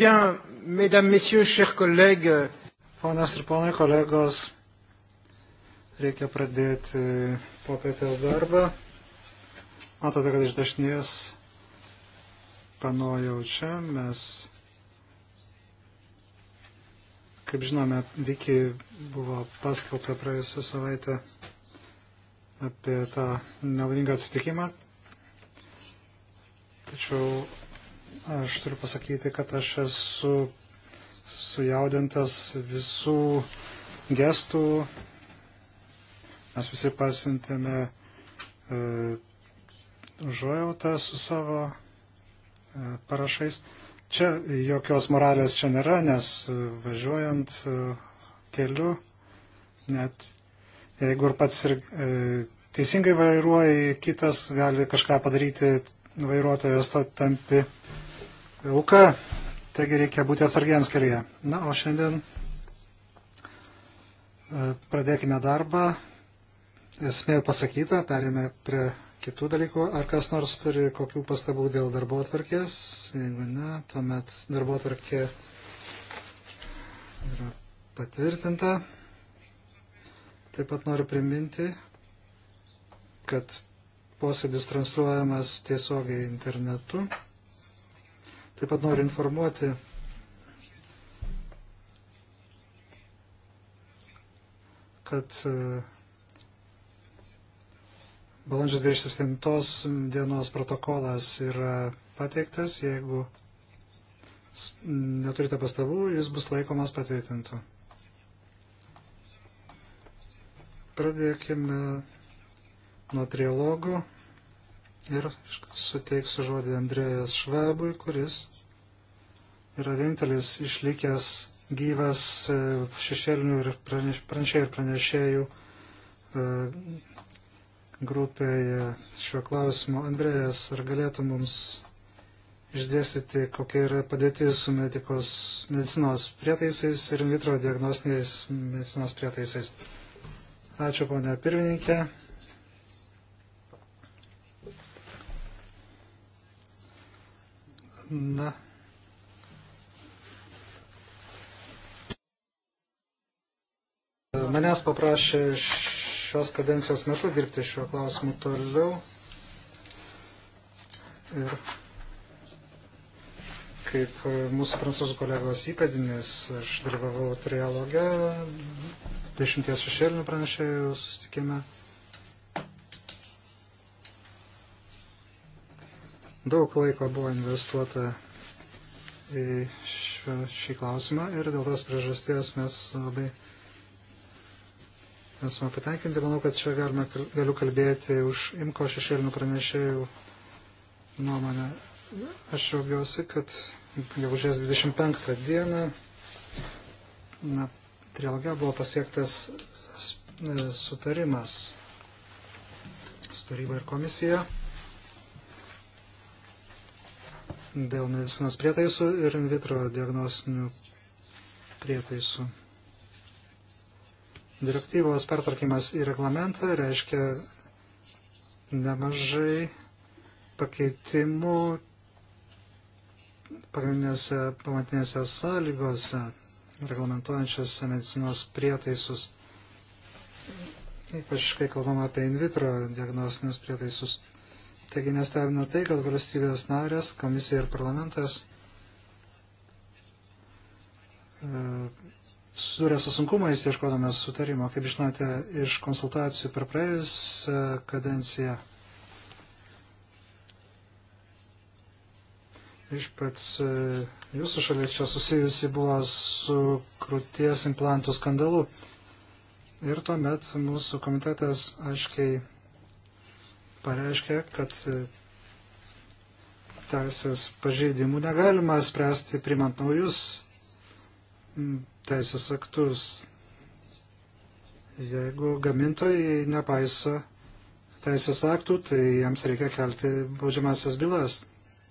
Bien, mesdames, messieurs, chers collègues. Ponas ir ponai kolegos, reikia pradėti popietės darbą. Matote, kad iš dešinės panojau čia. Mes, kaip žinome, Viki buvo paskelbta praėjusią savaitę apie tą nelaimingą atsitikimą. Tačiau Aš turiu pasakyti, kad aš esu sujaudintas visų gestų. Mes visi pasintėme e, užuojautą su savo e, parašais. Čia jokios moralės čia nėra, nes e, važiuojant keliu, net jeigu ir pats ir teisingai vairuoji, kitas gali kažką padaryti, vairuotojas to tampi auka, taigi reikia būti atsargiems kelyje. Na, o šiandien e, pradėkime darbą. Esmė pasakyta, perėmė prie kitų dalykų. Ar kas nors turi kokių pastabų dėl darbo atvarkės? Jeigu ne, tuomet darbo atvarkė yra patvirtinta. Taip pat noriu priminti, kad posėdis transliuojamas tiesiogiai internetu. Taip pat noriu informuoti, kad e, balandžio 27 dienos protokolas yra pateiktas, jeigu neturite pastabų, jis bus laikomas patvirtintų. Pradėkime nuo trialogų ir suteiksiu žodį Andrėjas Švebui, kuris yra vienintelis išlikęs gyvas e, šešėlinių ir pranešėjų ir pranešėjų e, grupėje šiuo klausimu. Andrėjas, ar galėtų mums išdėstyti, kokia yra padėtis su medikos, medicinos prietaisais ir in vitro diagnostiniais medicinos prietaisais? Ačiū, ponia pirmininkė. Na. Manęs paprašė šios kadencijos metu dirbti šiuo klausimu toliau. Ir kaip mūsų prancūzų kolegos įpėdinis, aš dalyvavau trialoge, dešimties šešėlinių pranešėjų susitikime. Daug laiko buvo investuota į šio, šį klausimą ir dėl tos priežasties mes labai esame patenkinti. Manau, kad čia galime, galiu kalbėti už imko šešėlinių pranešėjų nuomonę. Aš džiaugiuosi, kad gegužės 25 dieną na, trilogija buvo pasiektas e, sutarimas su taryba ir komisija. dėl medicinos prietaisų ir in vitro diagnostinių prietaisų. Direktyvos pertarkimas į reglamentą reiškia nemažai pakeitimų pagrindinėse pamatinėse sąlygose, reglamentuojančiose medicinos prietaisus, ypač kai kalbama apie in vitro diagnostinius prietaisus. Taigi nestebina tai, kad valstybės narės, komisija ir parlamentas e, susidūrė su sunkumais ieškodamas sutarimo, kaip žinote, iš konsultacijų per praėjus kadenciją. Iš pats e, jūsų šalis čia susijusi buvo su krūties implantų skandalu. Ir tuomet mūsų komitetas aiškiai pareiškė, kad e, teisės pažeidimų negalima spręsti primant naujus teisės aktus, jeigu gamintojai nepaiso teisės aktų, tai jiems reikia kelti baudžiamasias bylas.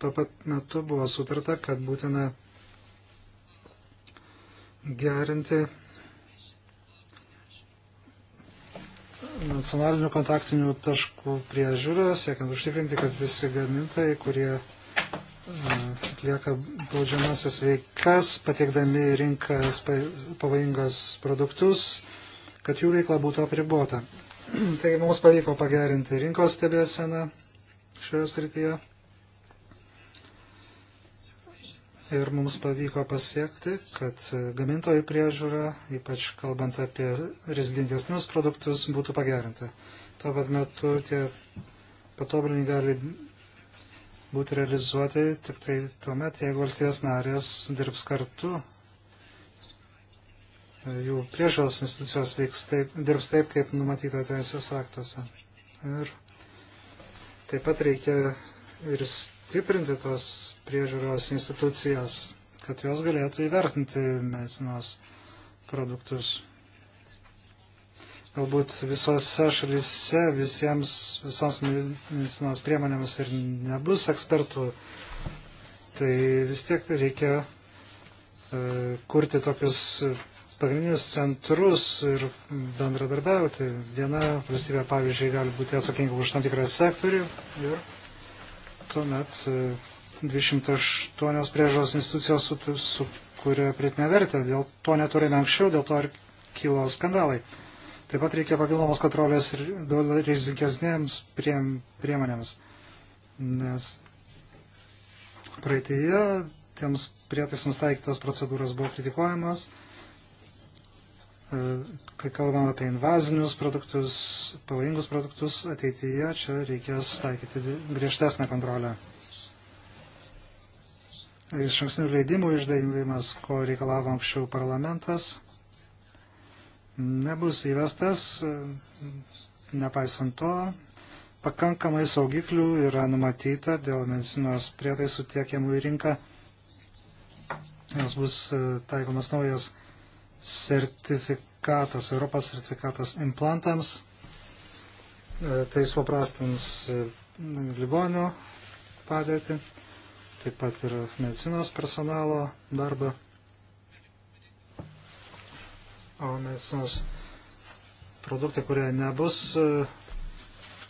Tuo pat metu buvo sutarta, kad būtina gerinti nacionalinių kontaktinių taškų priežiūrą, siekiant užtikrinti, kad visi gamintojai, kurie e, atlieka baudžiamasias veikas, pateikdami rinkas pavojingas produktus, kad jų veikla būtų apribota. Taigi mums pavyko pagerinti rinkos stebėseną šioje srityje. ir mums pavyko pasiekti, kad gamintojų priežiūra, ypač kalbant apie rezidengesnius produktus, būtų pagerinta. Tuo pat metu tie patobulinimai gali būti realizuoti tik tai tuomet, jeigu valstybės narės dirbs kartu, jų priežiūros institucijos veiks taip, dirbs taip, kaip numatyta teisės aktuose. Ir taip pat reikia ir stiprinti tos priežiūros institucijas, kad jos galėtų įvertinti medicinos produktus. Galbūt visose šalise visiems, visoms medicinos priemonėms ir nebus ekspertų, tai vis tiek reikia e, kurti tokius pagrindinius centrus ir bendradarbiauti. Viena valstybė, pavyzdžiui, gali būti atsakinga už tam tikrą sektorių ir tuomet 208 e, priežos institucijos sukuria su pritinę vertę. Dėl to neturime anksčiau, dėl to ir kilo skandalai. Taip pat reikia papildomos kontrolės ir rizikesnėms prie, priemonėms, nes praeitėje tiems prietaisams taikytos procedūros buvo kritikuojamas kai kalbame apie invazinius produktus, pavojingus produktus, ateityje čia reikės taikyti griežtesnę kontrolę. Iš anksnių leidimų išdavimas, ko reikalavo anksčiau parlamentas, nebus įvestas, nepaisant to, pakankamai saugiklių yra numatyta dėl medicinos prietaisų tiekiamų į rinką. Jos bus e, taikomas naujas sertifikatas, Europos sertifikatas implantams. E, tai suprastins e, ligonių padėtį, taip pat ir medicinos personalo darbą. O medicinos produktai, kurie nebus e,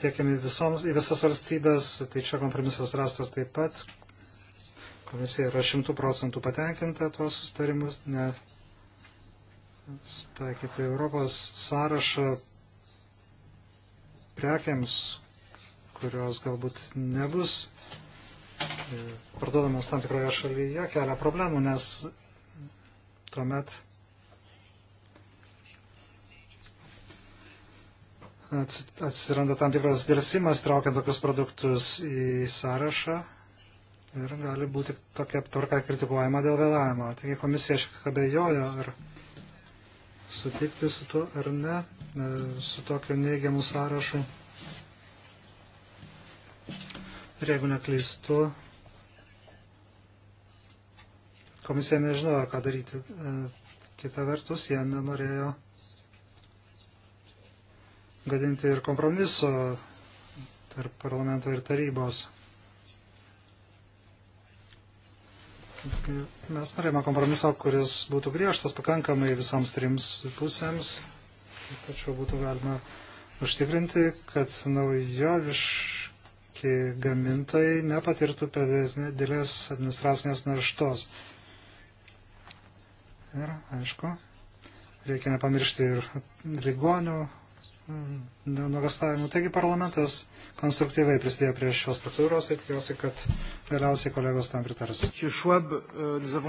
tiekiami visoms, į visas valstybės, tai čia kompromisas rastas taip pat. Komisija yra šimtų procentų patenkinta tuos sustarimus, nes taikyti Europos sąrašą prekiams, kurios galbūt nebus parduodamas tam tikroje šalyje, kelia problemų, nes tuomet atsiranda tam tikras dėlsimas, traukiant tokius produktus į sąrašą ir gali būti tokia tvarka kritikuojama dėl vėlavimo. Taigi komisija šiek tiek abejojo, ar sutikti su tuo ar ne, e, su tokiu neigiamu sąrašu. Ir jeigu neklystu, komisija nežinojo, ką daryti. E, kita vertus, jie nenorėjo gadinti ir kompromiso tarp parlamento ir tarybos. Mes norėjome kompromiso, kuris būtų griežtas pakankamai visoms trims pusėms, tačiau būtų galima užtikrinti, kad naujoviški gamintojai nepatirtų per dėlės administracinės naštos. Ir, aišku, reikia nepamiršti ir ligonių nuogastavimų. Taigi parlamentas konstruktyviai prisidėjo prie šios procedūros ir tikiuosi, kad galiausiai kolegos tam pritars. Euh,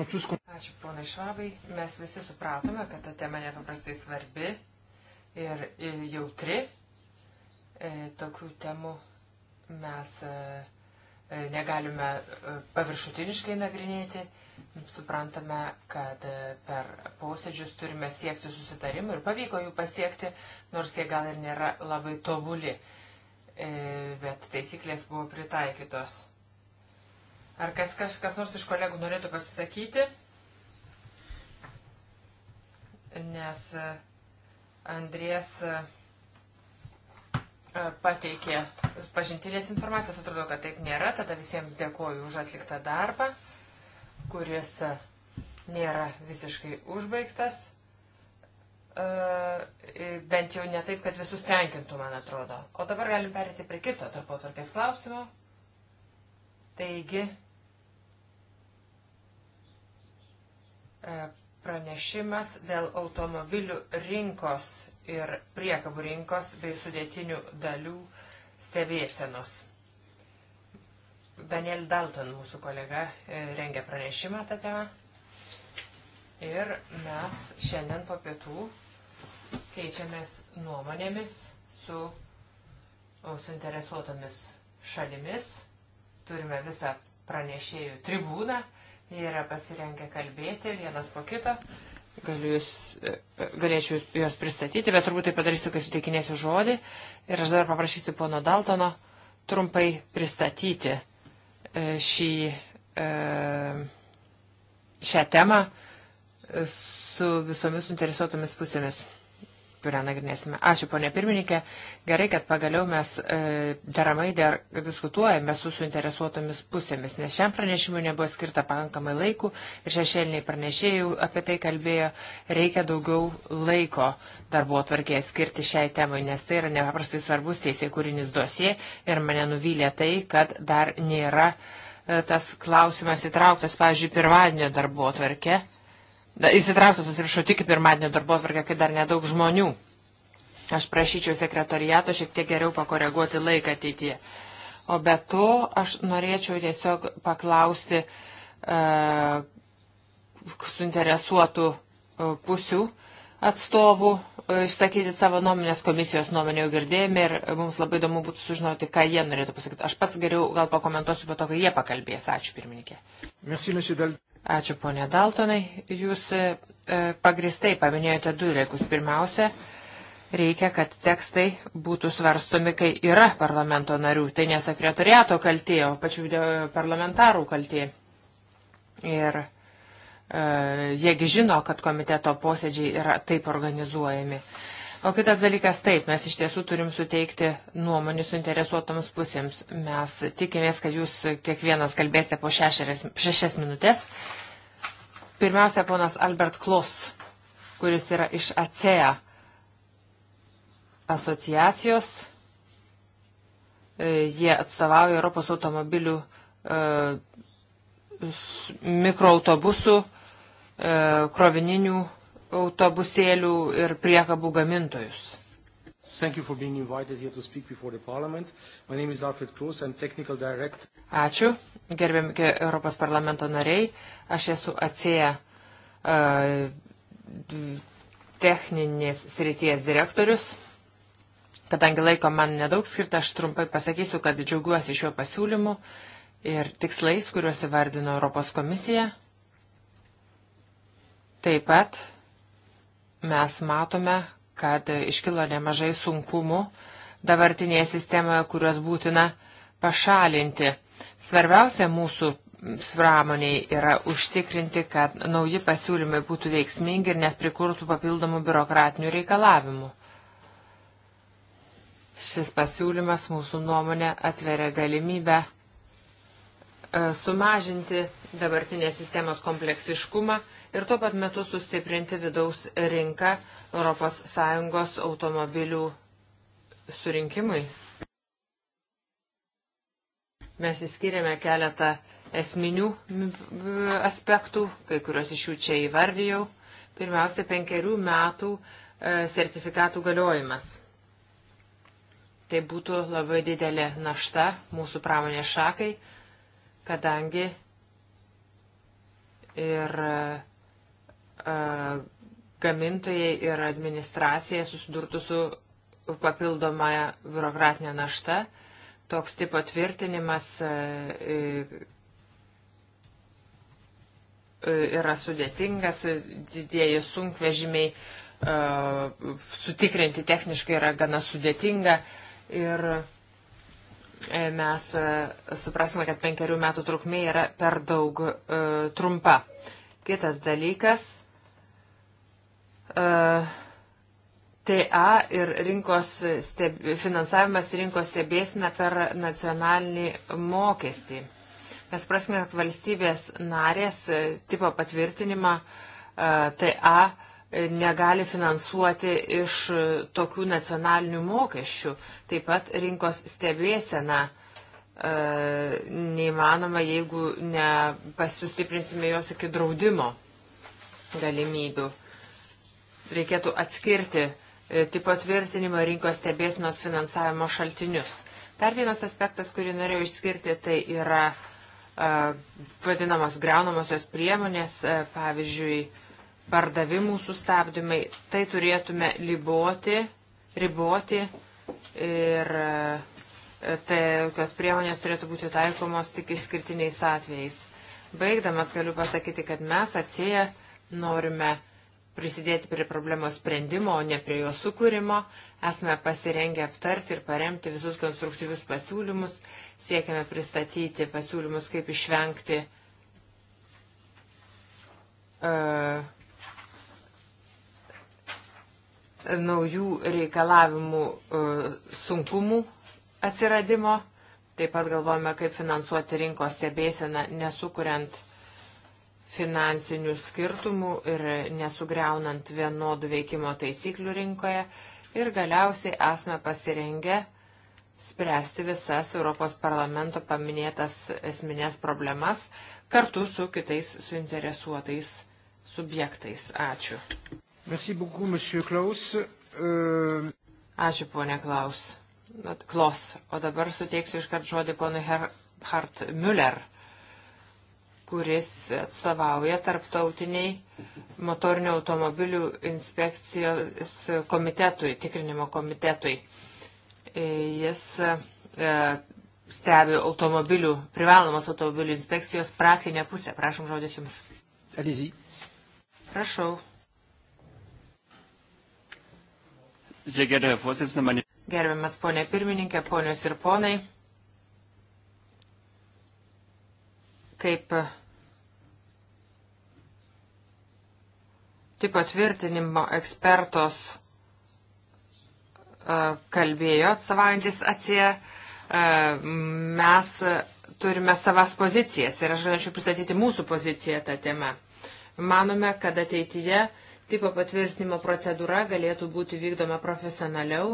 Ačiū ponai Švabai, mes visi supratome, kad ta tema nepaprastai svarbi ir jautri. E, tokių temų mes e, e, negalime paviršutiniškai nagrinėti Suprantame, kad per posėdžius turime siekti susitarimų ir pavyko jų pasiekti, nors jie gal ir nėra labai tobuli, e, bet taisyklės buvo pritaikytos. Ar kas, kas, kas nors iš kolegų norėtų pasisakyti? Nes e, Andrės e, pateikė pažintinės informacijos, atrodo, kad taip nėra, tada visiems dėkoju už atliktą darbą kuris e, nėra visiškai užbaigtas. E, bent jau ne taip, kad visus tenkintų, man atrodo. O dabar galim perėti prie kito tarpo tvarkės klausimo. Taigi, e, pranešimas dėl automobilių rinkos ir priekabų rinkos bei sudėtinių dalių stebėsenos. Daniel Dalton, mūsų kolega, e, rengia pranešimą tą temą. Ir mes šiandien po pietų keičiamės nuomonėmis su suinteresuotomis šalimis. Turime visą pranešėjų tribūną. Jie yra pasirengę kalbėti vienas po kito. Galiu jūs, e, e, galėčiau juos pristatyti, bet turbūt tai padarysiu, kai suteikinėsiu žodį. Ir aš dar paprašysiu pono Daltono trumpai pristatyti E, šį, e, šią temą e, su visomis suinteresuotomis pusėmis kurią nagrinėsime. Ačiū, ponė pirmininkė. Gerai, kad pagaliau mes e, deramai der, diskutuojame su suinteresuotomis pusėmis, nes šiam pranešimui nebuvo skirta pakankamai laikų ir šešėliniai pranešėjai apie tai kalbėjo, reikia daugiau laiko darbo atvarkėje skirti šiai temai, nes tai yra nepaprastai svarbus teisė kūrinis dosie ir mane nuvylė tai, kad dar nėra e, tas klausimas įtrauktas, pavyzdžiui, pirmadienio darbo atvarkė Įsitrausiu, susirašau tik pirmadienio darbos vargę, kai dar nedaug žmonių. Aš prašyčiau sekretoriato šiek tiek geriau pakoreguoti laiką ateityje. O be to, aš norėčiau tiesiog paklausti uh, suinteresuotų uh, pusių atstovų, uh, išsakyti savo nuomonės komisijos nuomonę jau girdėjome ir mums labai įdomu būtų sužinoti, ką jie norėtų pasakyti. Aš pats geriau gal pakomentuosiu po to, kai jie pakalbės. Ačiū pirmininkė. Merci, Ačiū, ponė Daltonai. Jūs e, pagristai paminėjote du reikus. Pirmiausia, reikia, kad tekstai būtų svarstomi, kai yra parlamento narių. Tai ne sekretoriato kaltė, o pačių e, parlamentarų kaltė. Ir e, jiegi žino, kad komiteto posėdžiai yra taip organizuojami. E, O kitas dalykas taip, mes iš tiesų turim suteikti nuomonį suinteresuotoms pusėms. Mes tikimės, kad jūs kiekvienas kalbėsite po šešeres, šešias minutės. Pirmiausia, ponas Albert Klos, kuris yra iš ACEA e asociacijos. E, jie atstovauja Europos automobilių e, mikroautobusų krovininių autobusėlių ir priekabų gamintojus. Thank you for being invited here to speak before the parliament. My name is Alfred Cruz, I'm technical director. Ačiū, gerbiami Europos parlamento nariai. Aš esu atsėję uh, e, techninės srities direktorius. Kadangi laiko man nedaug skirta, aš trumpai pasakysiu, kad džiaugiuosi šiuo pasiūlymu ir tikslais, kuriuos įvardino Europos komisija. Taip pat mes matome, kad iškilo nemažai sunkumų dabartinėje sistemoje, kuriuos būtina pašalinti. Svarbiausia mūsų pramoniai yra užtikrinti, kad nauji pasiūlymai būtų veiksmingi ir net prikurtų papildomų biurokratinių reikalavimų. Šis pasiūlymas mūsų nuomonė atveria galimybę e, sumažinti dabartinės sistemos kompleksiškumą ir tuo pat metu sustiprinti vidaus rinką ES automobilių surinkimui. Mes įskiriame keletą esminių aspektų, kai kurios iš jų čia įvardijau. Pirmiausia, penkerių metų e, sertifikatų galiojimas. Tai būtų labai didelė našta mūsų pramonės šakai, kadangi ir e, gamintojai ir administracija susidurtų su papildoma biurokratinė našta. Toks tipo tvirtinimas yra sudėtingas, didieji sunkvežimiai sutikrinti techniškai yra gana sudėtinga ir e, mes suprasime, kad penkerių metų trukmė yra per daug e, trumpa. Kitas dalykas E, TA ir rinkos steb, finansavimas rinkos stebėsina per nacionalinį mokestį. Mes prasme, kad valstybės narės e, tipo patvirtinimą e, TA negali finansuoti iš tokių nacionalinių mokesčių. Taip pat rinkos stebėsena neįmanoma, jeigu nepasustiprinsime jos iki draudimo galimybių reikėtų atskirti e, tipo tvirtinimo rinkos stebėsinos finansavimo šaltinius. Dar vienas aspektas, kurį norėjau išskirti, tai yra a, e, vadinamos greunamosios priemonės, a, e, pavyzdžiui, pardavimų sustabdymai. Tai turėtume liboti, riboti ir a, tai tokios priemonės turėtų būti taikomos tik išskirtiniais atvejais. Baigdamas galiu pasakyti, kad mes atsieję norime prisidėti prie problemos sprendimo, o ne prie jo sukūrimo. Esame pasirengę aptarti ir paremti visus konstruktyvius pasiūlymus. Siekime pristatyti pasiūlymus, kaip išvengti uh, naujų reikalavimų uh, sunkumų atsiradimo. Taip pat galvojame, kaip finansuoti rinkos stebėseną, nesukuriant finansinių skirtumų ir nesugriaunant vienodų veikimo taisyklių rinkoje. Ir galiausiai esame pasirengę spręsti visas Europos parlamento paminėtas esminės problemas kartu su kitais suinteresuotais subjektais. Ačiū. Merci beaucoup, monsieur Klaus. Uh... Ačiū, ponė Klaus. Klos. O dabar suteiksiu iškart žodį ponui Her Hart Müller kuris atstovauja tarptautiniai motorinių automobilių inspekcijos komitetui, tikrinimo komitetui. E, jis e, stebi automobilių, privalomos automobilių inspekcijos praktinę pusę. Prašom žodis Jums. Alizy. Prašau. Gerbiamas ponė pirmininkė, ponios ir ponai, kaip tipo tvirtinimo ekspertos e, kalbėjo atstovaujantis atsie, e, mes turime savas pozicijas ir aš galėčiau pristatyti mūsų poziciją tą temą. Manome, kad ateityje tipo patvirtinimo procedūra galėtų būti vykdoma profesionaliau,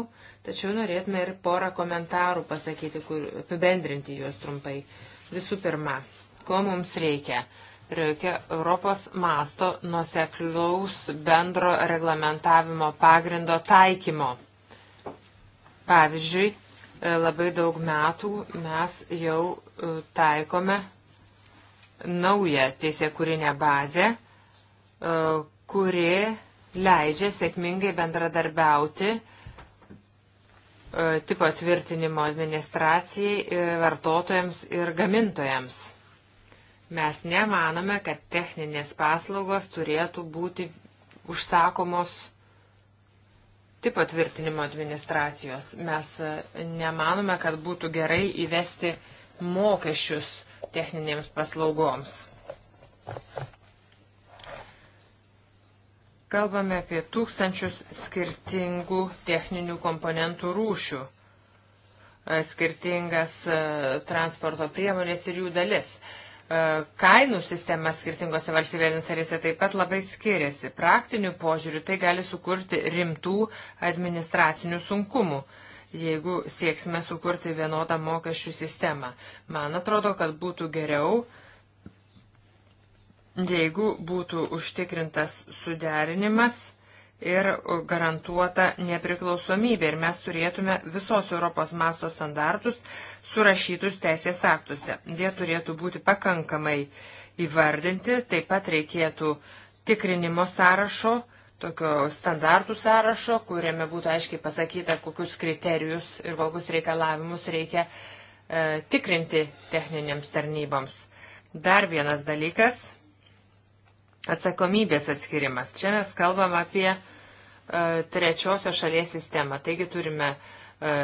tačiau norėtume ir porą komentarų pasakyti, kur apibendrinti juos trumpai. Visų pirma, ko mums reikia? reikia Europos masto nusekliaus bendro reglamentavimo pagrindo taikymo. Pavyzdžiui, e, labai daug metų mes jau e, taikome naują teisėkūrinę bazę, e, kuri leidžia sėkmingai bendradarbiauti tipo tvirtinimo administracijai, vartotojams ir gamintojams. Mes nemanome, kad techninės paslaugos turėtų būti užsakomos tipo tvirtinimo administracijos. Mes e, nemanome, kad būtų gerai įvesti mokesčius techninėms paslaugoms. Kalbame apie tūkstančius skirtingų techninių komponentų rūšių, e, skirtingas e, transporto priemonės ir jų dalis. E, kainų sistema skirtingose valstybėse narėse taip pat labai skiriasi. Praktiniu požiūriu tai gali sukurti rimtų administracinių sunkumų, jeigu sieksime sukurti vienodą mokesčių sistemą. Man atrodo, kad būtų geriau, jeigu būtų užtikrintas suderinimas ir garantuota nepriklausomybė. Ir mes turėtume visos Europos masto standartus surašytus teisės aktuose. Jie turėtų būti pakankamai įvardinti, taip pat reikėtų tikrinimo sąrašo, tokio standartų sąrašo, kuriame būtų aiškiai pasakyta, kokius kriterijus ir kokius reikalavimus reikia e, tikrinti techninėms tarnyboms. Dar vienas dalykas Atsakomybės atskirimas. Čia mes kalbam apie e, trečiosios šalies sistemą. Taigi turime e,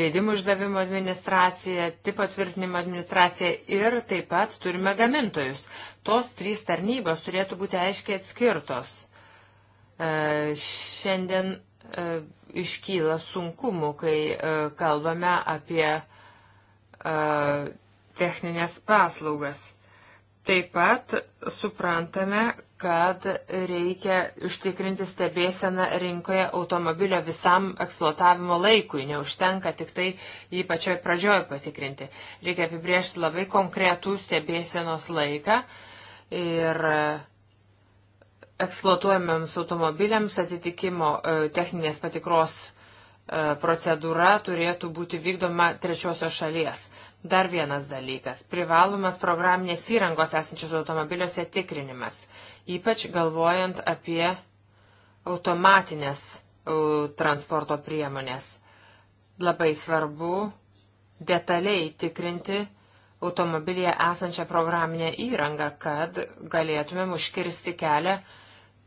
leidimų išdavimo administraciją, tipo tvirtinimo administraciją ir taip pat turime gamintojus. Tos trys tarnybos turėtų būti aiškiai atskirtos. E, šiandien e, iškyla sunkumų, kai e, kalbame apie e, techninės paslaugas. Taip pat suprantame, kad reikia užtikrinti stebėseną rinkoje automobilio visam eksploatavimo laikui. Neužtenka tik tai jį pačioj pradžioj patikrinti. Reikia apibriežti labai konkretų stebėsenos laiką ir eksploatuojamiams automobiliams atitikimo e, techninės patikros E, procedūra turėtų būti vykdoma trečiosios šalies. Dar vienas dalykas - privalomas programinės įrangos esančios automobiliuose tikrinimas, ypač galvojant apie automatinės e, transporto priemonės. Labai svarbu detaliai tikrinti automobilyje esančią programinę įrangą, kad galėtumėm užkirsti kelią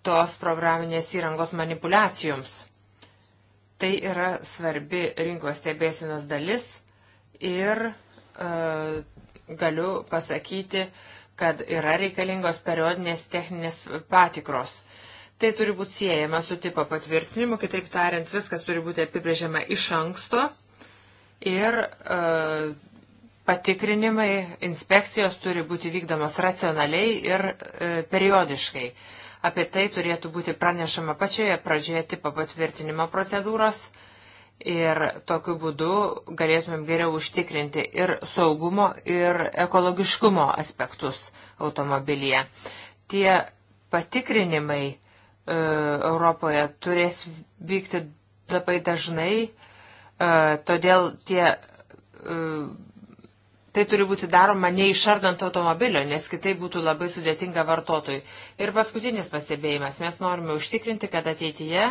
tos programinės įrangos manipulacijoms. Tai yra svarbi rinkos stebėsinos dalis ir e, galiu pasakyti, kad yra reikalingos periodinės techninės patikros. Tai turi būti siejama su tipo patvirtinimu, kitaip tariant, viskas turi būti apibrėžiama iš anksto ir e, patikrinimai, inspekcijos turi būti vykdomas racionaliai ir e, periodiškai. E, Apie tai turėtų būti pranešama pačioje pradžioje tipo patvirtinimo procedūros ir tokiu būdu galėtumėm geriau užtikrinti ir saugumo, ir ekologiškumo aspektus automobilyje. Tie patikrinimai e, Europoje turės vykti labai dažnai, e, todėl tie e, Tai turi būti daroma neišardant automobilio, nes kitaip būtų labai sudėtinga vartotojui. Ir paskutinis pastebėjimas. Mes norime užtikrinti, kad ateityje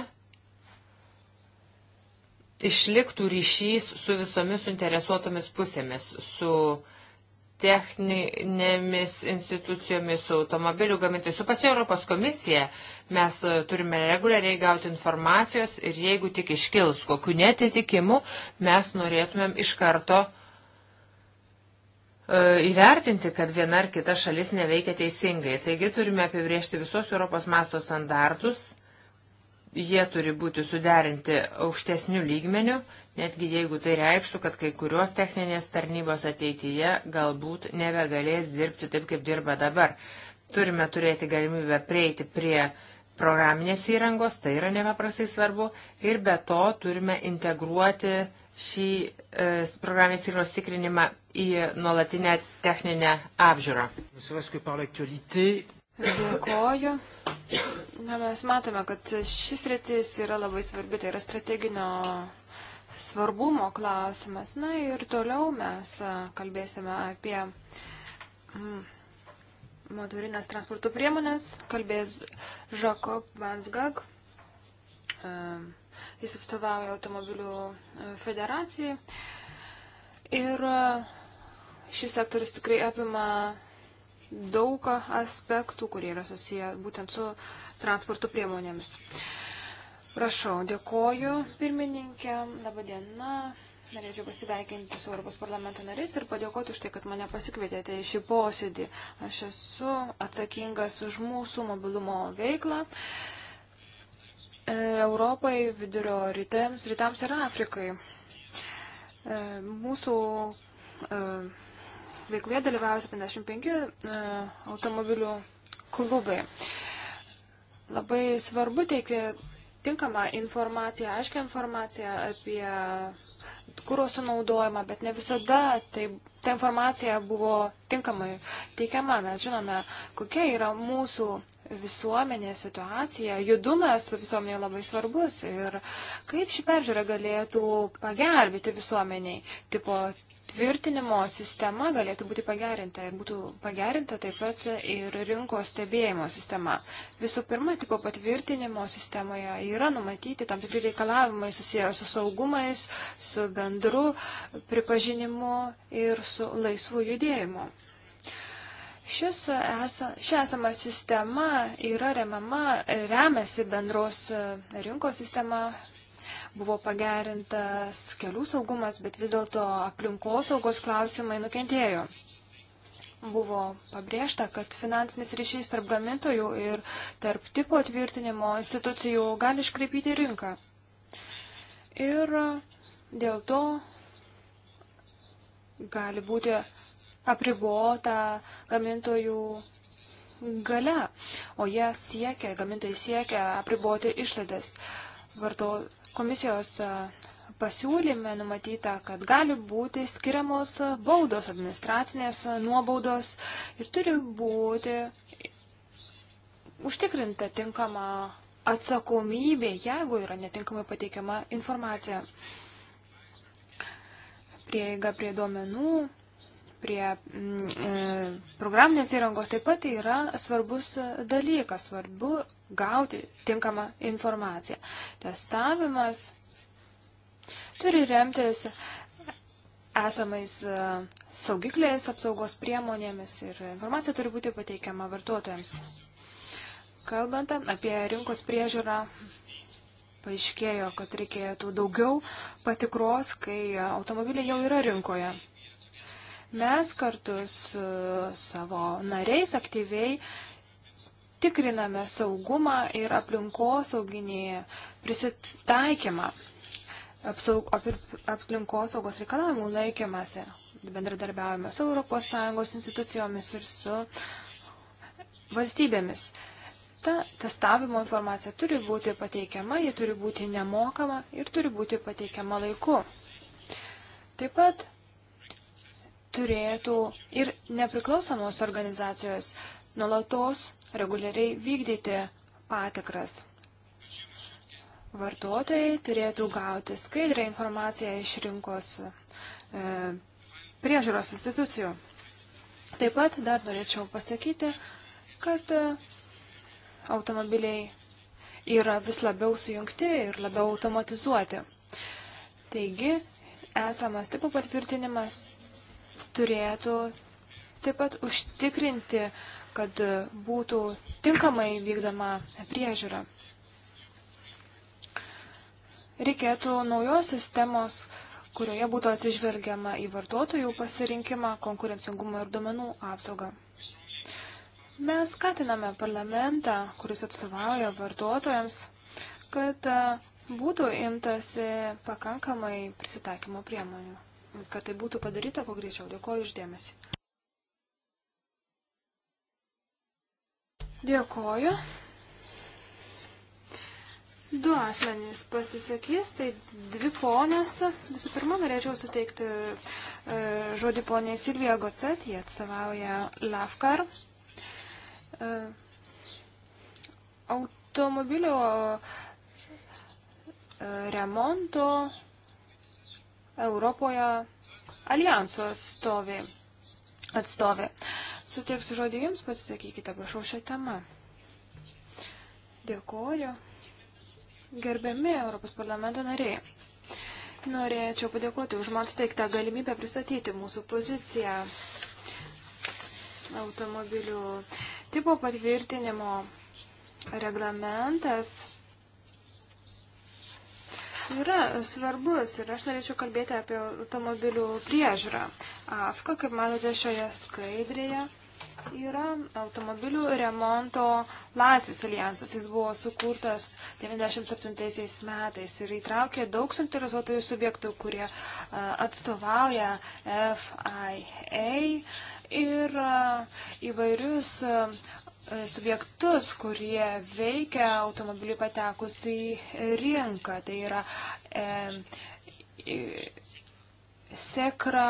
išliktų ryšys su visomis suinteresuotomis pusėmis, su techninėmis institucijomis, su automobilių gamintojais, su pačia Europos komisija. Mes e, turime reguliariai gauti informacijos ir jeigu tik iškils kokiu netitikimu, mes norėtumėm iš karto uh, E, įvertinti, kad viena ar kita šalis neveikia teisingai. Taigi turime apibriežti visos Europos masto standartus, jie turi būti suderinti aukštesnių lygmenių, netgi jeigu tai reikštų, kad kai kurios techninės tarnybos ateityje galbūt nebegalės dirbti taip, kaip dirba dabar. Turime turėti galimybę prieiti prie programinės įrangos, tai yra nepaprastai svarbu, ir be to turime integruoti uh, šį e, programinės įros tikrinimą į nuolatinę techninę apžiūrą. Dėkoju. Na, mes matome, kad šis rytis yra labai svarbi, tai yra strateginio svarbumo klausimas. Na ir toliau mes e, kalbėsime apie mm, motorinės transporto priemonės, kalbės Žako Vansgag. E, Jis atstovauja automobilių e, federacijai. Ir e, šis sektorius tikrai apima daug aspektų, kurie yra susiję būtent su transporto priemonėmis. Prašau, dėkoju pirmininkė, laba diena. Norėčiau pasiveikinti su Europos parlamento nariais ir padėkoti už tai, kad mane pasikvietėte į šį posėdį. Aš esu atsakingas už mūsų mobilumo veiklą E, Europai, vidurio rytėms, rytams ir Afrikai. E, mūsų e, veikloje dalyvauja 75 automobilių klubai. Labai svarbu teikti tinkamą informaciją, aiškę informaciją apie kūro sunaudojimą, bet ne visada tai, ta informacija buvo tinkamai teikiama. Mes žinome, kokia yra mūsų visuomenė situacija, judumas visuomenė labai svarbus ir kaip ši peržiūra galėtų pagelbėti visuomeniai. Tipo, tvirtinimo sistema galėtų būti pagerinta ir būtų pagerinta taip pat ir rinkos stebėjimo sistema. Visų pirma, tipo patvirtinimo sistemoje yra numatyti tam tikri reikalavimai susiję su saugumais, su bendru pripažinimu ir su laisvu judėjimu. Šis esa, ši esama sistema yra remama, remiasi bendros rinkos sistema, buvo pagerintas kelių saugumas, bet vis dėlto aplinkosaugos klausimai nukentėjo. Buvo pabrėžta, kad finansinis ryšys tarp gamintojų ir tarp tipo tvirtinimo institucijų gali iškreipyti rinką. Ir dėl to gali būti apribota gamintojų gale, o jie siekia, gamintojai siekia apriboti išlaidas. Varto, Komisijos e, pasiūlyme numatyta, kad gali būti skiriamos baudos, administracinės nuobaudos ir turi būti užtikrinta tinkama atsakomybė, jeigu yra netinkamai pateikiama informacija. Prieiga prie duomenų prie mm, e, programinės įrangos taip pat yra svarbus dalykas, svarbu gauti tinkamą informaciją. Testavimas turi remtis esamais e, saugikliais, apsaugos priemonėmis ir informacija turi būti pateikiama vartotojams. Kalbant apie rinkos priežiūrą paaiškėjo, kad reikėtų daugiau patikros, kai automobiliai jau yra rinkoje. Mes kartu su savo nariais aktyviai tikriname saugumą ir aplinkosauginį prisitaikymą, apsaug, ap, aplinkosaugos reikalavimų laikymasi. Bendradarbiavame su ES institucijomis ir su valstybėmis. Ta testavimo informacija turi būti pateikiama, ji turi būti nemokama ir turi būti pateikiama laiku. Taip pat turėtų ir nepriklausomos organizacijos nuolatos reguliariai vykdyti patikras. Vartotojai turėtų gauti skaidrę informaciją iš rinkos e, priežiūros institucijų. Taip pat dar norėčiau pasakyti, kad e, automobiliai yra vis labiau sujungti ir labiau automatizuoti. Taigi, esamas tipų patvirtinimas turėtų taip pat užtikrinti, kad būtų tinkamai vykdoma priežiūra. Reikėtų naujos sistemos, kurioje būtų atsižvelgiama į vartotojų pasirinkimą, konkurencingumą ir duomenų apsaugą. Mes skatiname parlamentą, kuris atstovauja vartotojams, kad būtų imtasi pakankamai prisitaikymo priemonių kad tai būtų padaryta kuo greičiau. Dėkoju uždėmesi. Dėkoju. Du asmenys pasisakys, tai dvi ponės. Visų pirma, norėčiau suteikti e, žodį poniai Silvija Gocet, jie atstovauja Lafkar. E, automobilio e, remonto Europoje alijanso atstovė. atstovė. Suteiksiu žodį Jums, pasisakykite, prašau, šią temą. Dėkoju. Gerbiami Europos parlamento nariai. Norėčiau padėkoti už man suteiktą galimybę pristatyti mūsų poziciją automobilių tipo patvirtinimo reglamentas yra svarbus ir aš norėčiau kalbėti apie automobilių priežiūrą. AFKA, kaip matote šioje skaidrėje, yra automobilių remonto laisvės alijansas. Jis buvo sukurtas 1997 metais ir įtraukė daug suinteresuotojų subjektų, kurie atstovauja FIA ir įvairius E, subjektus, kurie veikia automobilį patekus į rinką. Tai yra e, e, Sekra,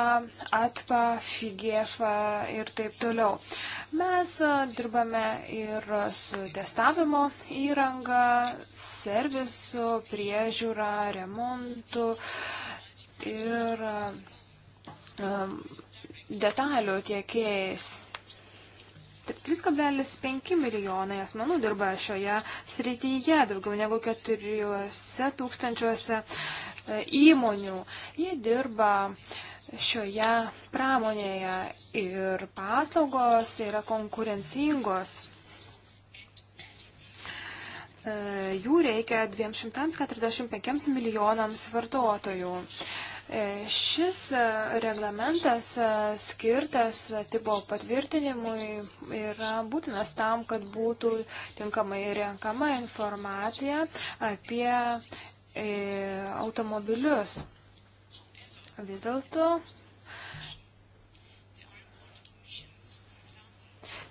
Atpa, Figefa ir taip toliau. Mes e, dirbame ir su testavimo įranga, servisu, priežiūra, remontu ir e, detalių tiekėjais. 3,5 milijonai asmenų dirba šioje srityje, daugiau negu 4 tūkstančiuose e, įmonių. Jie dirba šioje pramonėje ir paslaugos yra konkurencingos. E, jų reikia 245 milijonams vartotojų. E, šis e, reglamentas e, skirtas tipo patvirtinimui yra būtinas tam, kad būtų tinkamai renkama informacija apie automobilius. Vis dėlto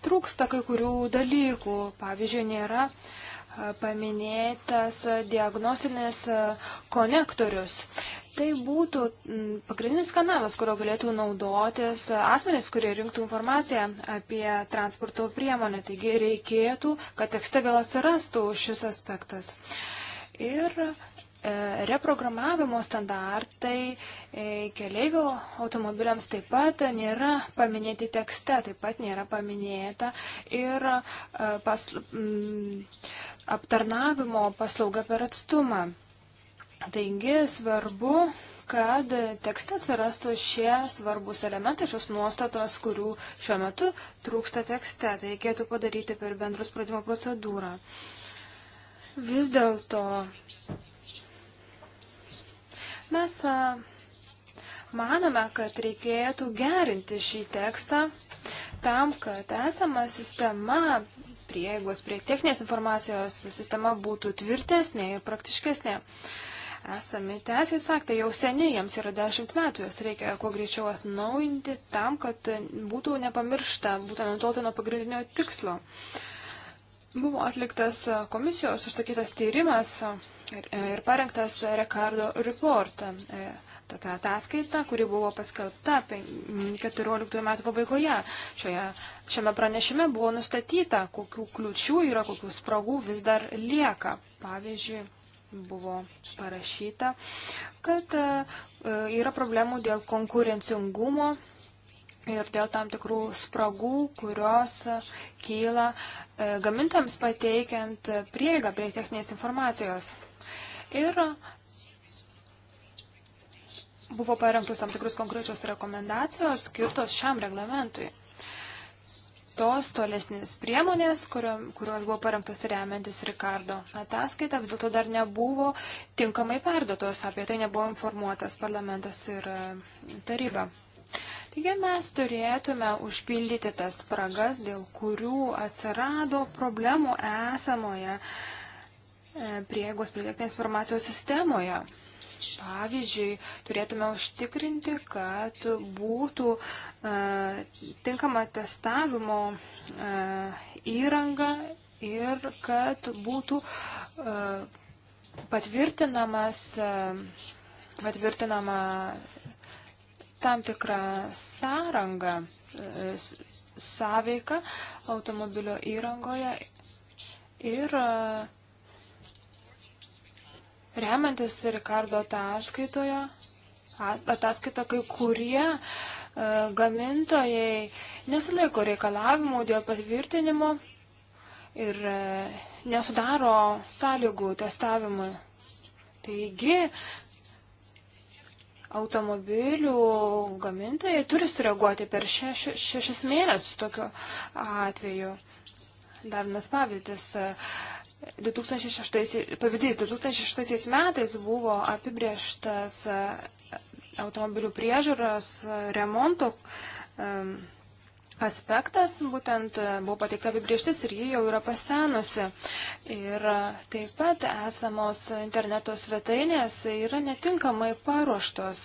trūksta kai kurių dalykų. Pavyzdžiui, nėra paminėtas diagnostinis konektorius tai būtų mm, pagrindinis kanalas, kurio galėtų naudotis asmenys, kurie rinktų informaciją apie transporto priemonę. Taigi reikėtų, kad tekste vėl atsirastų šis aspektas. Ir e, reprogramavimo standartai e, keleivio automobiliams taip pat nėra paminėti tekste, taip pat nėra paminėta ir e, pas, m, mm, aptarnavimo paslauga per atstumą. Taigi svarbu, kad tekste atsirastų šie svarbus elementai, šios nuostatos, kurių šiuo metu trūksta tekste. Tai reikėtų padaryti per bendrus pradimo procedūrą. Vis dėlto mes manome, kad reikėtų gerinti šį tekstą tam, kad esama sistema prieigos prie techninės informacijos sistema būtų tvirtesnė ir praktiškesnė. Uh, esami teisės aktai, jau seniai jiems yra dešimt metų, jos reikia kuo greičiau atnaujinti tam, kad būtų nepamiršta būtent nutolti nuo pagrindinio tikslo. Buvo atliktas komisijos užsakytas tyrimas ir, ir parengtas Rekardo report, e, tokia ataskaita, kuri buvo paskelbta 14 metų pabaigoje. Šioje, šiame pranešime buvo nustatyta, kokių kliučių yra, kokių spragų vis dar lieka. Pavyzdžiui, buvo parašyta, kad e, e, yra problemų dėl konkurencingumo ir dėl tam tikrų spragų, kurios kyla e, gamintams pateikiant prieigą prie techninės informacijos. Ir buvo parengtos tam tikrus konkrečios rekomendacijos skirtos šiam reglamentui tos tolesnės priemonės, kurio, kurios buvo parengtos remiantis Rikardo ataskaita, vis dėlto dar nebuvo tinkamai perdotos, apie tai nebuvo informuotas parlamentas ir e, taryba. Taigi mes turėtume užpildyti tas spragas, dėl kurių atsirado problemų esamoje e, prieigos prie informacijos sistemoje. Pavyzdžiui, turėtume užtikrinti, kad būtų e, tinkama testavimo e, įranga ir kad būtų e, patvirtinamas, e, patvirtinama tam tikrą sąrangą, e, sąveiką automobilio įrangoje ir e, Remiantis Rikardo ataskaitoje, ataskaita kai kurie e, gamintojai nesilaiko reikalavimų dėl patvirtinimo ir e, nesudaro sąlygų testavimui. Taigi, automobilių gamintojai turi sureaguoti per šeš, šešis mėnesius tokiu atveju. Dar vienas pavyzdys. E, 2006, pavyzdys, 2006 metais buvo apibrieštas e, automobilių priežiūros e, remonto e, aspektas, būtent buvo pateikta apibrieštis ir ji jau yra pasenusi. Ir taip pat esamos interneto svetainės yra netinkamai paruoštos.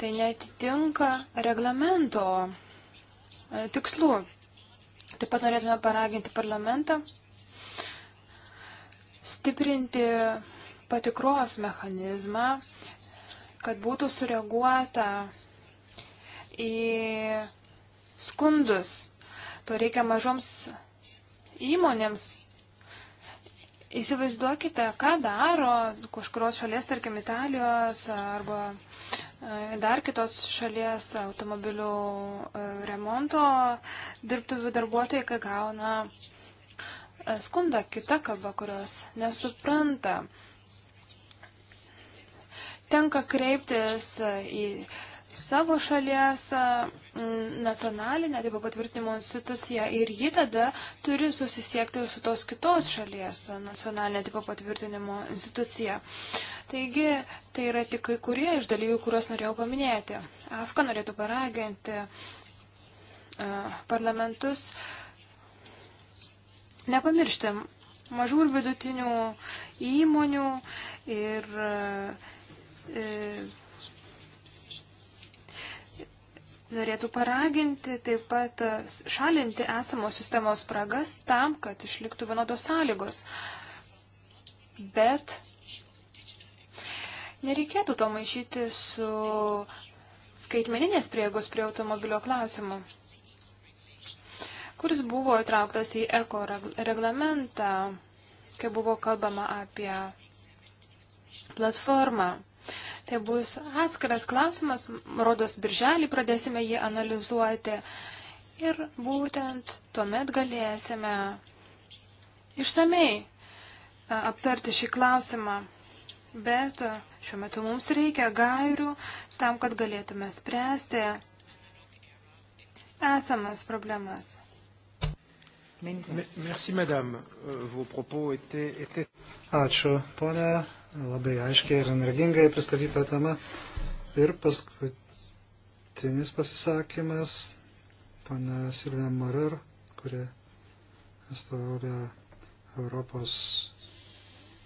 Tai netitinka reglamento tikslų. Taip pat norėtume paraginti parlamentą stiprinti patikros mechanizmą, kad būtų sureaguota į skundus. To reikia mažoms įmonėms. Įsivaizduokite, ką daro kažkurios šalies, tarkim, Italijos arba e, dar kitos šalies automobilių e, remonto dirbtuvių darbuotojai, kai gauna E, skundą kita kalba, kurios nesupranta. Tenka kreiptis e, į savo šalies e, nacionalinę tipo patvirtinimo instituciją ir ji tada turi susisiekti su tos kitos šalies nacionalinė tipo patvirtinimo institucija. Taigi, tai yra tik kai kurie iš dalykų, kuriuos norėjau paminėti. Afka norėtų paraginti uh, parlamentus uh, Nepamirštim mažų ir vidutinių įmonių ir e, e norėtų paraginti taip pat e, šalinti esamos sistemos spragas tam, kad išliktų vienodos sąlygos. Bet nereikėtų to maišyti su skaitmeninės priegos prie automobilio klausimu kuris buvo įtrauktas į eko reglamentą, kai buvo kalbama apie platformą. Tai bus atskiras klausimas, rodos birželį pradėsime jį analizuoti ir būtent tuomet galėsime išsamei aptarti šį klausimą. Bet šiuo metu mums reikia gairių tam, kad galėtume spręsti esamas problemas. Merci, madame. Euh, vos propos étaient, étaient... Ačiū, ponia. Labai aiškiai ir energingai pristatyta tema. Ir paskutinis pasisakymas, pana Silvija Marer, kuri atstovauja Europos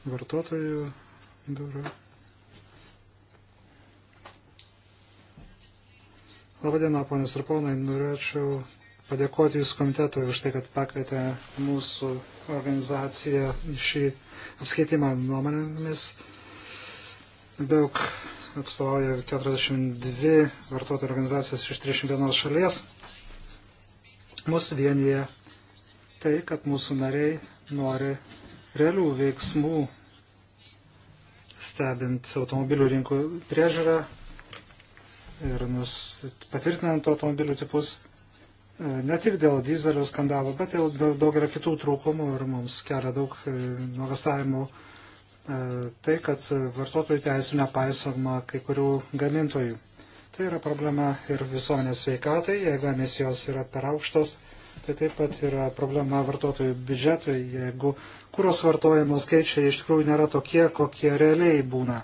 vartotojų biurą. Labadiena, ponios ir ponai, norėčiau padėkoti Jūsų komitetui už tai, kad pakvietė mūsų organizaciją šį apskaitimą nuomonėmis. Daug atstovauja 42 vartotojų organizacijas iš 31 šalies. Mūsų vienyje tai, kad mūsų nariai nori realių veiksmų stebint automobilių rinkų priežiūrą ir nus, patvirtinant automobilių tipus. E, ne tik dėl dizelio skandalo, bet ir dėl daugelio kitų trūkumų ir mums kelia daug e, nuogastavimų e, tai, kad vartotojų teisų nepaisoma kai kurių gamintojų. Tai yra problema ir visuomenės sveikatai, jeigu emisijos yra per aukštos, tai taip pat yra problema vartotojų biudžetui, jeigu kuros vartojimo skaičiai iš tikrųjų nėra tokie, kokie realiai būna.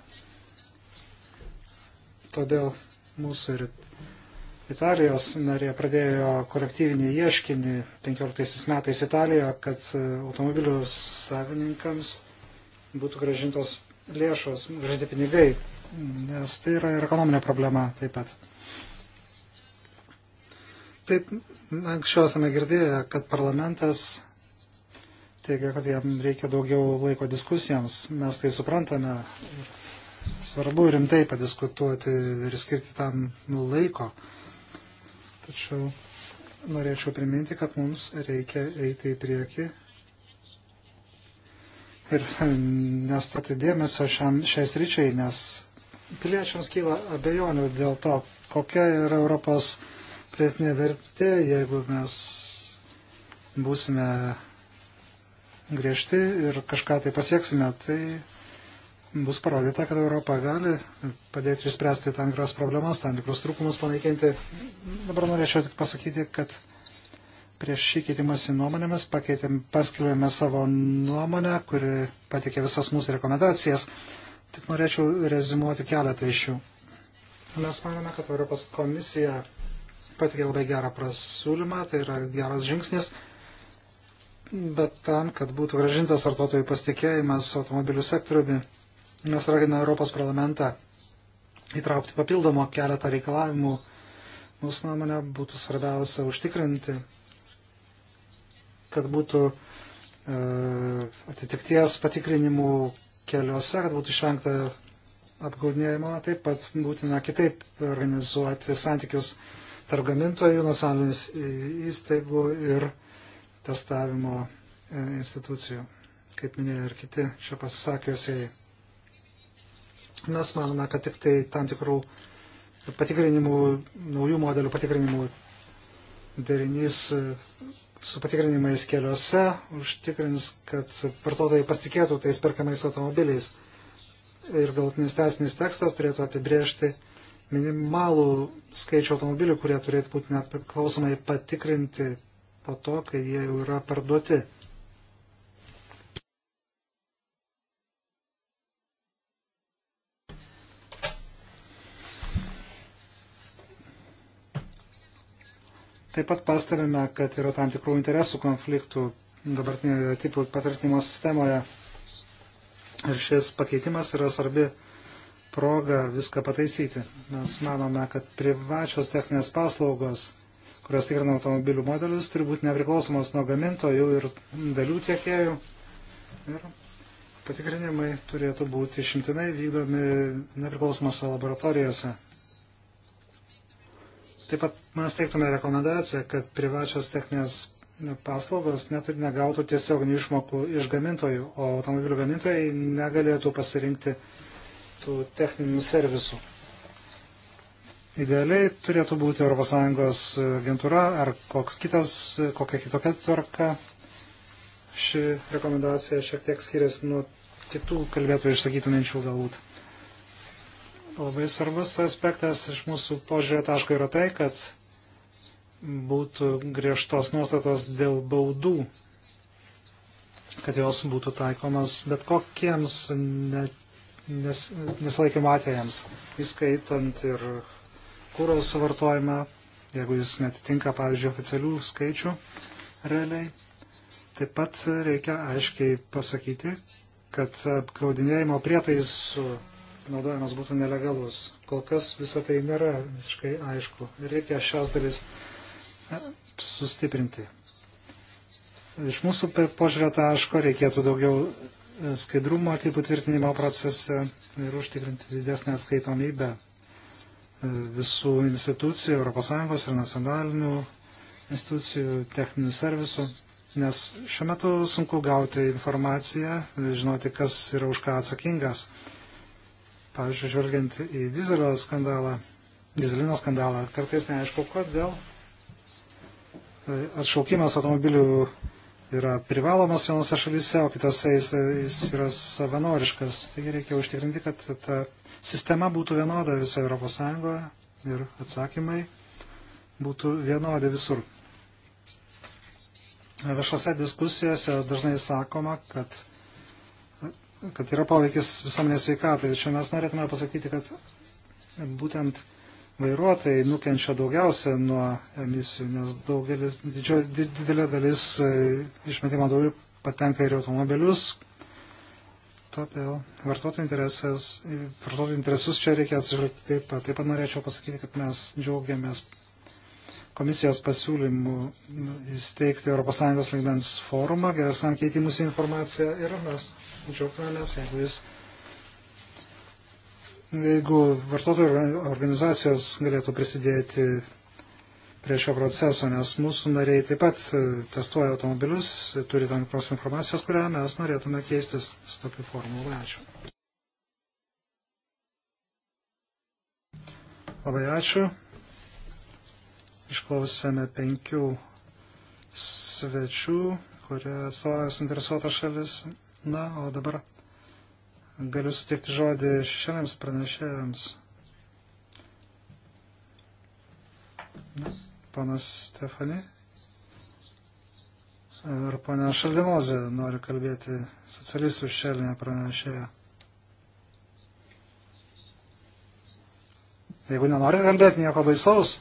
Todėl mūsų ir Italijos narė pradėjo kolektyvinį ieškinį 15 metais Italijoje, kad e, automobilių savininkams būtų gražintos lėšos, gražinti pinigai, nes tai yra ir ekonominė problema taip pat. Taip, anksčiau esame girdėję, kad parlamentas teigia, kad jam reikia daugiau laiko diskusijams. Mes tai suprantame. Svarbu rimtai padiskutuoti ir skirti tam laiko. Tačiau norėčiau priminti, kad mums reikia eiti į priekį ir nestoti dėmesio šiam, šiais ryčiai, nes piliečiams kyla abejonių dėl to, kokia yra Europos prietinė vertė, jeigu mes būsime griežti ir kažką tai pasieksime, tai bus parodyta, kad Europa gali padėti išspręsti tam tikras problemas, tam tikrus trūkumus panaikinti. Dabar norėčiau tik pasakyti, kad prieš šį keitimąsi nuomonėmis paskelbėme savo nuomonę, kuri patikė visas mūsų rekomendacijas. Tik norėčiau rezimuoti keletą iš jų. Mes manome, kad Europos komisija patikė labai gerą prasiūlymą, tai yra geras žingsnis bet tam, kad būtų gražintas vartotojų pasitikėjimas automobilių sektoriumi, mes raginame Europos parlamentą įtraukti papildomo keletą reikalavimų. Mūsų nuomonė būtų svarbiausia užtikrinti, kad būtų e, atitikties patikrinimų keliuose, kad būtų išvengta apgaudinėjimo, taip pat būtina kitaip organizuoti santykius tarp gamintojų, nacionalinis įstaigų ir testavimo e, institucijų, kaip minėjo ir kiti šio pasisakiusiai. Mes manome, kad tik tai tam tikrų patikrinimų, naujų modelių patikrinimų derinys e, su patikrinimais keliuose užtikrins, kad vartotojai pasitikėtų tais perkamais automobiliais. Ir galutinis teisinis tekstas turėtų apibriežti minimalų skaičių automobilių, kurie turėtų būti nepriklausomai patikrinti po to, kai jie jau yra parduoti. Taip pat pastebime, kad yra tam tikrų interesų konfliktų dabartinėje tipų patvirtinimo sistemoje. Ir šis pakeitimas yra svarbi proga viską pataisyti. Mes manome, kad privačios techninės paslaugos, kurios tikrina automobilių modelius, turi būti nepriklausomos nuo gamintojų ir dalių tiekėjų. Ir patikrinimai turėtų būti šimtinai vykdomi nepriklausomose laboratorijose. Taip pat mes teiktume rekomendaciją, kad privačios techninės paslaugos neturi negautų tiesioginių išmokų iš gamintojų, o automobilių gamintojai negalėtų pasirinkti tų techninių servisų. Idealiai turėtų būti ES agentūra ar koks kitas, kokia kitokia tvarka. Ši rekomendacija šiek tiek skiriasi nuo kitų kalbėtų išsakytų minčių galbūt. Labai svarbus aspektas iš mūsų požiūrio taško yra tai, kad būtų griežtos nuostatos dėl baudų, kad jos būtų taikomas bet kokiems ne, nes, nesilaikymo atvejams, įskaitant ir kūros suvartojimą, jeigu jis netitinka, pavyzdžiui, oficialių skaičių realiai. Taip pat reikia aiškiai pasakyti, kad apklaudinėjimo prietaisų naudojimas būtų nelegalus. Kol kas visą tai nėra visiškai aišku. Reikia šias dalis e, sustiprinti. Iš mūsų požiūrė taško reikėtų daugiau e, skaidrumo tipų tvirtinimo procese ir užtikrinti didesnę atskaitomybę e, visų institucijų, ES ir nacionalinių institucijų, techninių servisų, nes šiuo metu sunku gauti informaciją, žinoti, kas yra už ką atsakingas Pavyzdžiui, žvelgiant į dizelio skandalą, dizelino skandalą, kartais neaišku, kodėl e, atšaukimas automobilių yra privalomas vienose šalyse, o kitose jis, jis yra savanoriškas. Taigi reikia užtikrinti, kad ta sistema būtų vienoda visoje Europos Sąjungoje ir atsakymai būtų vienodi visur. Viešose diskusijose dažnai sakoma, kad kad yra poveikis visuomenės sveikatai. Čia mes norėtume pasakyti, kad būtent vairuotojai nukenčia daugiausia nuo emisijų, nes daugelis, didžio, didelė dalis e, išmetimo daugiau patenka ir automobilius. Todėl vartotojų, interesas, vartotojų interesus čia reikia atsižvelgti taip pat. Taip pat norėčiau pasakyti, kad mes džiaugiamės komisijos pasiūlymų įsteigti ES lygmens forumą, geresnam keitimus informaciją ir mes džiaugiamės, jeigu jis. Jeigu vartotojų organizacijos galėtų prisidėti prie šio proceso, nes mūsų nariai taip pat e, testuoja automobilius, turi tam tikros informacijos, kurią mes norėtume keistis su tokiu formu. Ačiū. Labai ačiū. Išklausėme penkių svečių, kurie atstovauja suinteresuotas šalis. Na, o dabar galiu sutikti žodį šešėliams pranešėjams. Na, panas Stefani ir pana Šaldimozė nori kalbėti socialistų šešėlinę pranešėją. Jeigu nenori kalbėti nieko baisaus,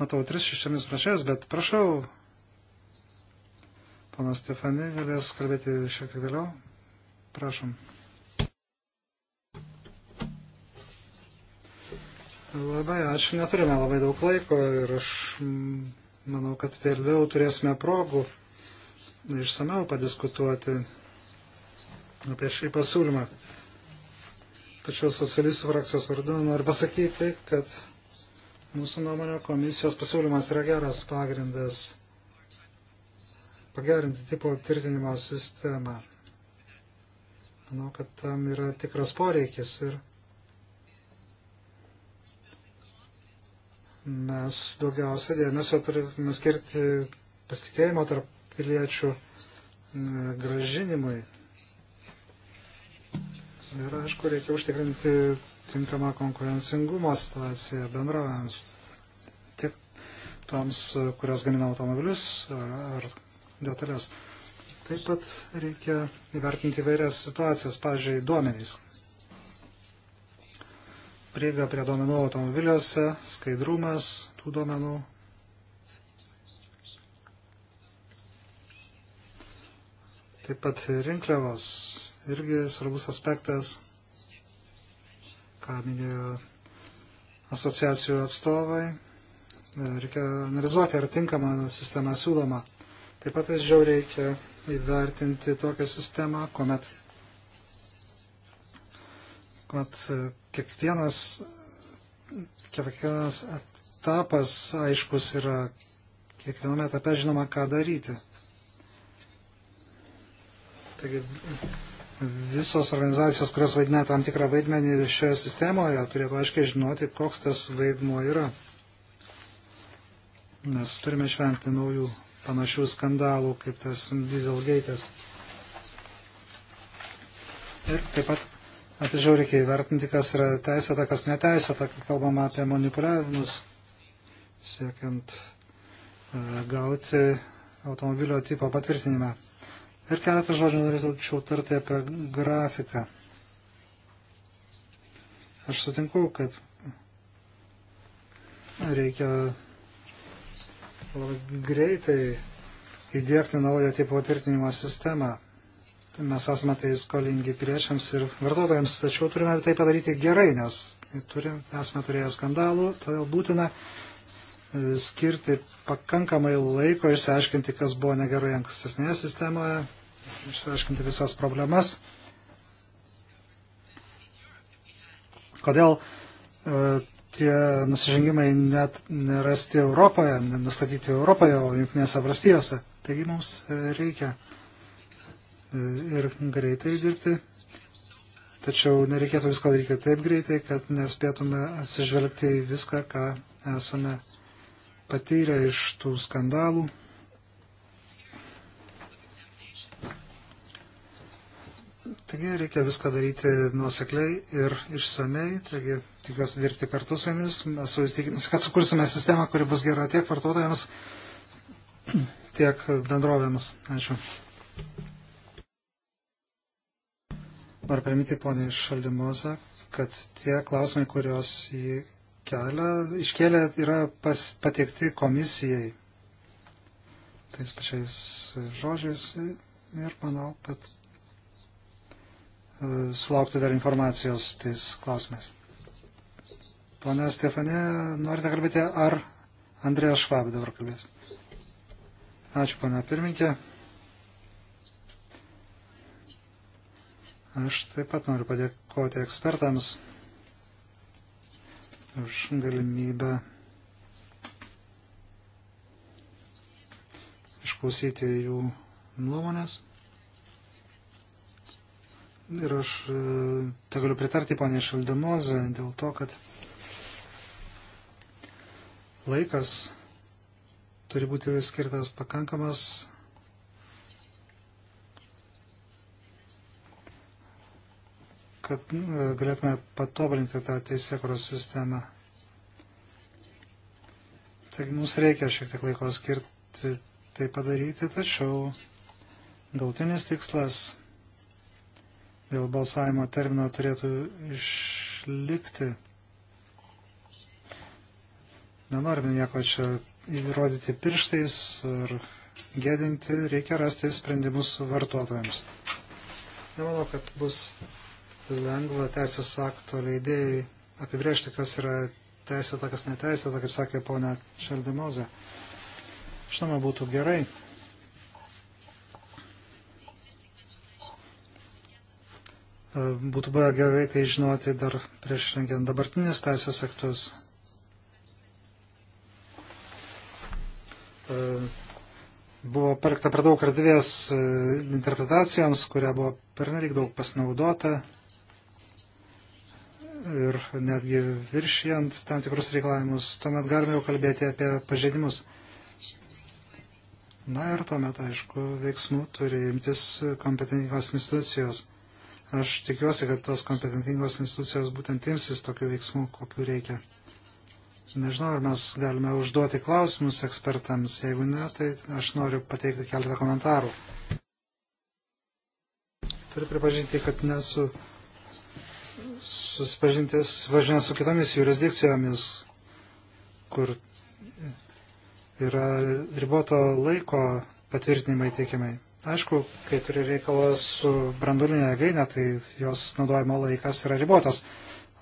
matau tris šešiamis prašės, bet prašau, panas Stefani galės kalbėti šiek tiek vėliau. Prašom. Labai ačiū, neturime labai daug laiko ir aš manau, kad vėliau turėsime progų išsameu padiskutuoti apie šį pasiūlymą. Tačiau socialistų frakcijos vardu noriu pasakyti, kad Mūsų nuomonė, komisijos pasiūlymas yra geras pagrindas pagerinti tipo tvirtinimo sistemą. Manau, kad tam yra tikras poreikis ir mes daugiausia dėmesio turėtume skirti pasitikėjimo tarp piliečių e, gražinimui. Ir aišku, reikia užtikrinti tinkama konkurencingumo situacija bendrovėms, tiek toms, kurios gamina automobilius ar, ar detalės. Taip pat reikia įvertinti vairias situacijas, pavyzdžiui, duomenys. Prieiga prie duomenų automobiliuose, skaidrumas tų duomenų. Taip pat rinkliavos irgi svarbus aspektas ką minėjo asociacijų atstovai. Reikia analizuoti, ar tinkama sistema siūloma. Taip pat atžiau reikia įvertinti tokią sistemą, kuomet, kuomet kiekvienas, kiekvienas etapas aiškus yra, kiekviename etape žinoma, ką daryti. Taigi, visos organizacijos, kurios vaidina tam tikrą vaidmenį šioje sistemoje, turėtų aiškiai žinoti, koks tas vaidmuo yra. Nes turime išvengti naujų panašių skandalų, kaip tas Dieselgate'as. Ir taip pat atidžiau reikia įvertinti, kas yra teisėta, kas neteisėta, kai kalbama apie manipuliavimus, siekiant e, gauti automobilio tipo patvirtinimą. Ir keletą žodžių norėčiau tarti apie grafiką. Aš sutinku, kad reikia greitai įdėkti naują tipo tvirtinimo sistemą. Mes esame tai skolingi piliečiams ir vartotojams, tačiau turime tai padaryti gerai, nes turim, esame turėję skandalų, todėl būtina skirti pakankamai laiko išsiaiškinti, kas buvo negerai ankstesnėje sistemoje, išsiaiškinti visas problemas. Kodėl e, tie nusižengimai net nerasti Europoje, nustatyti Europoje, o jungtinėse valstijose. Taigi mums e, reikia e, ir greitai dirbti, tačiau nereikėtų visko daryti taip greitai, kad nespėtume atsižvelgti į viską, ką esame patyrė iš tų skandalų. Taigi reikia viską daryti nuosekliai ir išsamei, taigi tikiuosi dirbti kartu su jumis. Esu įstikinęs, kad sukursime sistemą, kuri bus gera tiek vartotojams, tiek bendrovėms. Ačiū. Noriu priminti poniai Šaldimuose, kad tie klausimai, kuriuos jį kelia, iškėlė yra pas, pateikti komisijai tais pačiais žodžiais ir manau, kad e, sulaukti dar informacijos tais klausimais. Pane Stefane, norite kalbėti, ar Andrėjas Švab dabar kalbės? Ačiū, pane pirminkė. Aš taip pat noriu padėkoti ekspertams už galimybę išklausyti jų nuomonės. Ir aš e, te galiu pritarti ponė Šaldemozė dėl to, kad laikas turi būti skirtas pakankamas kad e, galėtume patobulinti tą teisėkuros sistemą. Taigi mums reikia šiek tiek laiko skirti tai padaryti, tačiau galtinis tikslas dėl balsavimo termino turėtų išlikti. Nenorime nieko čia įrodyti pirštais ar gėdinti, reikia rasti sprendimus vartotojams. Nemanau, kad bus lengva teisės akto leidėjai apibriežti, kas yra teisėta, kas neteisėta, kaip sakė ponia Šeldimozė. Žinoma, būtų gerai. E, būtų buvę gerai tai žinoti dar prieš rengiant dabartinius teisės aktus. E, buvo parkta per daug erdvės e, interpretacijoms, kuria buvo pernelyg daug pasinaudota ir netgi viršijant tam tikrus reikalavimus, tuomet galime jau kalbėti apie pažeidimus. Na ir tuomet, aišku, veiksmų turi imtis kompetentingos institucijos. Aš tikiuosi, kad tos kompetentingos institucijos būtent imsis tokių veiksmų, kokių reikia. Nežinau, ar mes galime užduoti klausimus ekspertams. Jeigu ne, tai aš noriu pateikti keletą komentarų. Turiu pripažinti, kad nesu susipažinti su kitomis jurisdikcijomis, kur yra riboto laiko patvirtinimai teikiamai. Aišku, kai turi reikalas su brandulinė jėgainė, tai jos naudojimo laikas yra ribotas.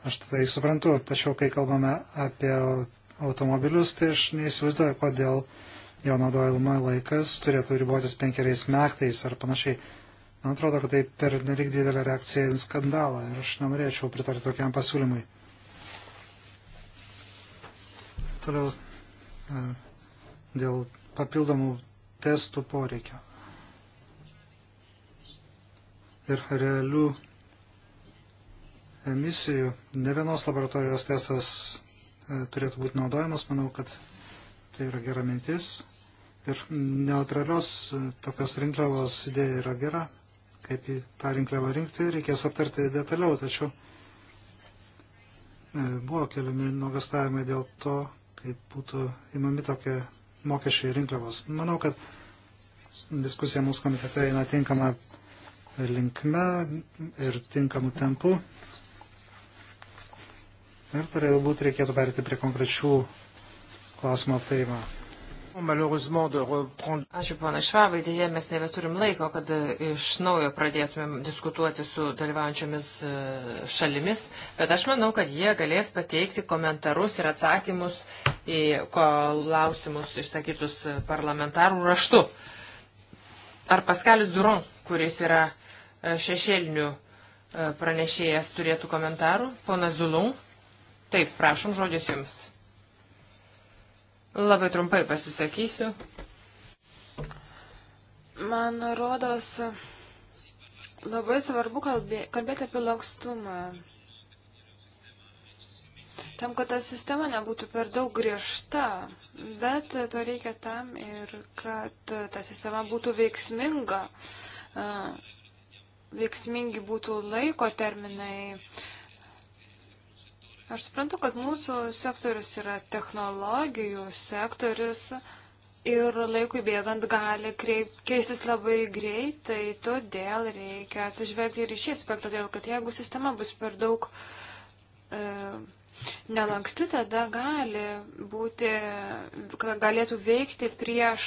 Aš tai suprantu, tačiau kai kalbame apie automobilius, tai aš neįsivaizduoju, kodėl jo naudojimo laikas turėtų ribotis penkeriais metais ar panašiai. Man atrodo, kad tai per nelik didelę reakciją į skandalą ir aš nenorėčiau pritarti tokiam pasiūlymui. Toliau e, dėl papildomų testų poreikio ir realių emisijų. Ne vienos laboratorijos testas e, turėtų būti naudojamas, manau, kad tai yra gera mintis. Ir neutralios e, tokios rinkliavos idėja yra gera kaip į tą rinkliavą rinkti, reikės aptarti detaliau, tačiau e, buvo keliami nuogastavimai dėl to, kaip būtų įmami tokie mokesčiai rinkliavos. Manau, kad diskusija mūsų komitete eina tinkama linkme ir tinkamu tempu. Ir turbūt reikėtų perėti prie konkrečių klausimų aptarimą. Ačiū, pana Švabai, dėje mes nebeturim laiko, kad e, iš naujo pradėtumėm diskutuoti su dalyvaujančiomis e, šalimis, bet aš manau, kad jie galės pateikti komentarus ir atsakymus į klausimus išsakytus e, parlamentarų raštu. Ar Paskalis Duron, kuris yra šešėlinių pranešėjas, turėtų komentarų? Pana Zulung? Taip, prašom žodis jums. Labai trumpai pasisakysiu. Man rodos, labai svarbu kalbė, kalbėti apie lankstumą. Tam, kad ta sistema nebūtų per daug griežta, bet to reikia tam ir, kad ta sistema būtų veiksminga. Veiksmingi būtų laiko terminai, Aš suprantu, kad mūsų sektorius yra technologijų sektorius ir laikui bėgant gali kreip, keistis labai greitai, todėl reikia atsižvelgti ir į šį aspektą, todėl kad jeigu sistema bus per daug e, nelanksti, tada gali būti, galėtų veikti prieš,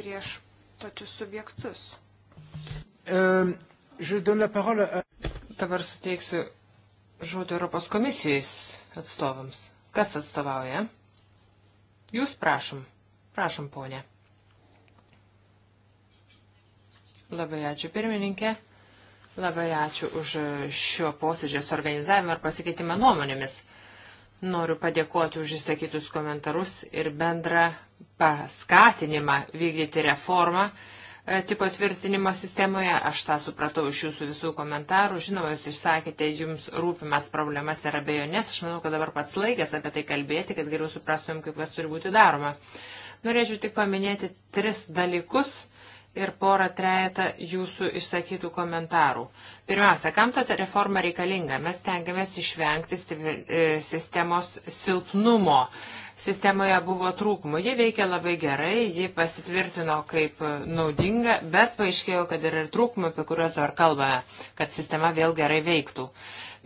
prieš pačius subjektus. Um, à... Dabar suteiksiu žodį Europos komisijos atstovams. Kas atstovauja? Jūs prašom. Prašom, ponė. Labai ačiū pirmininkė. Labai ačiū už šio posėdžio suorganizavimą ir pasikeitimą nuomonėmis. Noriu padėkoti už įsakytus komentarus ir bendrą paskatinimą vykdyti reformą E, tipo tvirtinimo sistemoje. Aš tą supratau iš jūsų visų komentarų. Žinoma, jūs išsakėte jums rūpimas problemas ir abejonės. Aš manau, kad dabar pats laikas apie tai kalbėti, kad geriau suprastumėm, kaip kas turi būti daroma. Norėčiau tik paminėti tris dalykus, ir porą trejata jūsų išsakytų komentarų. Pirmiausia, kam ta reforma reikalinga? Mes tengiamės išvengti e, sistemos silpnumo. Sistemoje buvo trūkumų. Ji veikia labai gerai, ji pasitvirtino kaip naudinga, bet paaiškėjo, kad yra ir trūkumų, apie kuriuos dabar kalbame, kad sistema vėl gerai veiktų.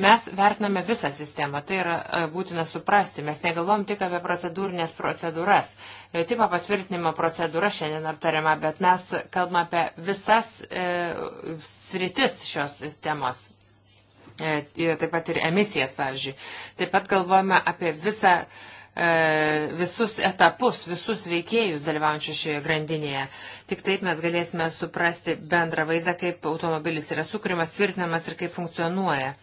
Mes vertiname visą sistemą, tai yra e, būtina suprasti. Mes negalvom tik apie procedūrinės procedūras. E, tipo patvirtinimo procedūra šiandien aptariama, bet mes kalbame apie visas e, sritis šios sistemos e, taip pat ir emisijas, pavyzdžiui. Taip pat galvojame apie visą, visus etapus, visus veikėjus dalyvaujančius šioje grandinėje. Tik taip mes galėsime suprasti bendrą vaizdą, kaip automobilis yra sukūrimas, tvirtinamas ir kaip funkcionuoja.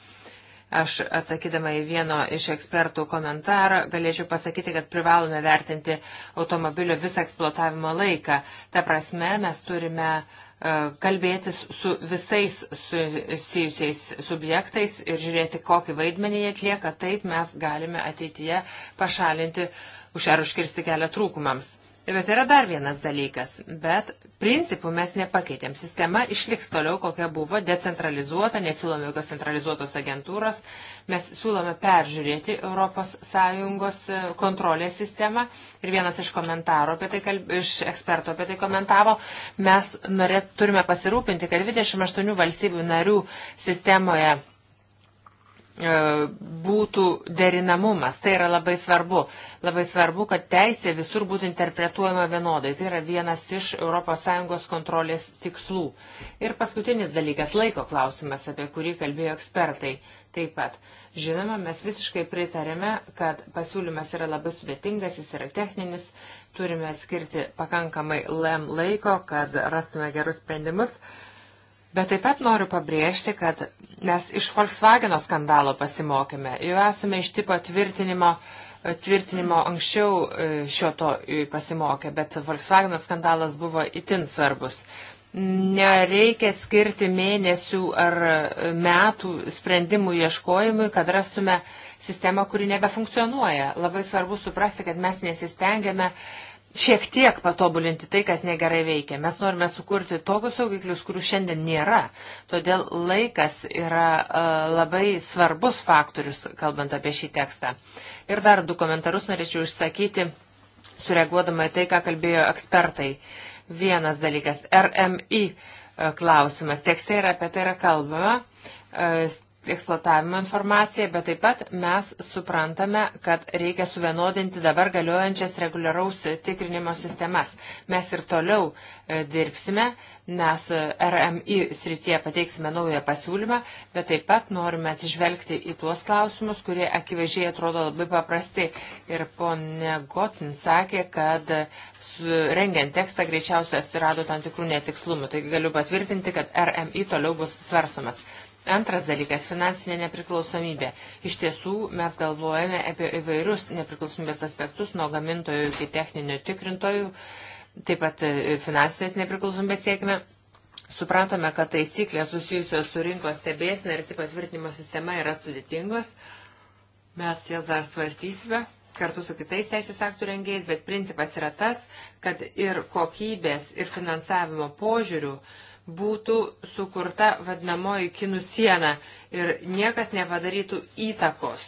Aš atsakydama į vieno iš ekspertų komentarą galėčiau pasakyti, kad privalome vertinti automobilio visą eksploatavimo laiką. Ta prasme, mes turime e, kalbėtis su visais susijusiais subjektais ir žiūrėti, kokį vaidmenį jie atlieka. Taip mes galime ateityje pašalinti už ar užkirsti kelią trūkumams. Bet yra dar vienas dalykas, bet principų mes nepakeitėm. Sistema išliks toliau, kokia buvo, decentralizuota, nesiūlome jokios centralizuotos agentūros, mes siūlome peržiūrėti ES e, kontrolės sistemą ir vienas iš, apie tai kalb... iš ekspertų apie tai komentavo, mes norėt, turime pasirūpinti, kad 28 valstybių narių sistemoje E, būtų derinamumas. Tai yra labai svarbu. Labai svarbu, kad teisė visur būtų interpretuojama vienodai. Tai yra vienas iš ES kontrolės tikslų. Ir paskutinis dalykas - laiko klausimas, apie kurį kalbėjo ekspertai. Taip pat, žinoma, mes visiškai pritarėme, kad pasiūlymas yra labai sudėtingas, jis yra techninis, turime skirti pakankamai LEM laiko, kad rastume gerus sprendimus. Bet taip pat noriu pabrėžti, kad mes iš Volkswageno skandalo pasimokėme. Jau esame iš tipo tvirtinimo, tvirtinimo anksčiau e, šio to e, pasimokę, bet Volkswageno skandalas buvo itin svarbus. Nereikia skirti mėnesių ar e, metų sprendimų ieškojimui, kad rastume sistemą, kuri nebefunkcionuoja. Labai svarbu suprasti, kad mes nesistengiame uh, šiek tiek patobulinti tai, kas negerai veikia. Mes norime sukurti tokius saugiklius, kurių šiandien nėra. Todėl laikas yra e, labai svarbus faktorius, kalbant apie šį tekstą. Ir dar du komentarus norėčiau išsakyti, sureaguodama į tai, ką kalbėjo ekspertai. Vienas dalykas - RMI e, klausimas. Tekste yra apie tai yra kalbama e, eksploatavimo informaciją, bet taip pat mes suprantame, kad reikia suvienodinti dabar galiojančias reguliaraus tikrinimo sistemas. Mes ir toliau e, dirbsime, mes e, RMI srityje pateiksime naują pasiūlymą, bet taip pat norime atsižvelgti į tuos klausimus, kurie akivaizdžiai atrodo labai paprasti. Ir ponė Gotin sakė, kad rengiant tekstą greičiausiai atsirado tam tikrų netikslumų. Taigi galiu patvirtinti, kad RMI toliau bus svarsamas. Antras dalykas - finansinė nepriklausomybė. Iš tiesų, mes galvojame apie įvairius nepriklausomybės aspektus, nuo gamintojų iki techninio tikrintojų, taip pat e, finansinės nepriklausomybės siekime. Suprantame, kad taisyklės susijusios su rinkos stebėsime ir tik patvirtinimo sistema yra sudėtingos. Mes jas dar svarstysime kartu su kitais teisės aktų rengėjais, bet principas yra tas, kad ir kokybės, ir finansavimo požiūrių uh, būtų sukurta vadinamoji kinų siena ir niekas nepadarytų įtakos,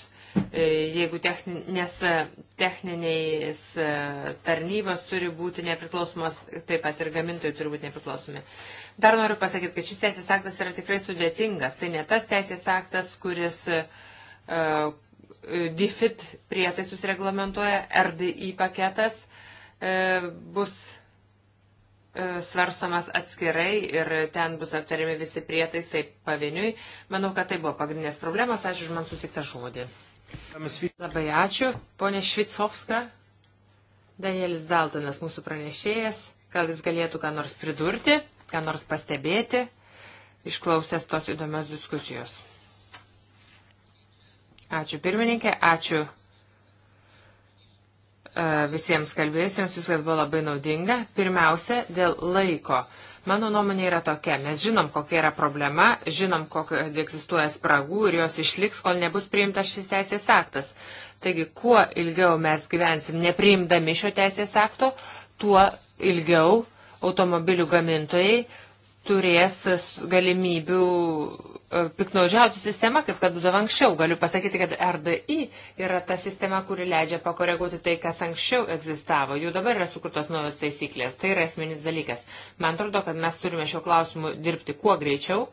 e, jeigu techni, nes e, techniniais e, tarnybos turi būti nepriklausomos, taip pat ir gamintojai turi būti nepriklausomi. Dar noriu pasakyti, kad šis teisės aktas yra tikrai sudėtingas. Tai ne tas teisės aktas, kuris uh, DFID prietaisus reglamentuoja, RDI paketas uh, bus E, svarstomas atskirai ir ten bus aptariami visi prietaisai pavieniui. Manau, kad tai buvo pagrindinės problemos. Ačiū už man susiktą žodį. Labai ačiū. Pone Švicovska, Danielis Daltonas, mūsų pranešėjas, gal jis galėtų ką nors pridurti, ką nors pastebėti, išklausęs tos įdomios diskusijos. Ačiū pirmininkė, ačiū visiems kalbėjusiems, viskas buvo labai naudinga. Pirmiausia, dėl laiko. Mano nuomonė yra tokia, mes žinom, kokia yra problema, žinom, kokia egzistuoja spragų ir jos išliks, kol nebus priimtas šis teisės aktas. Taigi, kuo ilgiau mes gyvensim nepriimdami šio teisės akto, tuo ilgiau automobilių gamintojai turės galimybių E, piknaudžiauti sistema, kaip kad būdavo anksčiau. Galiu pasakyti, kad RDI yra ta sistema, kuri leidžia pakoreguoti tai, kas anksčiau egzistavo. Jau dabar yra sukurtos naujos taisyklės. Tai yra esminis dalykas. Man atrodo, kad mes turime šiuo klausimu dirbti kuo greičiau.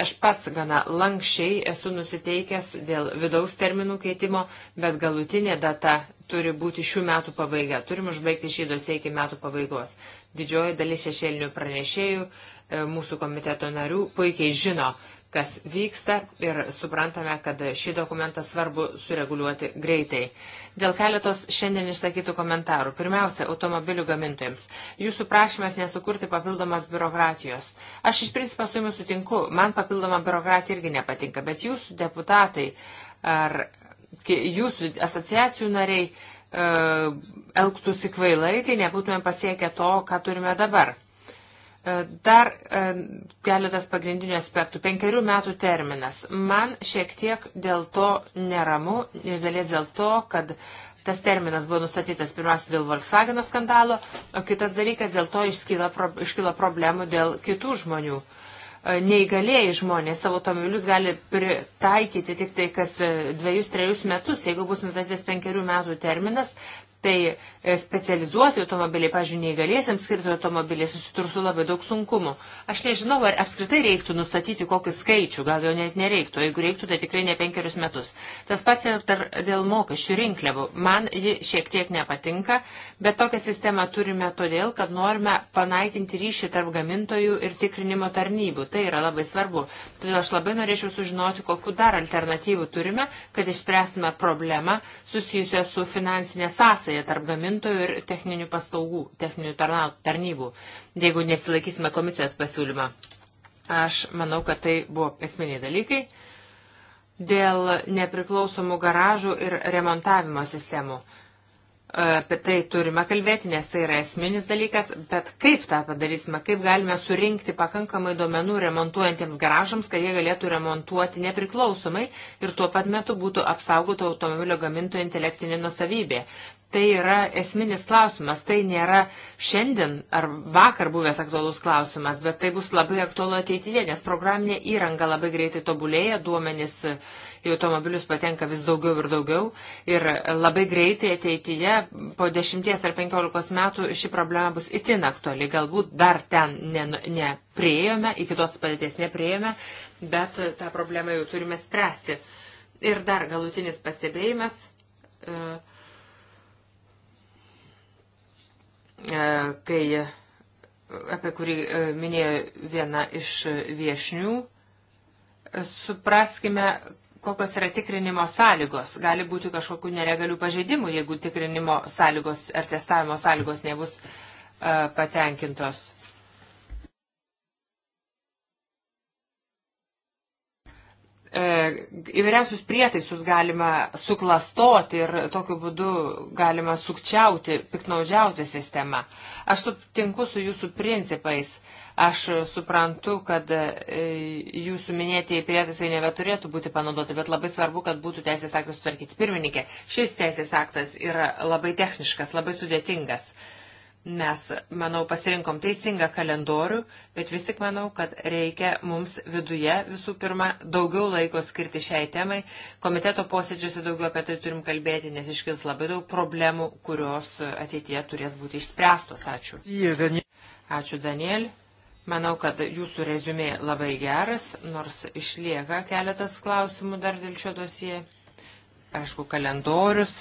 Aš pats gana lankščiai esu nusiteikęs dėl vidaus terminų keitimo, bet galutinė data turi būti šių metų pabaiga. Turim užbaigti šį dosiją iki metų pabaigos. Didžioji dalis šešėlinių pranešėjų, e, mūsų komiteto narių puikiai žino, kas vyksta ir suprantame, kad šį dokumentą svarbu sureguliuoti greitai. Dėl keletos šiandien išsakytų komentarų. Pirmiausia, automobilių gamintojams. Jūsų prašymas nesukurti papildomos biurokratijos. Aš iš principo su jumis sutinku, man papildoma biurokratija irgi nepatinka, bet jūsų deputatai ar jūsų asociacijų nariai e, elgtųsi kvailai, tai nebūtume pasiekę to, ką turime dabar. Dar e, keletas pagrindinių aspektų. Penkerių metų terminas. Man šiek tiek dėl to neramu, iš dalies dėl to, kad tas terminas buvo nustatytas pirmiausia dėl Volkswagen skandalo, o kitas dalykas dėl to iškyla, iškyla problemų dėl kitų žmonių. E, Neįgalėjai žmonės savo automobilius gali pritaikyti tik tai kas e, dviejus, trejus metus. Jeigu bus nustatytas penkerių metų terminas, tai e, specializuoti automobiliai, pažiūrėjau, neįgaliesiams skirti automobiliai susiturs su labai daug sunkumų. Aš nežinau, ar apskritai reiktų nustatyti kokį skaičių, gal jo net nereiktų, jeigu reiktų, tai tikrai ne penkerius metus. Tas pats ir dar dėl mokesčių rinkliavų. Man ji šiek tiek nepatinka, bet tokią sistemą turime todėl, kad norime panaikinti ryšį tarp gamintojų ir tikrinimo tarnybų. Tai yra labai svarbu. Todėl aš labai norėčiau sužinoti, kokiu dar alternatyvų turime, kad išspręstume problemą susijusią su finansinė sąsaja sąsaja tarp gamintojų ir techninių paslaugų, techninių tarnybų, jeigu nesilaikysime komisijos pasiūlymą. Aš manau, kad tai buvo esminiai dalykai dėl nepriklausomų garažų ir remontavimo sistemų. Apie tai turime kalbėti, nes tai yra esminis dalykas, bet kaip tą padarysime, kaip galime surinkti pakankamai duomenų remontuojantiems garažams, kad jie galėtų remontuoti nepriklausomai ir tuo pat metu būtų apsaugota automobilio gamintojo intelektinė nusavybė tai yra esminis klausimas, tai nėra šiandien ar vakar buvęs aktualus klausimas, bet tai bus labai aktualu ateityje, nes programinė įranga labai greitai tobulėja, duomenys į automobilius patenka vis daugiau ir daugiau ir labai greitai ateityje po 10 ar 15 metų ši problema bus itin aktuali, galbūt dar ten nepriejome, ne, ne iki tos padėties nepriejome, bet tą problemą jau turime spręsti. Ir dar galutinis pastebėjimas. Uh, E, kai, e, apie kurį e, minėjo viena iš viešnių. Supraskime, kokios yra tikrinimo sąlygos. Gali būti kažkokių neregalių pažeidimų, jeigu tikrinimo sąlygos ar testavimo sąlygos nebus patenkintos. E, įvairiausius prietaisus galima suklastoti ir tokiu būdu galima sukčiauti, piknaudžiauti sistemą. Aš sutinku su jūsų principais. Aš suprantu, kad e, jūsų minėtieji prietaisai nebeturėtų būti panaudoti, bet labai svarbu, kad būtų teisės aktas sutvarkyti. Pirmininkė, šis teisės aktas yra labai techniškas, labai sudėtingas. Uh, Mes, manau, pasirinkom teisingą kalendorių, bet vis tik manau, kad reikia mums viduje visų pirma daugiau laiko skirti šiai temai. Komiteto posėdžiuose daugiau apie tai turim kalbėti, nes iškils labai daug problemų, kurios ateityje turės būti išspręstos. Ačiū. Ačiū, Daniel. Manau, kad jūsų rezumė labai geras, nors išlieka keletas klausimų dar dėl šio dosie. Aišku, kalendorius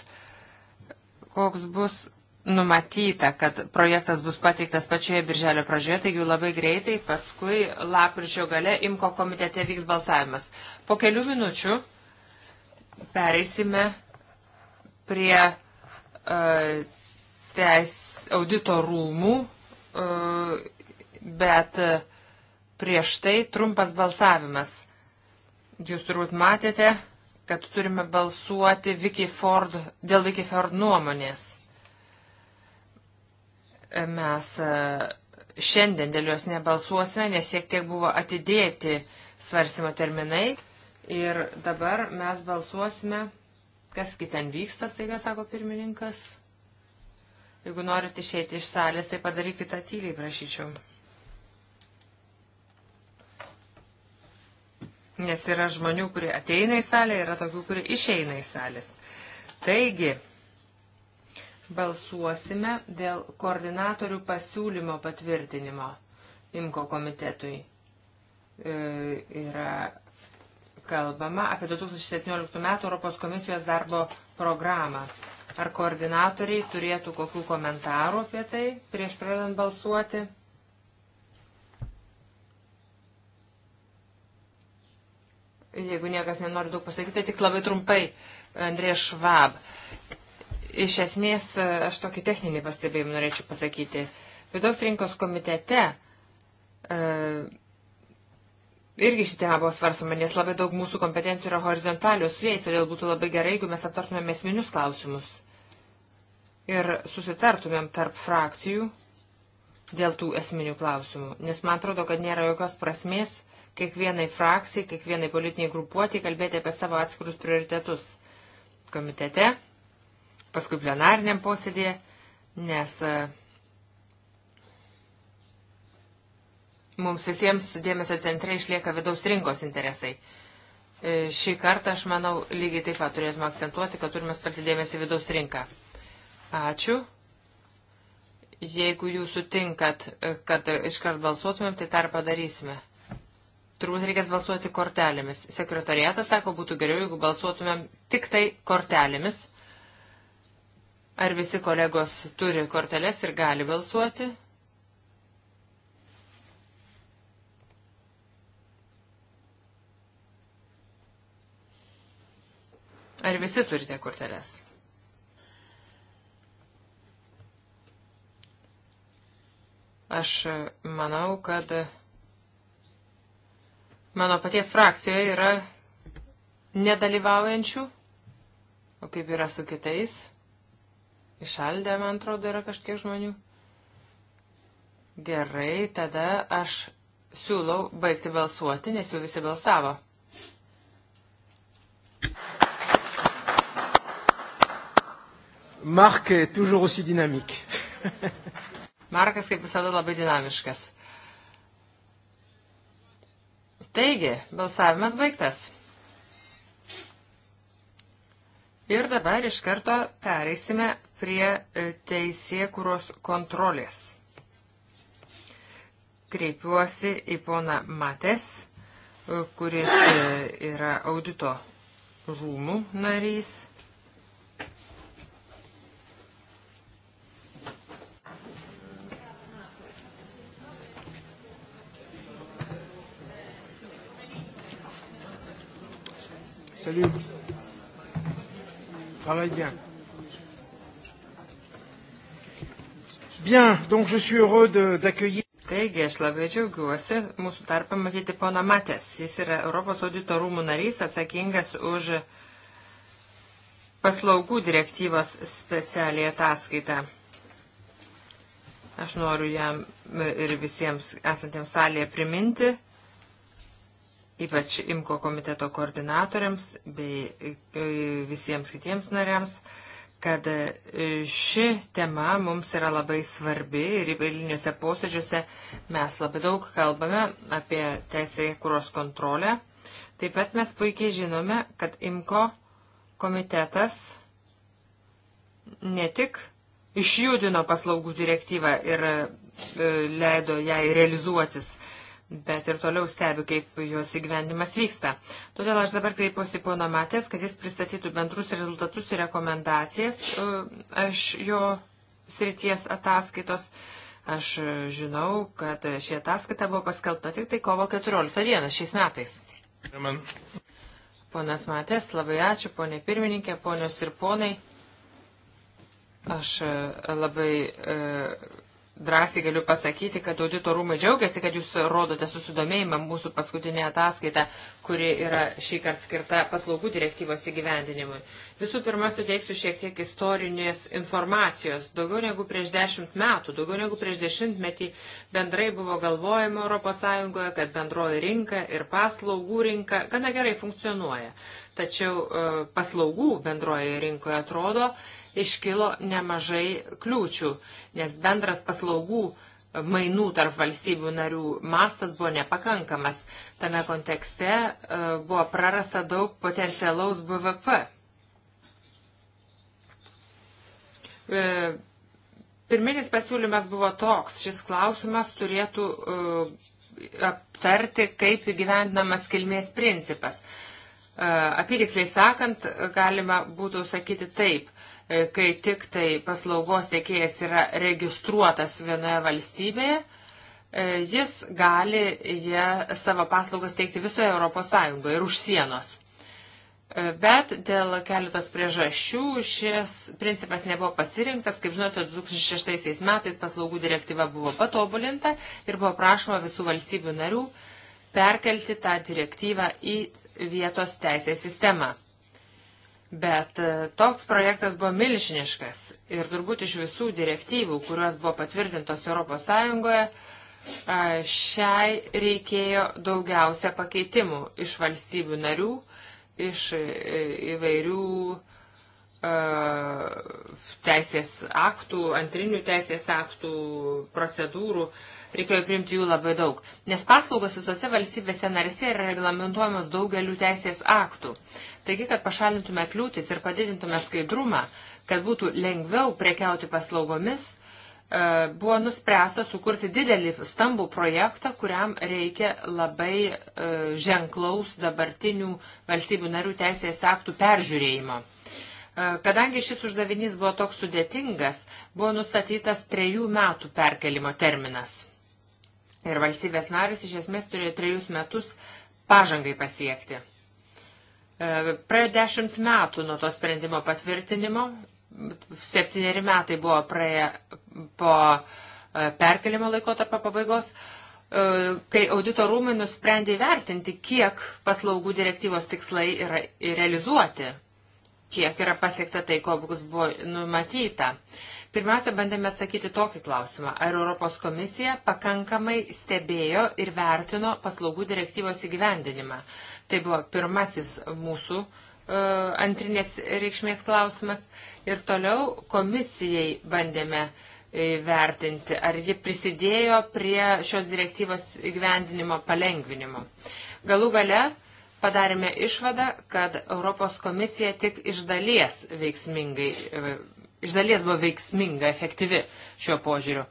koks bus numatyta, kad projektas bus pateiktas pačioje birželio pradžioje, taigi labai greitai, paskui lapkričio gale imko komitete vyks balsavimas. Po kelių minučių pereisime prie uh, teis, audito rūmų, uh, bet uh, prieš tai trumpas balsavimas. Jūs turbūt matėte, kad turime balsuoti Vicky Ford, dėl Vicky Ford nuomonės mes e, šiandien dėl jos nebalsuosime, nes šiek tiek buvo atidėti svarsimo terminai. Ir dabar mes balsuosime, kas kiten vyksta, staiga sako pirmininkas. Jeigu norite išeiti iš salės, tai padarykite tyliai, prašyčiau. Nes yra žmonių, kurie ateina į salę, yra tokių, kurie išeina iš salės. Taigi, balsuosime dėl koordinatorių pasiūlymo patvirtinimo IMKO komitetui. E, yra kalbama apie 2017 m. Europos komisijos darbo programą. Ar koordinatoriai turėtų kokių komentarų apie tai prieš pradedant balsuoti? Jeigu niekas nenori daug pasakyti, tai tik labai trumpai, Andrė Švab. Uh, Iš esmės, e, aš tokį techninį pastebėjimą norėčiau pasakyti. Vidaus rinkos komitete e, irgi ši tema buvo svarstoma, nes labai daug mūsų kompetencijų yra horizontalios su jais, todėl būtų labai gerai, jeigu mes aptartumėm esminius klausimus ir susitartumėm tarp frakcijų dėl tų esminių klausimų. Nes man atrodo, kad nėra jokios prasmės kiekvienai frakcijai, kiekvienai politiniai grupuotė kalbėti apie savo atskirus prioritetus komitete paskui plenariniam posėdėje, nes e, mums visiems dėmesio centre išlieka vidaus rinkos interesai. E, šį kartą, aš manau, lygiai taip pat turėtume akcentuoti, kad turime sutelkti dėmesį vidaus rinką. Ačiū. Jeigu jūs sutinkat, e, kad iškart balsuotumėm, tai tą ir padarysime. Turbūt reikės balsuoti kortelėmis. Sekretariatas sako, būtų geriau, jeigu balsuotumėm tik tai kortelėmis. Ar visi kolegos turi korteles ir gali balsuoti? Ar visi turite korteles? Aš manau, kad mano paties frakcijoje yra nedalyvaujančių, o kaip yra su kitais? Išaldė, man atrodo, yra kažkiek žmonių. Gerai, tada aš siūlau baigti balsuoti, nes jau visi balsavo. Mark est toujours aussi dynamique. Markas kaip visada labai dinamiškas. Taigi, balsavimas baigtas. Ir dabar iš karto pereisime prie e, teisėkuros kontrolės. Kreipiuosi į poną Mates, e, kuris e, yra audito rūmų narys. Salut. Travaille bien. Bien, donc je suis heureux d'accueillir. Taigi, aš labai džiaugiuosi mūsų tarpą matyti pono Matės. Jis yra Europos audito rūmų narys, atsakingas už paslaugų direktyvos specialiai ataskaitą. Aš noriu jam ir visiems esantiems salėje priminti, ypač IMKO komiteto koordinatoriams bei e, visiems kitiems nariams, kad e, ši tema mums yra labai svarbi ir įvailiniuose posėdžiuose mes labai daug kalbame apie teisėje kūros kontrolę. Taip pat mes puikiai žinome, kad IMKO komitetas ne tik išjudino paslaugų direktyvą ir e, leido jai realizuotis, bet ir toliau stebiu, kaip jos įgyvendimas vyksta. Todėl aš dabar kreipiuosi pono Matės, kad jis pristatytų bendrus rezultatus ir rekomendacijas e, iš jo srities ataskaitos. Aš žinau, kad ši ataskaita buvo paskelbta tik tai kovo 14 dieną šiais metais. Amen. Ponas Matės, labai ačiū, ponė pirmininkė, ponios ir ponai. Aš e, labai. E, drąsiai galiu pasakyti, kad audito rūmai džiaugiasi, kad jūs rodote susidomėjimą mūsų paskutinė ataskaita, kuri yra šį kartą skirta paslaugų direktyvos įgyvendinimui. Visų pirma, suteiksiu šiek tiek istorinės informacijos. Daugiau negu prieš dešimt metų, daugiau negu prieš dešimtmetį bendrai buvo galvojama ES, kad bendroji rinka ir paslaugų rinka gana gerai funkcionuoja tačiau e, paslaugų bendroje rinkoje atrodo iškilo nemažai kliūčių, nes bendras paslaugų e, mainų tarp valstybių narių mastas buvo nepakankamas. Tame kontekste e, buvo prarasta daug potencialaus BVP. Pirminis pasiūlymas buvo toks, šis klausimas turėtų aptarti, kaip įgyvendinamas kilmės principas. Apytiksliai sakant, galima būtų sakyti taip, e, kai tik tai paslaugos tiekėjas yra registruotas vienoje valstybėje, e, jis gali jie savo paslaugas teikti visoje Europos Sąjungoje ir už sienos. E, bet dėl keletos priežasčių šis principas nebuvo pasirinktas. Kaip žinote, 2006 metais paslaugų direktyva buvo patobulinta ir buvo prašoma visų valstybių narių perkelti tą direktyvą į vietos teisės sistemą. Bet e, toks projektas buvo milžiniškas ir turbūt iš visų direktyvų, kurios buvo patvirtintos ES, šiai reikėjo daugiausia pakeitimų iš valstybių narių, iš e, įvairių e, teisės aktų, antrinių teisės aktų, procedūrų. Uh, reikėjo priimti jų labai daug, nes paslaugos visose valstybėse narėse yra reglamentuojamos daugeliu teisės aktų. Taigi, kad pašalintume kliūtis ir padidintume skaidrumą, kad būtų lengviau prekiauti paslaugomis, e, buvo nuspręsta sukurti didelį stambų projektą, kuriam reikia labai e, ženklaus dabartinių valstybių narių teisės aktų peržiūrėjimo. E, kadangi šis uždavinys buvo toks sudėtingas, buvo nustatytas trejų metų perkelimo terminas. Ir valstybės narės iš esmės turėjo trejus metus pažangai pasiekti. E, praėjo dešimt metų nuo to sprendimo patvirtinimo, septyneri metai buvo praėję po e, perkelimo laikotarpio pabaigos, e, kai audito rūmai nusprendė įvertinti, kiek paslaugų direktyvos tikslai yra realizuoti, kiek yra pasiekta tai, ko bus buvo numatyta. Pirmiausia, bandėme atsakyti tokį klausimą. Ar Europos komisija pakankamai stebėjo ir vertino paslaugų direktyvos įgyvendinimą? Tai buvo pirmasis mūsų e, antrinės reikšmės klausimas. Ir toliau komisijai bandėme e, vertinti, ar ji prisidėjo prie šios direktyvos įgyvendinimo palengvinimo. Galų gale padarėme išvadą, kad Europos komisija tik iš dalies veiksmingai e, iš dalies buvo veiksminga, efektyvi šiuo požiūriu.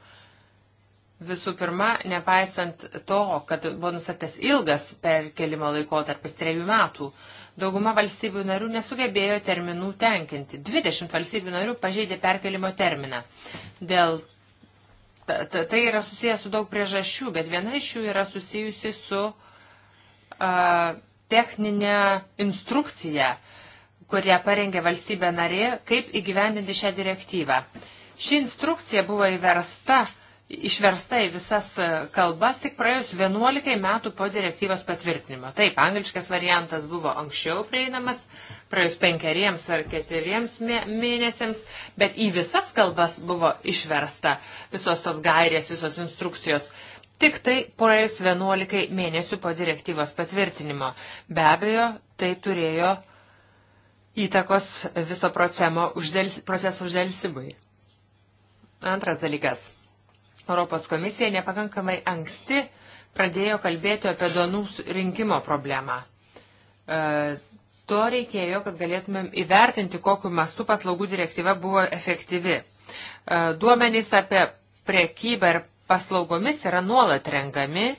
Visų pirma, nepaisant to, kad buvo nusatęs ilgas perkelimo laikotarpis trejų metų, dauguma valstybių narių nesugebėjo terminų tenkinti. 20 valstybių narių pažeidė perkelimo terminą. Dėl ta, ta, tai yra susijęs su daug priežasčių, bet viena iš jų yra susijusi su a, techninė instrukcija, a, kurią parengė valstybė narė, kaip įgyvendinti šią direktyvą. Ši instrukcija buvo įversta, išversta į visas e, kalbas tik praėjus 11 metų po direktyvos patvirtinimo. Taip, angliškas variantas buvo anksčiau prieinamas, praėjus penkeriems ar keturiems mėnesiams, bet į visas kalbas buvo išversta visos tos gairės, visos instrukcijos tik tai praėjus 11 mėnesių po direktyvos patvirtinimo. Be abejo, tai turėjo uh, įtakos viso uždėlis, proceso uždėlsimui. Antras dalykas. Europos komisija nepakankamai anksti pradėjo kalbėti apie donų rinkimo problemą. E, to reikėjo, kad galėtumėm įvertinti, kokiu mastu paslaugų direktyva buvo efektyvi. E, duomenys apie priekybą ir paslaugomis yra nuolat rengami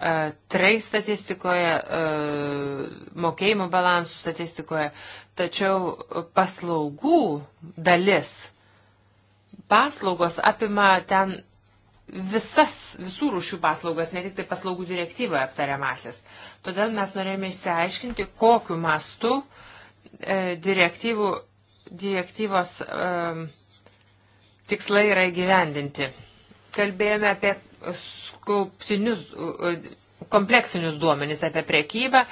E, trei statistikoje, e, mokėjimų balansų statistikoje, tačiau paslaugų dalis, paslaugos apima ten visas, visų rūšių paslaugas, ne tik tai paslaugų direktyvoje aptariamasis. Todėl mes norėjome išsiaiškinti, kokiu mastu e, direktyvų, direktyvos e, tikslai yra įgyvendinti. Kalbėjome apie skauptinius, kompleksinius duomenys apie priekybą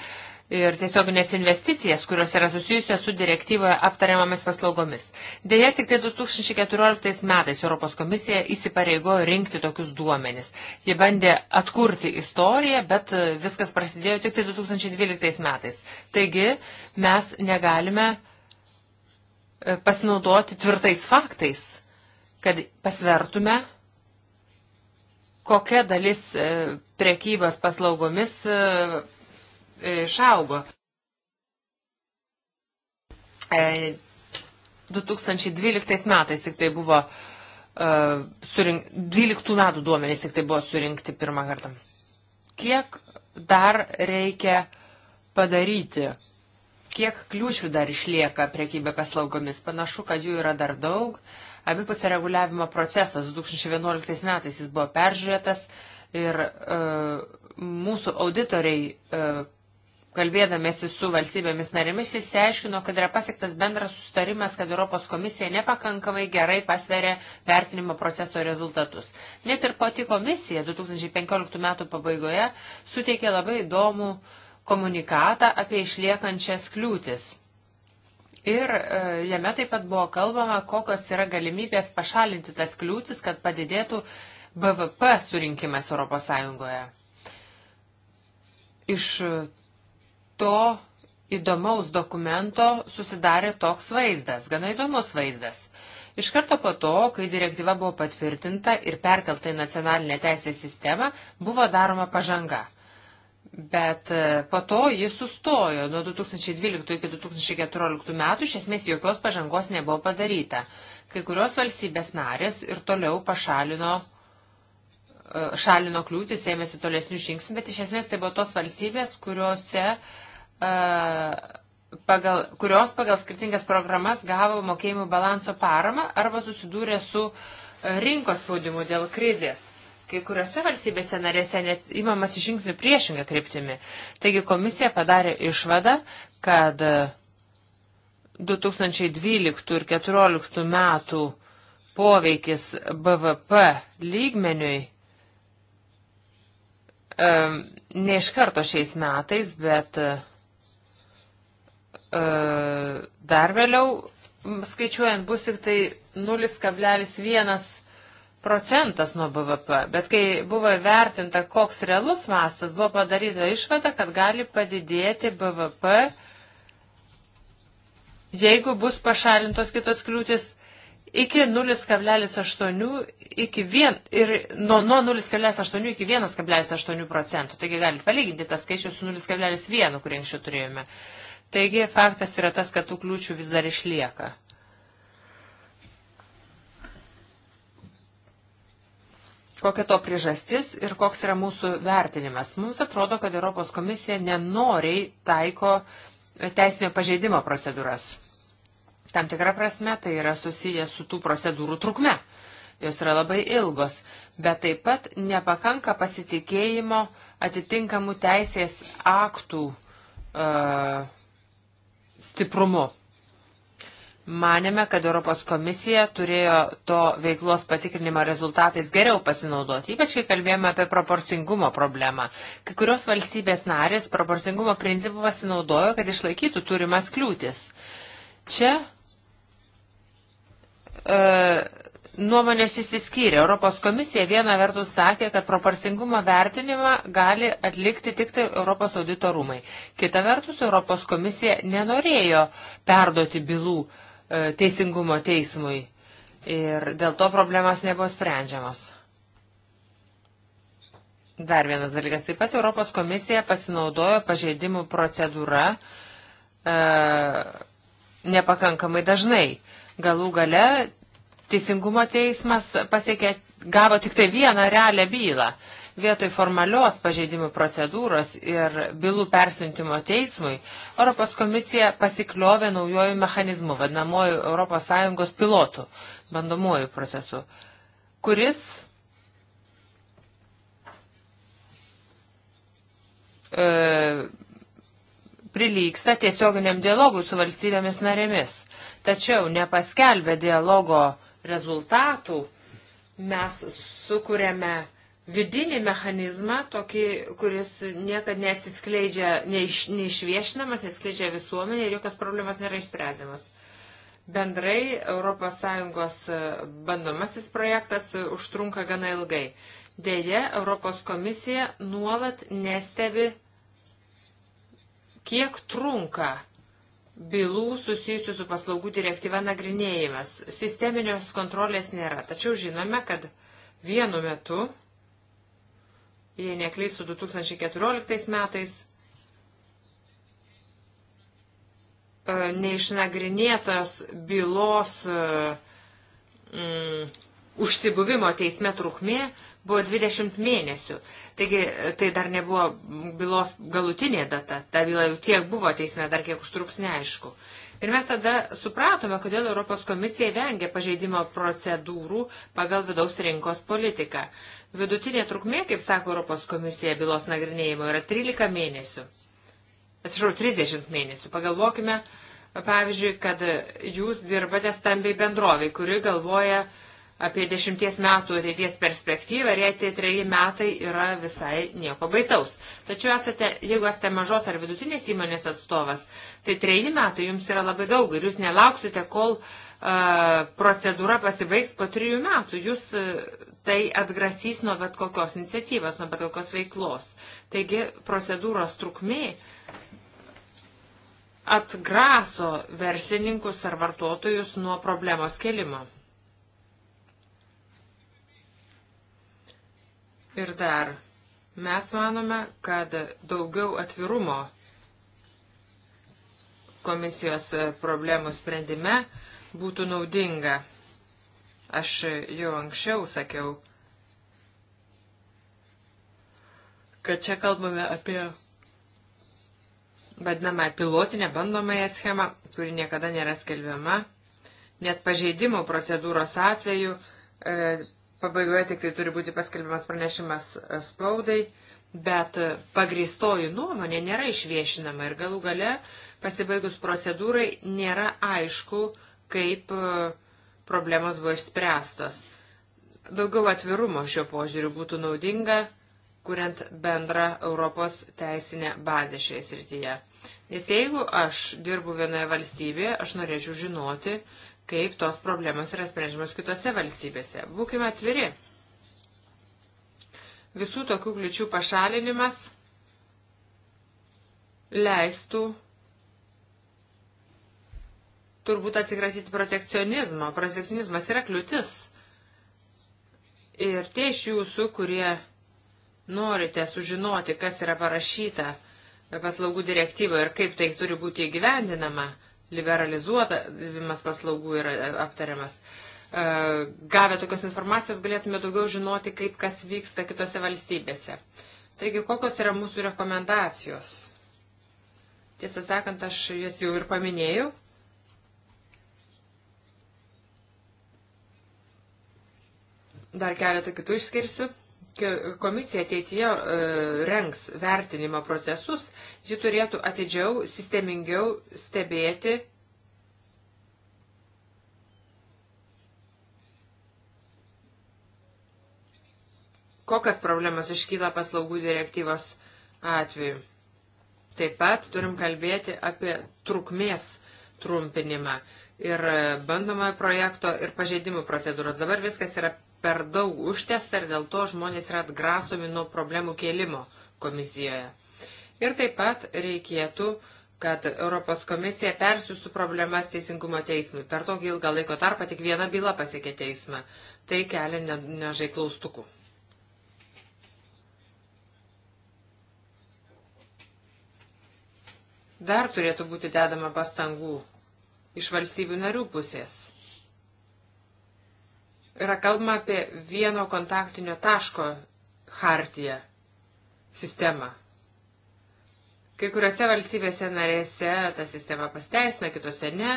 ir tiesioginės investicijas, kurios yra susijusios su direktyvoje aptariamomis paslaugomis. Deja, tik tai 2014 metais Europos komisija įsipareigojo rinkti tokius duomenis. Jie bandė atkurti istoriją, bet e, viskas prasidėjo tik tai 2012 metais. Taigi mes negalime e, pasinaudoti tvirtais faktais, kad pasvertume kokia dalis e, prekybos paslaugomis e, e, išaugo. 2012 metais tik tai buvo surink, 12 metų duomenys tik tai buvo surinkti pirmą kartą. Kiek dar reikia padaryti? Kiek kliūčių dar išlieka priekybė paslaugomis? Panašu, kad jų yra dar daug. Uh, abipusio reguliavimo procesas 2011 metais jis buvo peržiūrėtas ir e, mūsų auditoriai e, kalbėdamėsi su valstybėmis narėmis, jis aiškino, kad yra pasiektas bendras sustarimas, kad Europos komisija nepakankamai gerai pasveria vertinimo proceso rezultatus. Net ir pati komisija 2015 metų pabaigoje suteikė labai įdomų komunikatą apie išliekančias kliūtis. Ir e, jame taip pat buvo kalbama, kokios yra galimybės pašalinti tas kliūtis, kad padidėtų BVP surinkimas ES. Iš to įdomaus dokumento susidarė toks vaizdas, gana įdomus vaizdas. Iš karto po to, kai direktyva buvo patvirtinta ir perkelta į nacionalinę teisės sistemą, buvo daroma pažanga. Bet e, po to jis sustojo nuo 2012 iki 2014 metų, iš esmės jokios pažangos nebuvo padaryta. Kai kurios valstybės narės ir toliau pašalino, e, šalino kliūtis, ėmėsi tolesnių žingsnių, bet iš esmės tai buvo tos valstybės, kuriuose, e, pagal, kurios pagal skirtingas programas gavo mokėjimų balanso paramą arba susidūrė su rinkos spaudimu dėl krizės. Kai kuriuose valstybėse narėse net įmamas žingsnių priešingą kryptimį. Taigi komisija padarė išvadą, kad 2012 e, ir 2014 metų poveikis BVP lygmeniui e, ne iš karto šiais metais, bet e, dar vėliau skaičiuojant bus tik tai 0,1 procentas nuo BVP, bet kai buvo vertinta, koks realus mastas, buvo padaryta išvada, kad gali padidėti BVP, jeigu bus pašalintos kitos kliūtis iki 0,8 iki 1 ir nuo, nuo 0,8 iki 1,8 procentų. Taigi galite palyginti tą skaičių su 0,1, kurį anksčiau turėjome. Taigi faktas yra tas, kad tų kliūčių vis dar išlieka. kokia to priežastis ir koks yra mūsų vertinimas. Mums atrodo, kad Europos komisija nenoriai taiko teisinio pažeidimo procedūras. Tam tikrą prasme tai yra susiję su tų procedūrų trukme. Jos yra labai ilgos, bet taip pat nepakanka pasitikėjimo atitinkamų teisės aktų uh, stiprumu. Manėme, kad Europos komisija turėjo to veiklos patikrinimo rezultatais geriau pasinaudoti, ypač kai kalbėjome apie proporcingumo problemą. Kai kurios valstybės narės proporcingumo principų pasinaudojo, kad išlaikytų turimas kliūtis. Čia e, nuomonės įsiskyrė. Europos komisija viena vertus sakė, kad proporcingumo vertinimą gali atlikti tik tai Europos audito rūmai. Kita vertus, Europos komisija nenorėjo perduoti bylų uh, E, teisingumo teismui. Ir dėl to problemas nebuvo sprendžiamas. Dar vienas dalykas. Taip pat Europos komisija pasinaudojo pažeidimų procedūra e, nepakankamai dažnai. Galų gale teisingumo teismas pasiekė, gavo tik tai vieną realią bylą. E, Vietoj formalios pažeidimų procedūros ir bylų persiuntimo teismui, Europos komisija pasikliovė naujojų mechanizmų, vadinamoju ES pilotų, bandomuoju procesu, kuris e, prilyksta tiesioginiam dialogui su valstybėmis narėmis. Tačiau nepaskelbę dialogo rezultatų mes sukūrėme vidinį mechanizmą, tokį, kuris niekad neatsiskleidžia, neiš, neišviešinamas, neatskleidžia visuomenė ir jokios problemas nėra išsprendžiamas. Bendrai ES bandomasis projektas užtrunka gana ilgai. Deja, Europos komisija nuolat nestebi, kiek trunka bylų susijusių su paslaugų direktyva nagrinėjimas. Sisteminios kontrolės nėra, tačiau žinome, kad vienu metu jei neklystų 2014 metais, e, neišnagrinėtas bylos e, mm, užsibuvimo teisme trukmė buvo 20 mėnesių. Taigi e, tai dar nebuvo bylos galutinė data, ta byla jau tiek buvo teisme, dar kiek užtruks neaišku. Uh, Ir mes tada supratome, kodėl Europos komisija vengia pažeidimo procedūrų pagal vidaus rinkos politiką. Vidutinė trukmė, kaip sako Europos komisija, bylos nagrinėjimo yra 13 mėnesių. Atsiprašau, 30 mėnesių. Pagalvokime, pavyzdžiui, kad jūs dirbate stambiai bendroviai, kuri galvoja, uh, apie dešimties metų ateities perspektyvą ir jei tie treji metai yra visai nieko baisaus. Tačiau esate, jeigu esate mažos ar vidutinės įmonės atstovas, tai treji metai jums yra labai daug ir jūs nelauksite, kol uh, procedūra pasibaigs po trijų metų. Jūs uh, tai atgrasys nuo bet kokios iniciatyvos, nuo bet kokios veiklos. Taigi procedūros trukmė atgraso verslininkus ar vartotojus nuo problemos kelimo. Ir dar, mes manome, kad daugiau atvirumo komisijos problemų sprendime būtų naudinga. Aš jau anksčiau sakiau, kad čia kalbame apie vadinamą pilotinę bandomąją schemą, kuri niekada nėra skelbiama. Net pažeidimų procedūros atveju e, pabaigoje tik tai turi būti paskelbimas pranešimas e, spaudai, bet pagristoji nuomonė nėra išviešinama ir galų gale pasibaigus procedūrai nėra aišku, kaip e, problemos buvo išspręstos. Daugiau atvirumo šio požiūriu būtų naudinga, kuriant bendrą Europos teisinę bazę šioje srityje. Nes jeigu aš dirbu vienoje valstybėje, aš norėčiau žinoti, kaip tos problemos yra sprendžiamos kitose valstybėse. Būkime atviri. Visų tokių kliučių pašalinimas leistų turbūt atsikratyti protekcionizmo. Protekcionizmas yra kliūtis. Ir tie iš jūsų, kurie norite sužinoti, kas yra parašyta paslaugų direktyvoje ir kaip tai turi būti įgyvendinama, liberalizuotavimas paslaugų yra e, aptariamas. E, gavę tokios informacijos galėtume daugiau žinoti, kaip kas vyksta kitose valstybėse. Taigi, kokios yra mūsų rekomendacijos? Tiesą sakant, aš jas jau ir paminėjau. Dar keletą kitų išskirsiu komisija ateityje e, renks vertinimo procesus, ji turėtų atidžiau, sistemingiau stebėti kokias problemas iškyla paslaugų direktyvos atveju. Taip pat turim kalbėti apie trukmės trumpinimą ir e, bandomojo projekto ir pažeidimų procedūros. Dabar viskas yra per daug užtesta ir dėl to žmonės yra atgrasomi nuo problemų kėlimo komisijoje. Ir taip pat reikėtų, kad Europos komisija persiųstų problemas teisingumo teismui. Per tokį ilgą laiko tarpą tik viena byla pasiekė teismą. Tai kelia nežai ne klaustukų. Dar turėtų būti dedama pastangų iš valstybių narių pusės. Yra kalbama apie vieno kontaktinio taško hartiją sistemą. Kai kuriuose valstybėse narėse ta sistema pasteisina, kitose ne.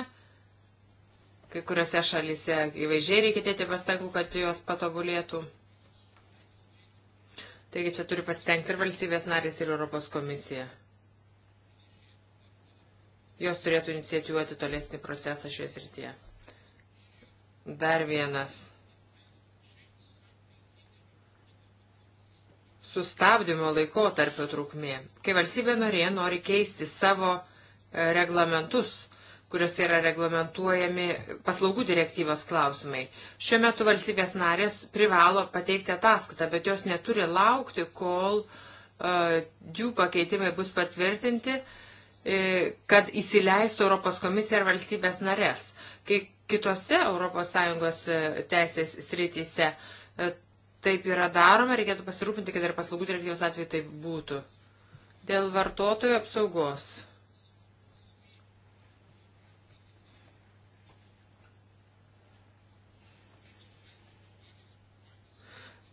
Kai kuriuose šalyse įvaizdžiai reikia dėti pastangų, kad jos patobulėtų. Taigi čia turi pasitengti ir valstybės narės, ir Europos komisija. Jos turėtų inicijuoti tolesnį procesą šioje srityje. Dar vienas sustabdymo laikotarpio trukmė. Kai valstybė narė nori keisti savo e, reglamentus, kuriuose yra reglamentuojami paslaugų direktyvos klausimai. Šiuo metu valstybės narės privalo pateikti ataskaitą, bet jos neturi laukti, kol uh, jų pakeitimai bus patvirtinti, e, kad įsileistų Europos komisija ir valstybės narės. Kai kitose ES teisės srityse taip yra daroma, reikėtų pasirūpinti, kad ir paslaugų direktyvos atveju taip būtų. Dėl vartotojų apsaugos.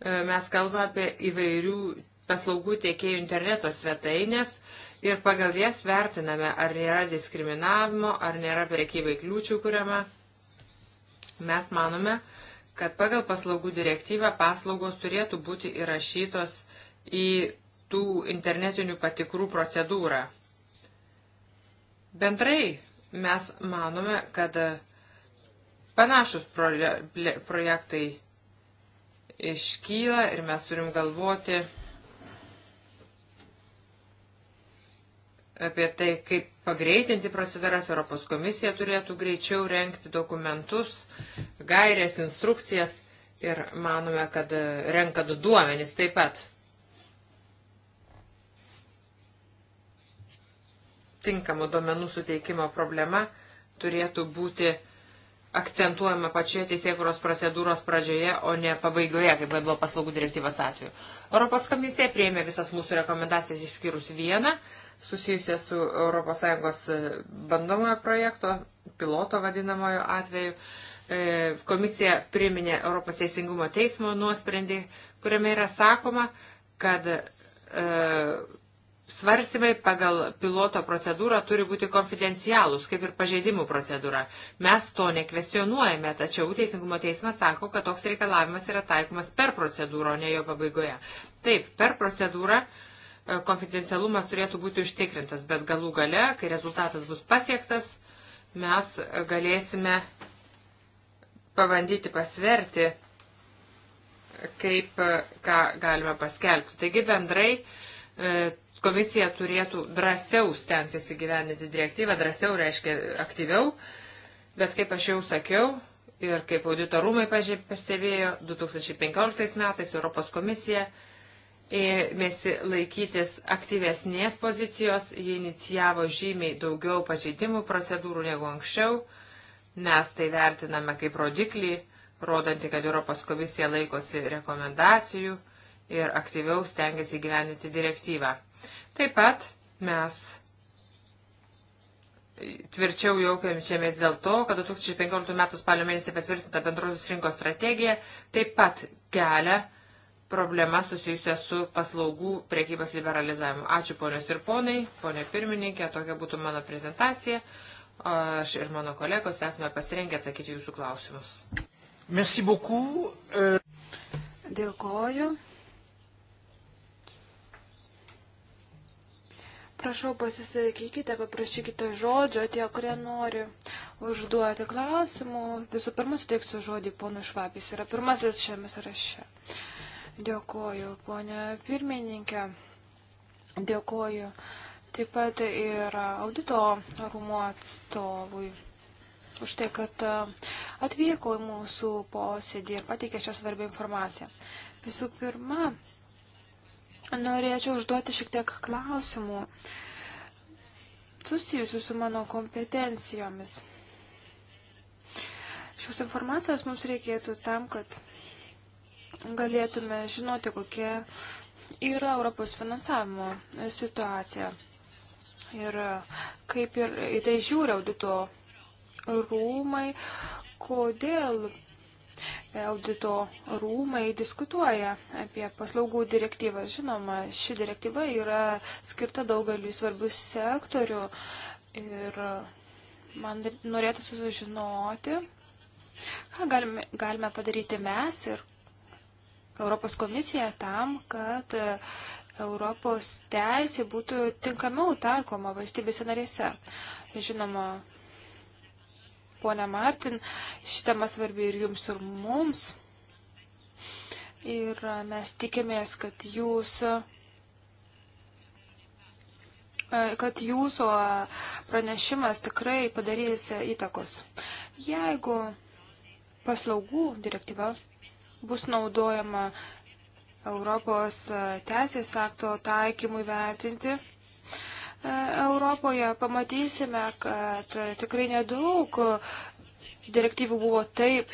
E, mes kalbame apie įvairių paslaugų tiekėjų interneto svetainės ir pagal jas vertiname, ar nėra diskriminavimo, ar nėra priekybai kliūčių kuriama. Mes manome, kad pagal paslaugų direktyvą paslaugos turėtų būti įrašytos į tų internetinių patikrų procedūrą. Bendrai mes manome, kad panašus projektai iškyla ir mes turim galvoti apie tai, kaip pagreitinti procedūras, Europos komisija turėtų greičiau renkti dokumentus, gairės, instrukcijas ir manome, kad e, renkat duomenys taip pat. Tinkamų duomenų suteikimo problema turėtų būti akcentuojama pačioje teisėkuros procedūros pradžioje, o ne pabaigoje, kaip buvo paslaugų direktyvos atveju. Europos komisija prieėmė visas mūsų rekomendacijas išskyrus vieną, susijusią su ES e, bandomojo projekto, piloto vadinamojo atveju. E, komisija priminė Europos Teisingumo teismo nuosprendį, kuriame yra sakoma, kad e, svarsimai pagal piloto procedūrą turi būti konfidencialūs, kaip ir pažeidimų procedūra. Mes to nekvestionuojame, tačiau Teisingumo teismas sako, kad toks reikalavimas yra taikomas per procedūrą, o ne jo pabaigoje. Taip, per procedūrą e, E, konfidencialumas turėtų būti užtikrintas, bet galų gale, kai rezultatas bus pasiektas, mes galėsime pabandyti pasverti, kaip e, ką galime paskelbti. Taigi bendrai e, komisija turėtų drąsiau stengtis įgyvendinti direktyvą, drąsiau reiškia aktyviau, bet kaip aš jau sakiau ir kaip auditorumai pastebėjo, 2015 metais Europos komisija ėmėsi laikytis aktyvesnės pozicijos, jie inicijavo žymiai daugiau pažeidimų procedūrų negu anksčiau. Mes tai vertiname kaip rodiklį, rodantį, kad Europos komisija laikosi rekomendacijų ir aktyviau stengiasi gyveninti direktyvą. Taip pat mes tvirčiau jaukiamčiamės dėl to, kad 2015 m. spalio mėnesį patvirtinta bendrosios rinkos strategija taip pat kelia problema susijusia su paslaugų priekybos liberalizavimu. Ačiū ponios ir ponai, ponė pirmininkė, tokia būtų mano prezentacija. Aš ir mano kolegos esame pasirengę atsakyti jūsų klausimus. Merci beaucoup. Euh, Dėkoju. Prašau pasisakykite, paprašykite žodžio tie, kurie nori užduoti klausimų. Visų pirma, suteiksiu žodį ponų Švapis. Yra pirmasis šiame sąraše. Uh, Dėkoju, ponė pirmininkė. Dėkoju taip pat ir audito rūmo atstovui už tai, kad e, atvyko į mūsų posėdį ir pateikė šią svarbią informaciją. Visų pirma, norėčiau užduoti šiek tiek klausimų susijusių su mano kompetencijomis. Šios informacijos mums reikėtų tam, kad galėtume žinoti, kokia yra Europos finansavimo situacija. Ir kaip ir į tai žiūri audito rūmai, kodėl audito rūmai diskutuoja apie paslaugų direktyvą. Žinoma, ši direktyva yra skirta daugeliu svarbių sektorių ir man norėtų sužinoti, ką galime, galime padaryti mes ir Europos komisiją tam, kad e, Europos teisė būtų tinkamiau taikoma valstybėse narėse. Žinoma, ponia Martin, šitama svarbi ir jums, ir mums. Ir e, mes tikimės, kad jūs e, kad jūsų pranešimas tikrai padarys įtakos. Jeigu paslaugų direktyva bus naudojama Europos e, teisės akto taikymui vertinti. E, Europoje pamatysime, kad tikrai nedaug direktyvų buvo taip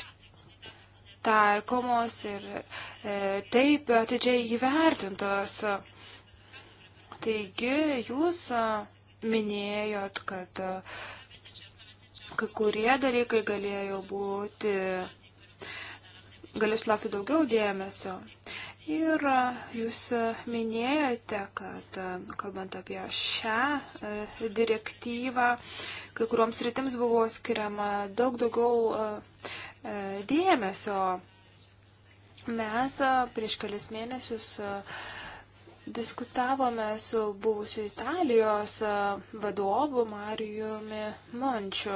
taikomos ir e, taip atidžiai įvertintos. Taigi, jūs minėjot, kad kai kurie dalykai galėjo būti galės laukti daugiau dėmesio. Ir e, jūs e, minėjote, kad e, kalbant apie šią direktyvą, kai kuriuoms rytims buvo skiriama daug daugiau dėmesio. Mes prieš kelis mėnesius Diskutavome su buvusiu Italijos vadovu Marijumi Mončiu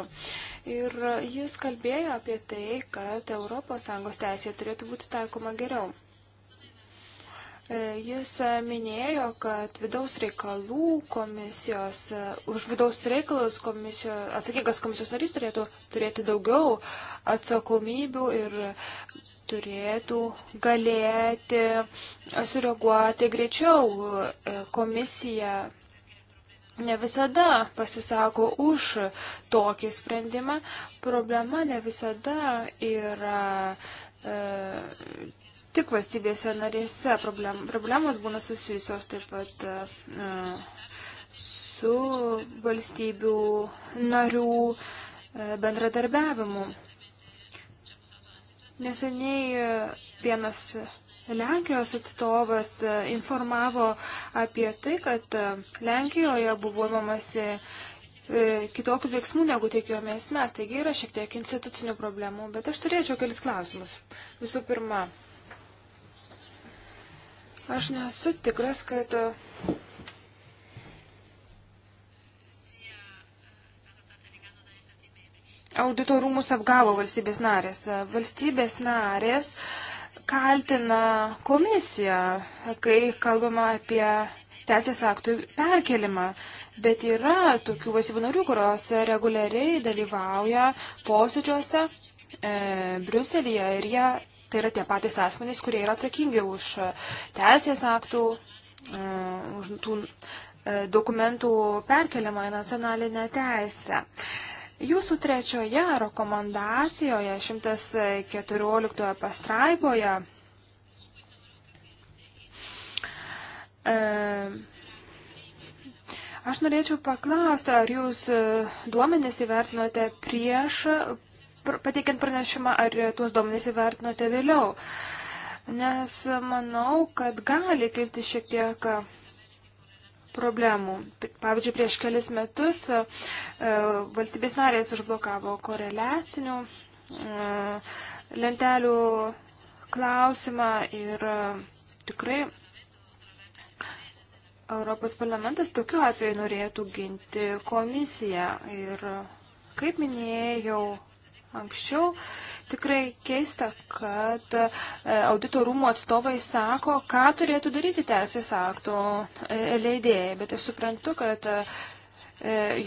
ir jis kalbėjo apie tai, kad ES teisė turėtų būti taikoma geriau. E, jis minėjo, kad vidaus reikalų komisijos, už vidaus reikalus komisijos, atsakingas komisijos narys turėtų turėti daugiau atsakomybių ir turėtų galėti sureaguoti greičiau. Komisija ne visada pasisako už tokį sprendimą. Problema ne visada yra e, tik valstybėse narėse. Problem, problemos būna susijusios taip pat. E, su valstybių narių e, bendradarbiavimu. Neseniai e, vienas Lenkijos atstovas e, informavo apie tai, kad e, Lenkijoje buvo imamasi kitokių veiksmų, negu tikėjomės mes. Taigi yra šiek tiek institucinių problemų, bet aš turėčiau kelis klausimus. Visų pirma, aš nesu tikras, kad audito rūmus apgavo valstybės narės. Valstybės narės kaltina komisiją, kai kalbama apie teisės aktų perkelimą. Bet yra tokių valstybių narių, kurios reguliariai dalyvauja posėdžiuose e, Briuselėje ir jie, tai yra tie patys asmenys, kurie yra atsakingi už teisės aktų, e, už tų e, dokumentų perkeliamą į nacionalinę teisę. E, Jūsų trečioje rekomendacijoje 114 pastraipoje e, aš norėčiau paklausti, ar jūs duomenis įvertinote prieš pateikiant pranešimą, ar tuos duomenis įvertinote vėliau. Nes manau, kad gali kilti šiek tiek problemų. Tik, pavyzdžiui, prieš kelis metus e, e, valstybės narės užblokavo koreliacinių e, lentelių klausimą ir tikrai Europos parlamentas tokiu atveju norėtų ginti komisiją. Ir kaip minėjau, anksčiau. Tikrai keista, kad e, audito rūmų atstovai sako, ką turėtų daryti teisės aktų e, leidėjai, bet aš suprantu, kad e,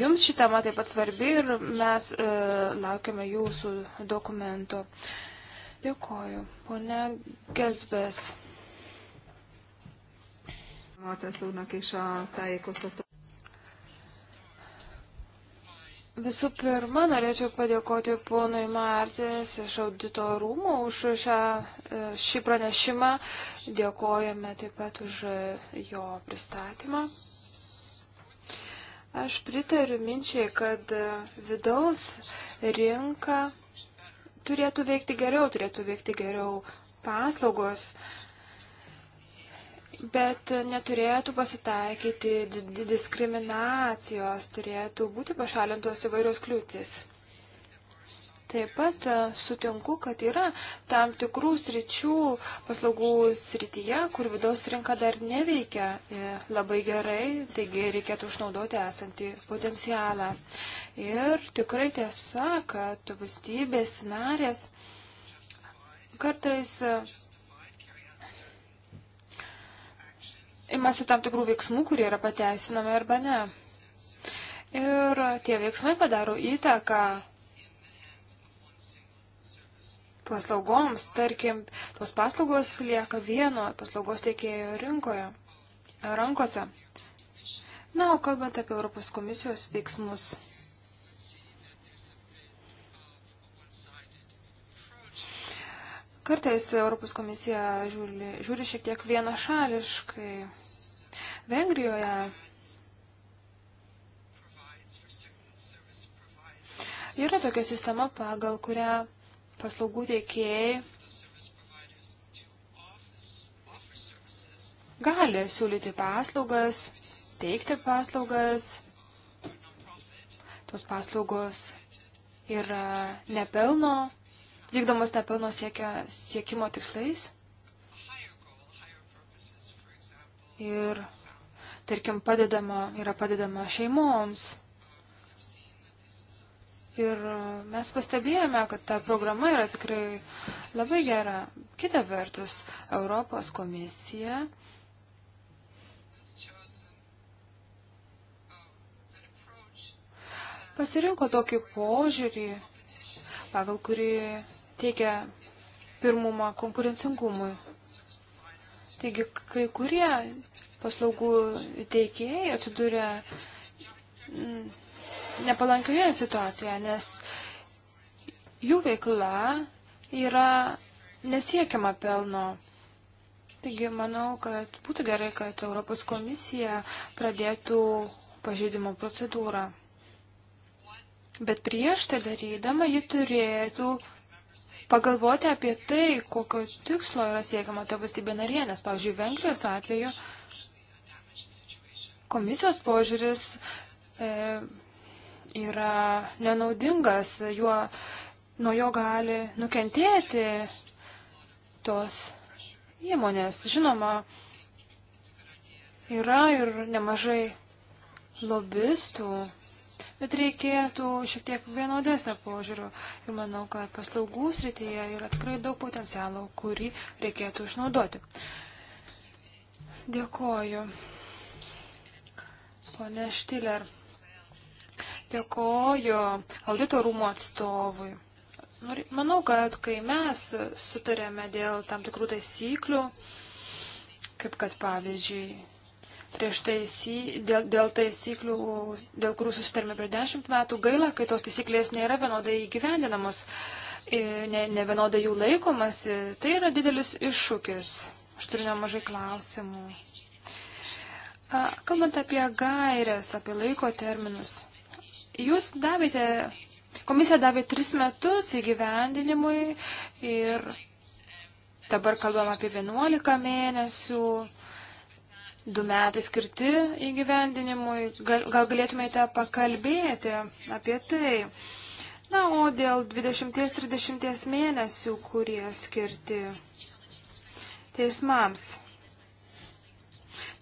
jums šitą matą taip pat svarbi ir mes laukiame jūsų dokumento. Dėkoju. Pone Gelsbės. Maltesz úrnak és a tájékoztató. Visų pirma, norėčiau padėkoti ponui Martins iš audito rūmų už šią, e, šį pranešimą. Dėkojame taip pat už jo pristatymą. Aš pritariu minčiai, kad vidaus rinka turėtų veikti geriau, turėtų veikti geriau paslaugos, Bet neturėtų pasitaikyti diskriminacijos, turėtų būti pašalintos įvairios kliūtis. Taip pat e, sutinku, kad yra tam tikrų sričių paslaugų srityje, kur vidaus rinka dar neveikia e, labai gerai, taigi reikėtų išnaudoti esantį potencialą. Ir tikrai tiesa, kad valstybės narės kartais e, imasi tam tikrų veiksmų, kurie yra pateisinami arba ne. Ir tie veiksmai padaro įtaką paslaugoms, tarkim, tos paslaugos lieka vieno paslaugos teikėjo rinkoje, rankose. Na, o kalbant apie Europos komisijos veiksmus. Kartais Europos komisija žiūri, žiūri šiek tiek vienašališkai. Vengrijoje yra tokia sistema, pagal kurią paslaugų teikėjai gali siūlyti paslaugas, teikti paslaugas. Tos paslaugos yra nepelno vykdomas nepilno siekia, siekimo tikslais. Ir, tarkim, padedama, yra padedama šeimoms. Ir mes pastebėjome, kad ta programa yra tikrai labai gera. Kita vertus, Europos komisija pasirinko tokį požiūrį, pagal kurį teikia pirmumą konkurencingumui. Taigi kai kurie paslaugų teikėjai atsidūrė mm, nepalankioje situacijoje, nes jų veikla yra nesiekiama pelno. Taigi manau, kad būtų gerai, kad Europos komisija pradėtų pažeidimo procedūrą. Bet prieš tai darydama ji turėtų pagalvoti apie tai, kokio tikslo yra siekiama ta valstybė narė, nes, pavyzdžiui, Vengrijos atveju komisijos požiūris e, yra nenaudingas, juo, nuo jo gali nukentėti tos įmonės. Žinoma, yra ir nemažai lobistų bet reikėtų šiek tiek vienodesnio požiūrio. Ir manau, kad paslaugų srityje yra tikrai daug potencialo, kurį reikėtų išnaudoti. Dėkoju. Pone Štiler. Dėkoju audito rūmų atstovui. Manau, kad kai mes sutarėme dėl tam tikrų taisyklių, kaip kad pavyzdžiui prieš taisy, dėl, dėl taisyklių, dėl kurių susitarėme prieš dešimt metų. Gaila, kai tos taisyklės nėra vienodai įgyvendinamos, e, ne, ne vienodai jų laikomasi. Tai yra didelis iššūkis. Aš turiu nemažai klausimų. Kalbant apie gairias, apie laiko terminus, jūs davėte, komisija davė tris metus įgyvendinimui ir dabar kalbam apie 11 mėnesių du metai skirti įgyvendinimui. Gal, gal galėtumėte pakalbėti apie tai? Na, o dėl 20-30 mėnesių, kurie skirti teismams.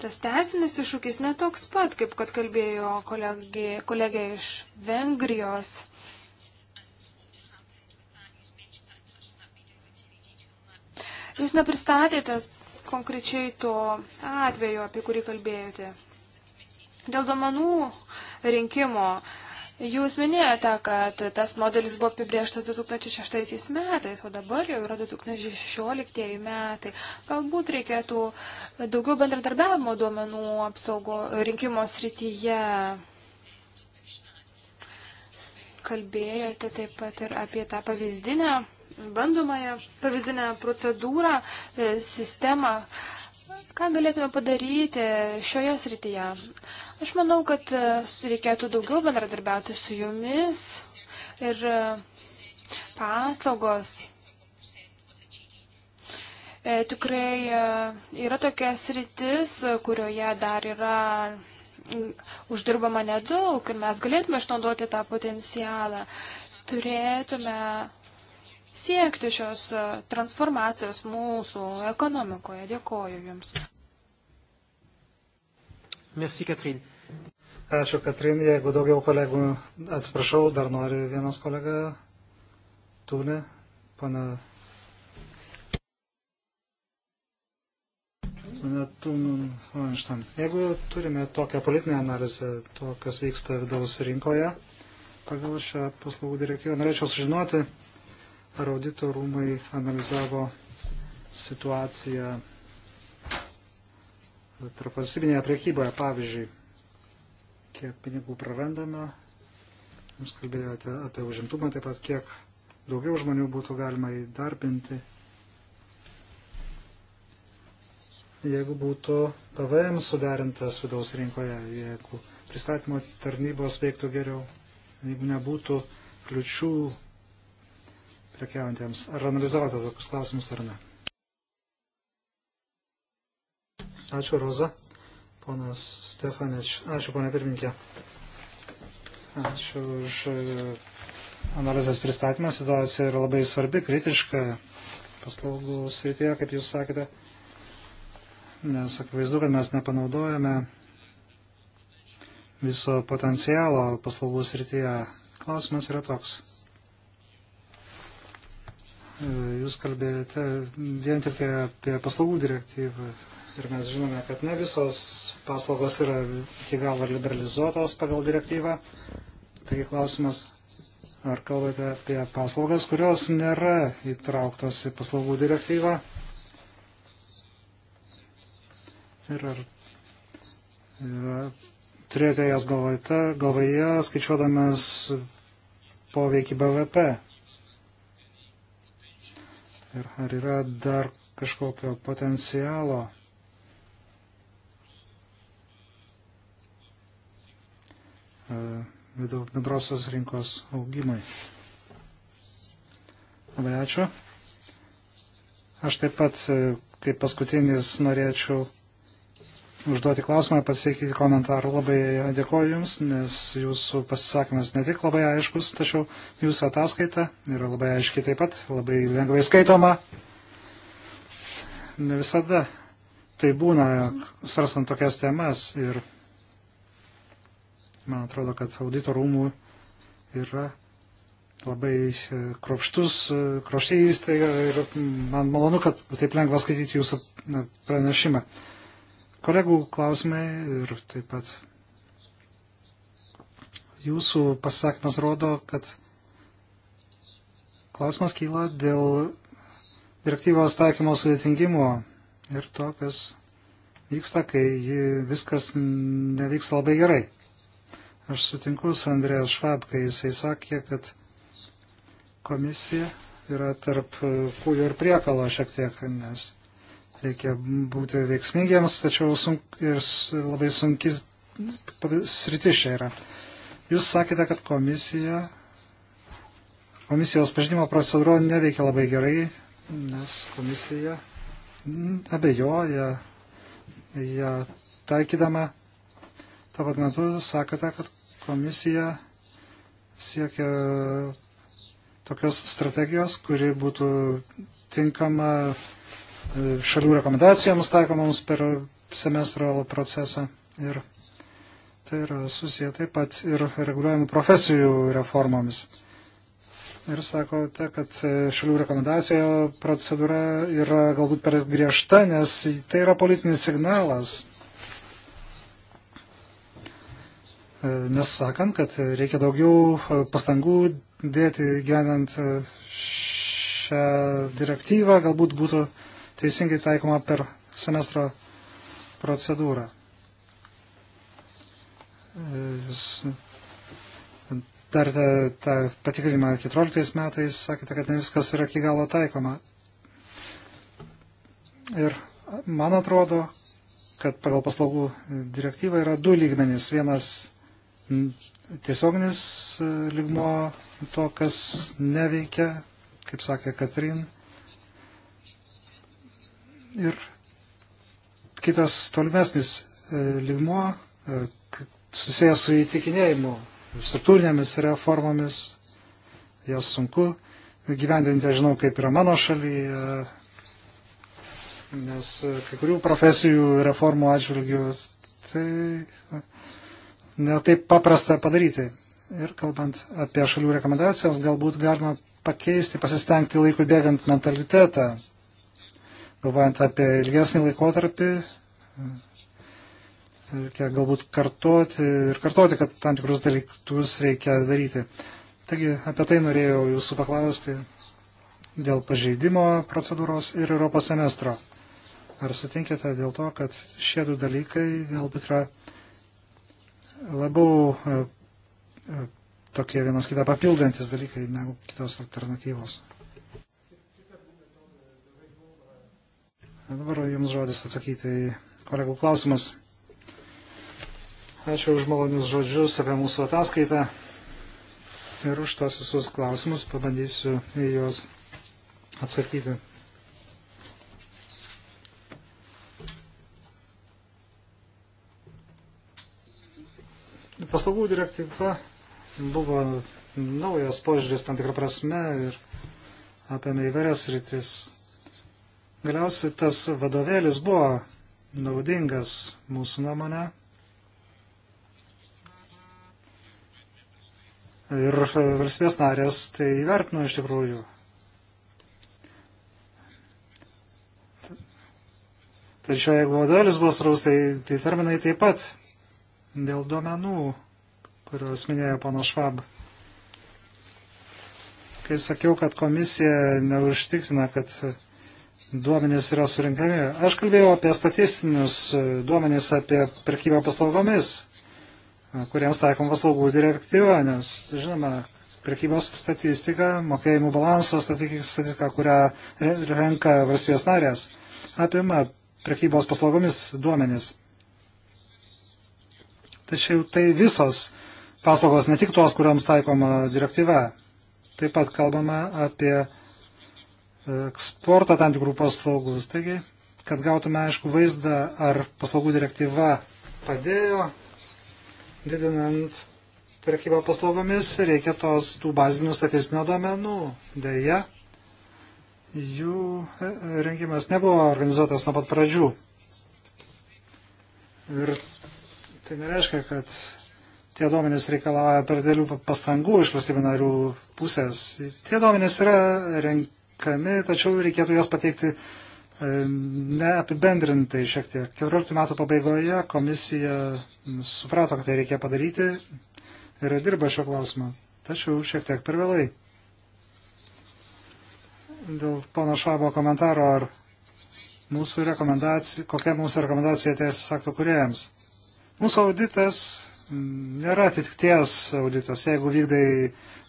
Tas teisinis iššūkis netoks pat, kaip kad kalbėjo kolegė, kolegė iš Vengrijos. Jūs nepristatėte konkrečiai to atveju, apie kurį kalbėjote. Dėl domenų rinkimo. Jūs minėjote, kad tas modelis buvo apibrieštas 2006 metais, o dabar jau yra 2016 metai. Galbūt reikėtų daugiau bendradarbiavimo duomenų apsaugo rinkimo srityje. Kalbėjote taip pat ir apie tą pavyzdinę bandomąją pavyzdinę procedūrą, e, sistemą. Ką galėtume padaryti šioje srityje? Aš manau, kad e, reikėtų daugiau bendradarbiauti su jumis ir e, paslaugos. Tikrai yra tokia sritis, kurioje dar yra uždirbama nedaug ir mes galėtume išnaudoti tą potencialą. Turėtume siekti šios e, transformacijos mūsų ekonomikoje. Dėkoju Jums. Merci, Katrin. Ačiū, Katrin. Jeigu daugiau kolegų atsiprašau, dar noriu vienas kolega Tūlė, pana. Jeigu turime tokią politinę analizę to, kas vyksta vidaus rinkoje, pagal šią paslaugų direktyvą norėčiau sužinoti, ar audito rūmai analizavo situaciją tarpvalstybinėje priekyboje, pavyzdžiui, kiek pinigų prarandame, jūs kalbėjote apie užimtumą, taip pat kiek daugiau žmonių būtų galima įdarbinti, jeigu būtų PVM suderintas vidaus rinkoje, jeigu pristatymo tarnybos veiktų geriau, jeigu nebūtų kliučių prekiaujantiems. Ar analizavote tokius klausimus ar ne? Ačiū, Roza. Ponas Stefanėč. Ačiū, ponė pirminkė. Ačiū už e, analizės pristatymą. Situacija yra labai svarbi, kritiška paslaugų srityje, kaip jūs sakėte. Nes akivaizdu, kad mes nepanaudojame viso potencialo paslaugų srityje. Klausimas yra toks Jūs kalbėjote vien tik tai apie paslaugų direktyvą ir mes žinome, kad ne visos paslaugos yra iki galo liberalizuotos pagal direktyvą. Taigi klausimas, ar kalbate apie paslaugas, kurios nėra įtrauktos į paslaugų direktyvą? Ir ar e, turėjote jas galvojate, galvoje, skaičiuodamas poveikį BVP? Ir ar yra dar kažkokio potencialo e, bendrosios rinkos augimui. Labai ačiū. Aš taip pat, e, kaip paskutinis, norėčiau užduoti klausimą, pasakyti komentarų. Labai dėkoju Jums, nes Jūsų pasisakymas ne tik labai aiškus, tačiau Jūsų ataskaita yra labai aiški taip pat, labai lengvai skaitoma. Ne visada tai būna, svarstant tokias temas ir man atrodo, kad audito rūmų yra labai e, kropštus, e, kropštys, tai ir man malonu, kad taip lengva skaityti Jūsų pranešimą. Kolegų klausimai ir taip pat jūsų pasakymas rodo, kad klausimas kyla dėl direktyvos taikymo sudėtingimo ir to, kas vyksta, kai viskas nevyksta labai gerai. Aš sutinku su Andrėjas Švab, kai jisai sakė, kad komisija yra tarp kūjo ir priekalo šiek tiek, nes reikia būti veiksmingiems, tačiau sunk, ir labai sunki sritis čia yra. Jūs sakėte, kad komisija, komisijos pažinimo procedūra neveikia labai gerai, nes komisija abejoja ją taikydama. Tuo pat metu sakote, kad komisija siekia tokios strategijos, kuri būtų tinkama šalių rekomendacijoms taikomoms per semestro procesą. Ir tai yra susiję taip pat ir reguliuojamų profesijų reformomis. Ir sakote, kad e, šalių rekomendacijo procedūra yra galbūt per griežta, nes tai yra politinis signalas. E, nes sakant, kad reikia daugiau e, pastangų dėti gyvenant šią direktyvą, galbūt būtų uh, teisingai taikoma per semestro procedūrą. Jūs dar tą, tą patikrinimą 14 metais sakėte, kad ne viskas yra iki galo taikoma. Ir man atrodo, kad pagal paslaugų direktyvą yra du lygmenys. Vienas tiesioginis lygmo to, kas neveikia, kaip sakė Katrin, Ir kitas tolimesnis e, lygmuo e, susijęs su įtikinėjimu, struktūrinėmis reformomis, jas sunku gyvendinti, aš žinau, kaip yra mano šalyje, nes e, kai kurių profesijų reformų atžvilgių tai netaip paprasta padaryti. Ir kalbant apie šalių rekomendacijas, galbūt galima pakeisti, pasistengti laikui bėgant mentalitetą. Galvojant apie ilgesnį laikotarpį, reikia galbūt kartoti ir kartoti, kad tam tikrus dalykus reikia daryti. Taigi apie tai norėjau jūsų paklausti dėl pažeidimo procedūros ir Europos semestro. Ar sutinkite dėl to, kad šie du dalykai galbūt yra labiau e, e, tokie vienas kitą papildantis dalykai negu kitos alternatyvos? Dabar jums žodis atsakyti į kolegų klausimus. Ačiū už malonius žodžius apie mūsų ataskaitą ir už tas visus klausimus pabandysiu į juos atsakyti. Paslaugų direktyva buvo naujas požiūris tam tikrą prasme ir apėmė įvairias rytis. Galiausiai tas vadovėlis buvo naudingas mūsų nuomonė. Ir valstybės narės tai įvertino iš tikrųjų. Tačiau jeigu vadovėlis buvo svarbus, tai, tai terminai taip pat dėl duomenų, kuriuos minėjo pana Švab. Kai sakiau, kad komisija neužtikrina, kad duomenys yra surinkami. Aš kalbėjau apie statistinius e, duomenys apie prekybą paslaugomis, e, kuriems taikom paslaugų direktyva, nes, žinoma, prekybos statistika, mokėjimų balanso statistika, kurią renka valstybės narės, apima prekybos paslaugomis duomenys. Tačiau tai visos paslaugos, ne tik tos, kuriams taikoma direktyva. Taip pat kalbama apie eksportą tam tikrų paslaugų. Taigi, kad gautume aišku vaizdą, ar paslaugų direktyva padėjo didinant prekybą paslaugomis, reikia tos tų bazinių statistinio domenų. Deja, jų e, e, rengimas nebuvo organizuotas nuo pat pradžių. Ir tai nereiškia, kad tie duomenys reikalauja per dėlių pastangų iš valstybių narių pusės. Tie duomenys yra renk tinkami, tačiau reikėtų jas pateikti e, neapibendrintai šiek tiek. 14 metų pabaigoje komisija suprato, kad tai reikia padaryti ir dirba šio klausimą. Tačiau šiek tiek per vėlai. Dėl pono Švabo komentaro, ar mūsų rekomendacija, kokia mūsų rekomendacija teisės aktų kuriejams. Mūsų auditas nėra atitikties auditas. Jeigu vykdai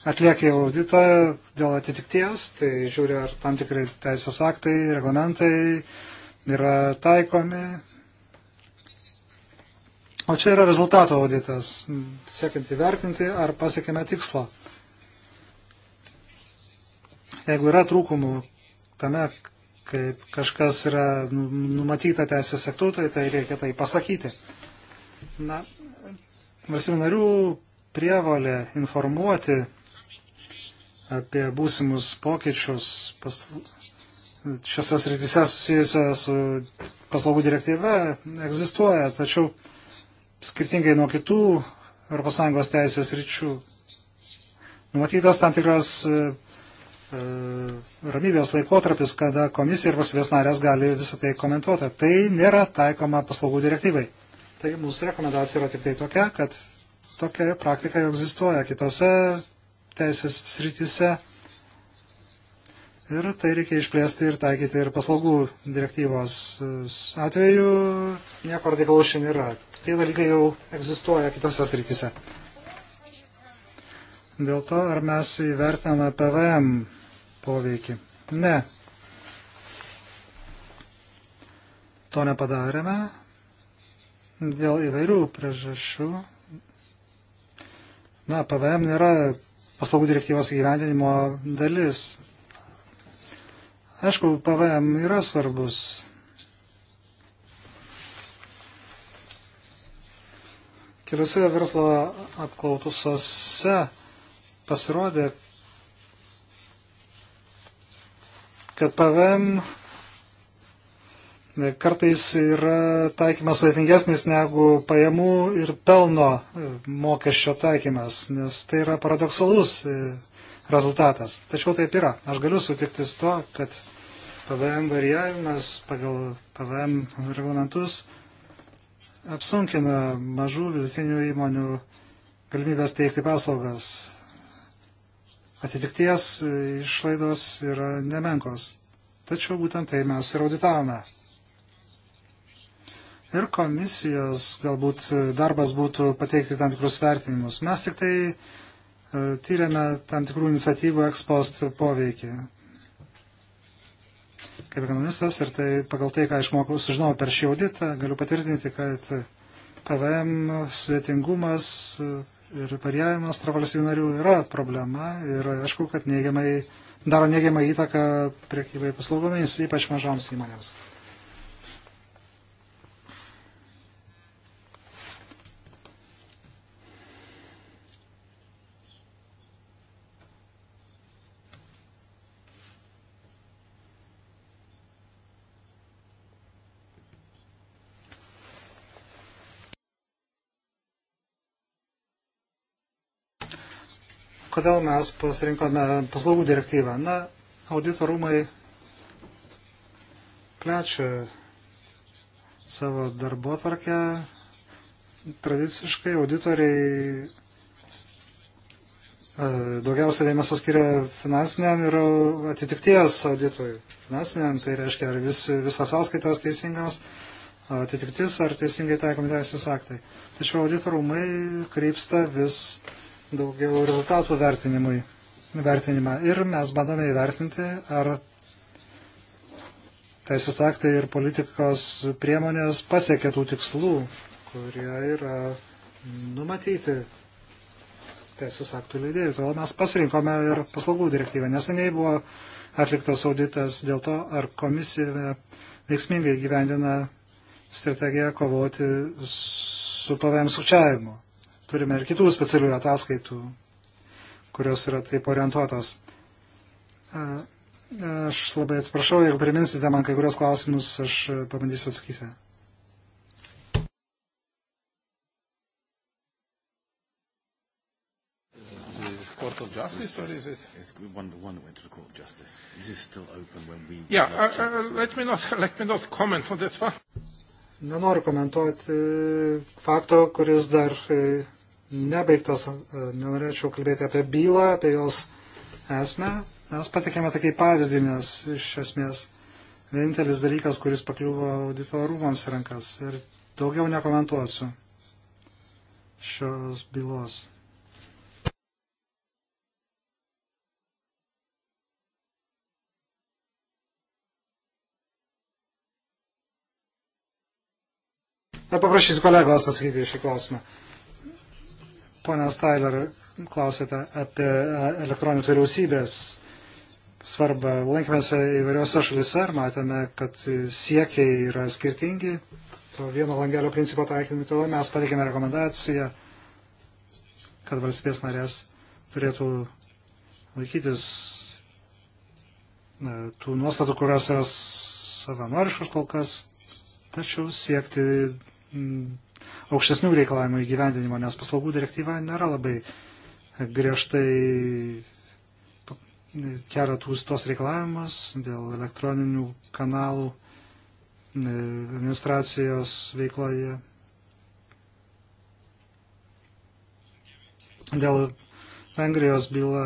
atlieka auditą dėl atitikties, tai žiūri, ar tam tikrai teisės aktai, reglamentai yra taikomi. O čia yra rezultato auditas, siekiant įvertinti, ar pasiekime tikslo. Jeigu yra trūkumų tame, kaip kažkas yra nu, numatyta teisės aktų, tai tai reikia tai pasakyti. Na, valstybių narių prievalė informuoti apie būsimus pokyčius pas, šiose srityse susijusioje su paslaugų direktyva egzistuoja, tačiau skirtingai nuo kitų ES teisės ryčių numatytas tam tikras e, e, ramybės laikotarpis, kada komisija ir valstybės narės gali visą tai komentuoti. Tai nėra taikoma paslaugų direktyvai. Taigi mūsų rekomendacija yra tik tai tokia, kad tokia praktika egzistuoja kitose teisės srityse. Ir tai reikia išplėsti ir taikyti ir paslaugų direktyvos e, atveju. Nieko radikalaus šiandien yra. Tie dalykai jau egzistuoja kitose srityse. Dėl to, ar mes įvertiname PVM poveikį? Ne. To nepadarėme dėl įvairių priežasčių. Na, PVM nėra paslaugų direktyvos įgyvendinimo dalis. Aišku, PVM yra svarbus. Keliuose verslo apklautusose pasirodė, kad PVM E, kartais yra taikymas sudėtingesnis negu pajamų ir pelno e, mokesčio taikymas, nes tai yra paradoksalus e, rezultatas. Tačiau taip yra. Aš galiu sutikti su to, kad PVM varijavimas pagal PVM reglamentus apsunkina mažų vidutinių įmonių galimybės teikti paslaugas. Atitikties išlaidos yra nemenkos. Tačiau būtent tai mes ir auditavome ir komisijos galbūt darbas būtų pateikti tam tikrus vertinimus. Mes tik tai e, tyrėme tam tikrų iniciatyvų ekspost poveikį. Kaip ekonomistas ir tai pagal tai, ką išmokau, sužinojau per šį auditą, galiu patvirtinti, kad PVM svetingumas ir variavimas tarp valstybių narių yra problema ir aišku, kad neigiamai, daro neigiamą įtaką priekybai paslaugomis, ypač mažoms įmonėms. kodėl mes pasirinkome paslaugų direktyvą. Na, auditorumai plečia savo darbo tvarkę. Tradiciškai auditoriai e, daugiausia dėmesio skiria finansiniam ir atitikties auditui. Finansiniam tai reiškia, ar vis, visas sąskaitos teisingas, atitiktis, ar teisingai taikomi teisės aktai. Tačiau auditorumai krypsta vis uh, daugiau rezultatų vertinimui, vertinimą. Ir mes bandome įvertinti, ar teisės aktai ir politikos priemonės pasiekė tų tikslų, kurie yra numatyti teisės aktų leidėjų. Todėl mes pasirinkome ir paslaugų direktyvą. Neseniai buvo atliktas auditas dėl to, ar komisija veiksmingai gyvendina strategiją kovoti su pavėm sukčiavimu turime ir kitų specialių ataskaitų, kurios yra taip orientuotos. Aš labai atsiprašau, jeigu priminsite man kai kurios klausimus, aš pabandysiu atsakyti. Court of Justice, or is it? It's one, the one that went to the Court of Justice. This is still open when we... Yeah, uh, uh, uh, let, me not, let me not comment on that one. Nenoriu komentuoti fakto, kuris dar e, nebaigtas. E, nenorėčiau kalbėti apie bylą, apie jos esmę. Mes patikėme tokį pavyzdį, nes iš esmės vienintelis dalykas, kuris pakliuvo auditorumams rankas. Ir daugiau nekomentuosiu šios bylos. Paprašysiu kolegos atsakyti šį klausimą. Pone Stailer, klausėte apie e, elektroninės vyriausybės svarbą. Lankėmėse įvairiose šalise ir matėme, kad siekiai yra skirtingi. To vieno langelio principo taikymui toliau mes pateikėme rekomendaciją, kad valstybės narės turėtų laikytis e, tų nuostatų, kurios yra savanoriškos kol kas, tačiau siekti Mm, aukštesnių reikalavimų įgyvendinimo, nes paslaugų direktyva nėra labai griežtai kelia tuos reikalavimus dėl elektroninių kanalų e, administracijos veikloje. Dėl Vengrijos byla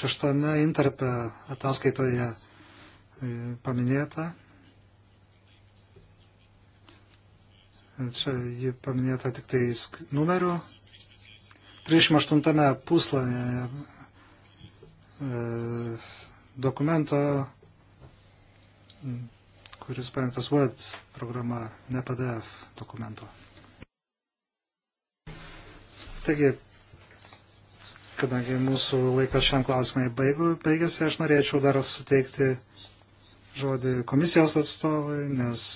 šeštame interpe ataskaitoje e, paminėta, Čia ji paminėta tik tai numeriu. 38 puslapyje e, dokumento, kuris parengtas Word programa, ne PDF dokumento. Taigi, kadangi mūsų laikas šiam klausimai baigėsi, aš norėčiau dar suteikti žodį komisijos atstovui, nes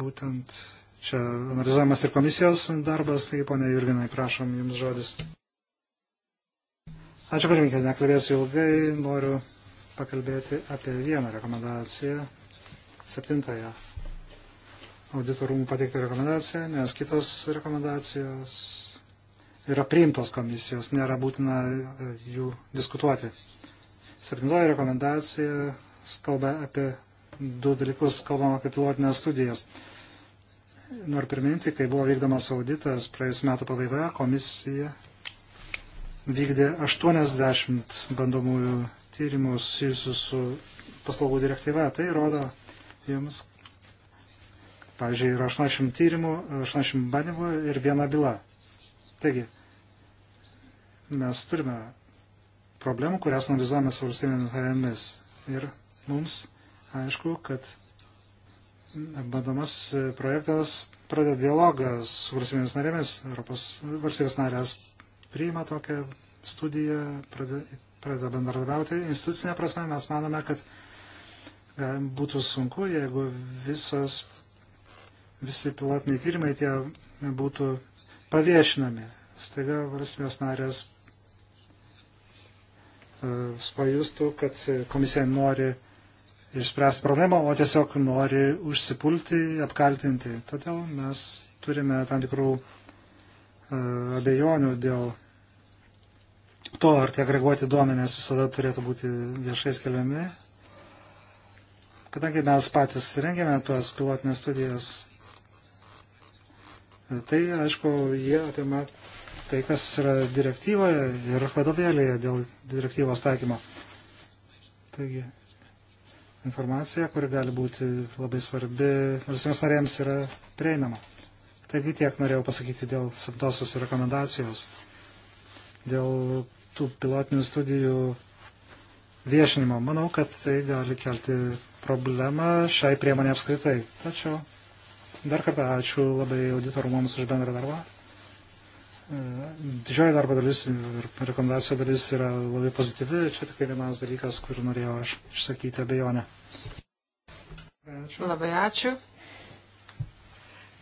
būtent Čia analizuojamas ir komisijos darbas, taigi ponia Jurginai, prašom jums žodis. Ačiū pirmininkė, nekalbėsiu ilgai, noriu pakalbėti apie vieną rekomendaciją, septintąją audito rūmų pateiktą rekomendaciją, nes kitos rekomendacijos yra priimtos komisijos, nėra būtina e, jų diskutuoti. Septintoji rekomendacija kalba apie du dalykus, kalbam apie pilotinės studijas noriu priminti, kai buvo vykdomas auditas praėjus metų pabaigoje, komisija vykdė 80 bandomųjų tyrimų susijusių su paslaugų direktyva. Tai rodo jums, pavyzdžiui, yra 80 tyrimų, 80 bandymų ir viena byla. Taigi, mes turime problemų, kurias analizuojame su valstybėmis narėmis. Ir mums aišku, kad bandomasis e, projektas pradeda dialogą su valstybės narėmis. Europos valstybės narės priima tokią studiją, pradeda, pradeda bendradarbiauti. Institucinė prasme mes manome, kad e, būtų sunku, jeigu visos, visi pilotiniai tyrimai tie būtų paviešinami. Staiga valstybės narės e, pajustų, kad komisija nori uh, išspręsti problemą, o tiesiog nori užsipulti, apkaltinti. Todėl mes turime tam tikrų e, abejonių dėl to, ar tie agreguoti duomenės visada turėtų būti viešai skelbiami. Kadangi mes patys rengėme tuos pilotinės studijas, e, tai aišku, jie apima tai, kas yra direktyvoje ir vadovėlėje dėl direktyvos taikymo. Taigi, informacija, kuri gali būti labai svarbi valstybės narėms, yra prieinama. Taigi tiek norėjau pasakyti dėl septosios rekomendacijos, dėl tų pilotinių studijų viešinimo. Manau, kad tai gali kelti problemą šiai priemonė apskritai. Tačiau dar kartą ačiū labai auditorumams už bendrą darbą. Didžioji darbo dalis ir rekomendacijų dalis yra labai pozityvi. Čia tik vienas dalykas, kur norėjau aš išsakyti abejonę. Ačiū. Labai ačiū.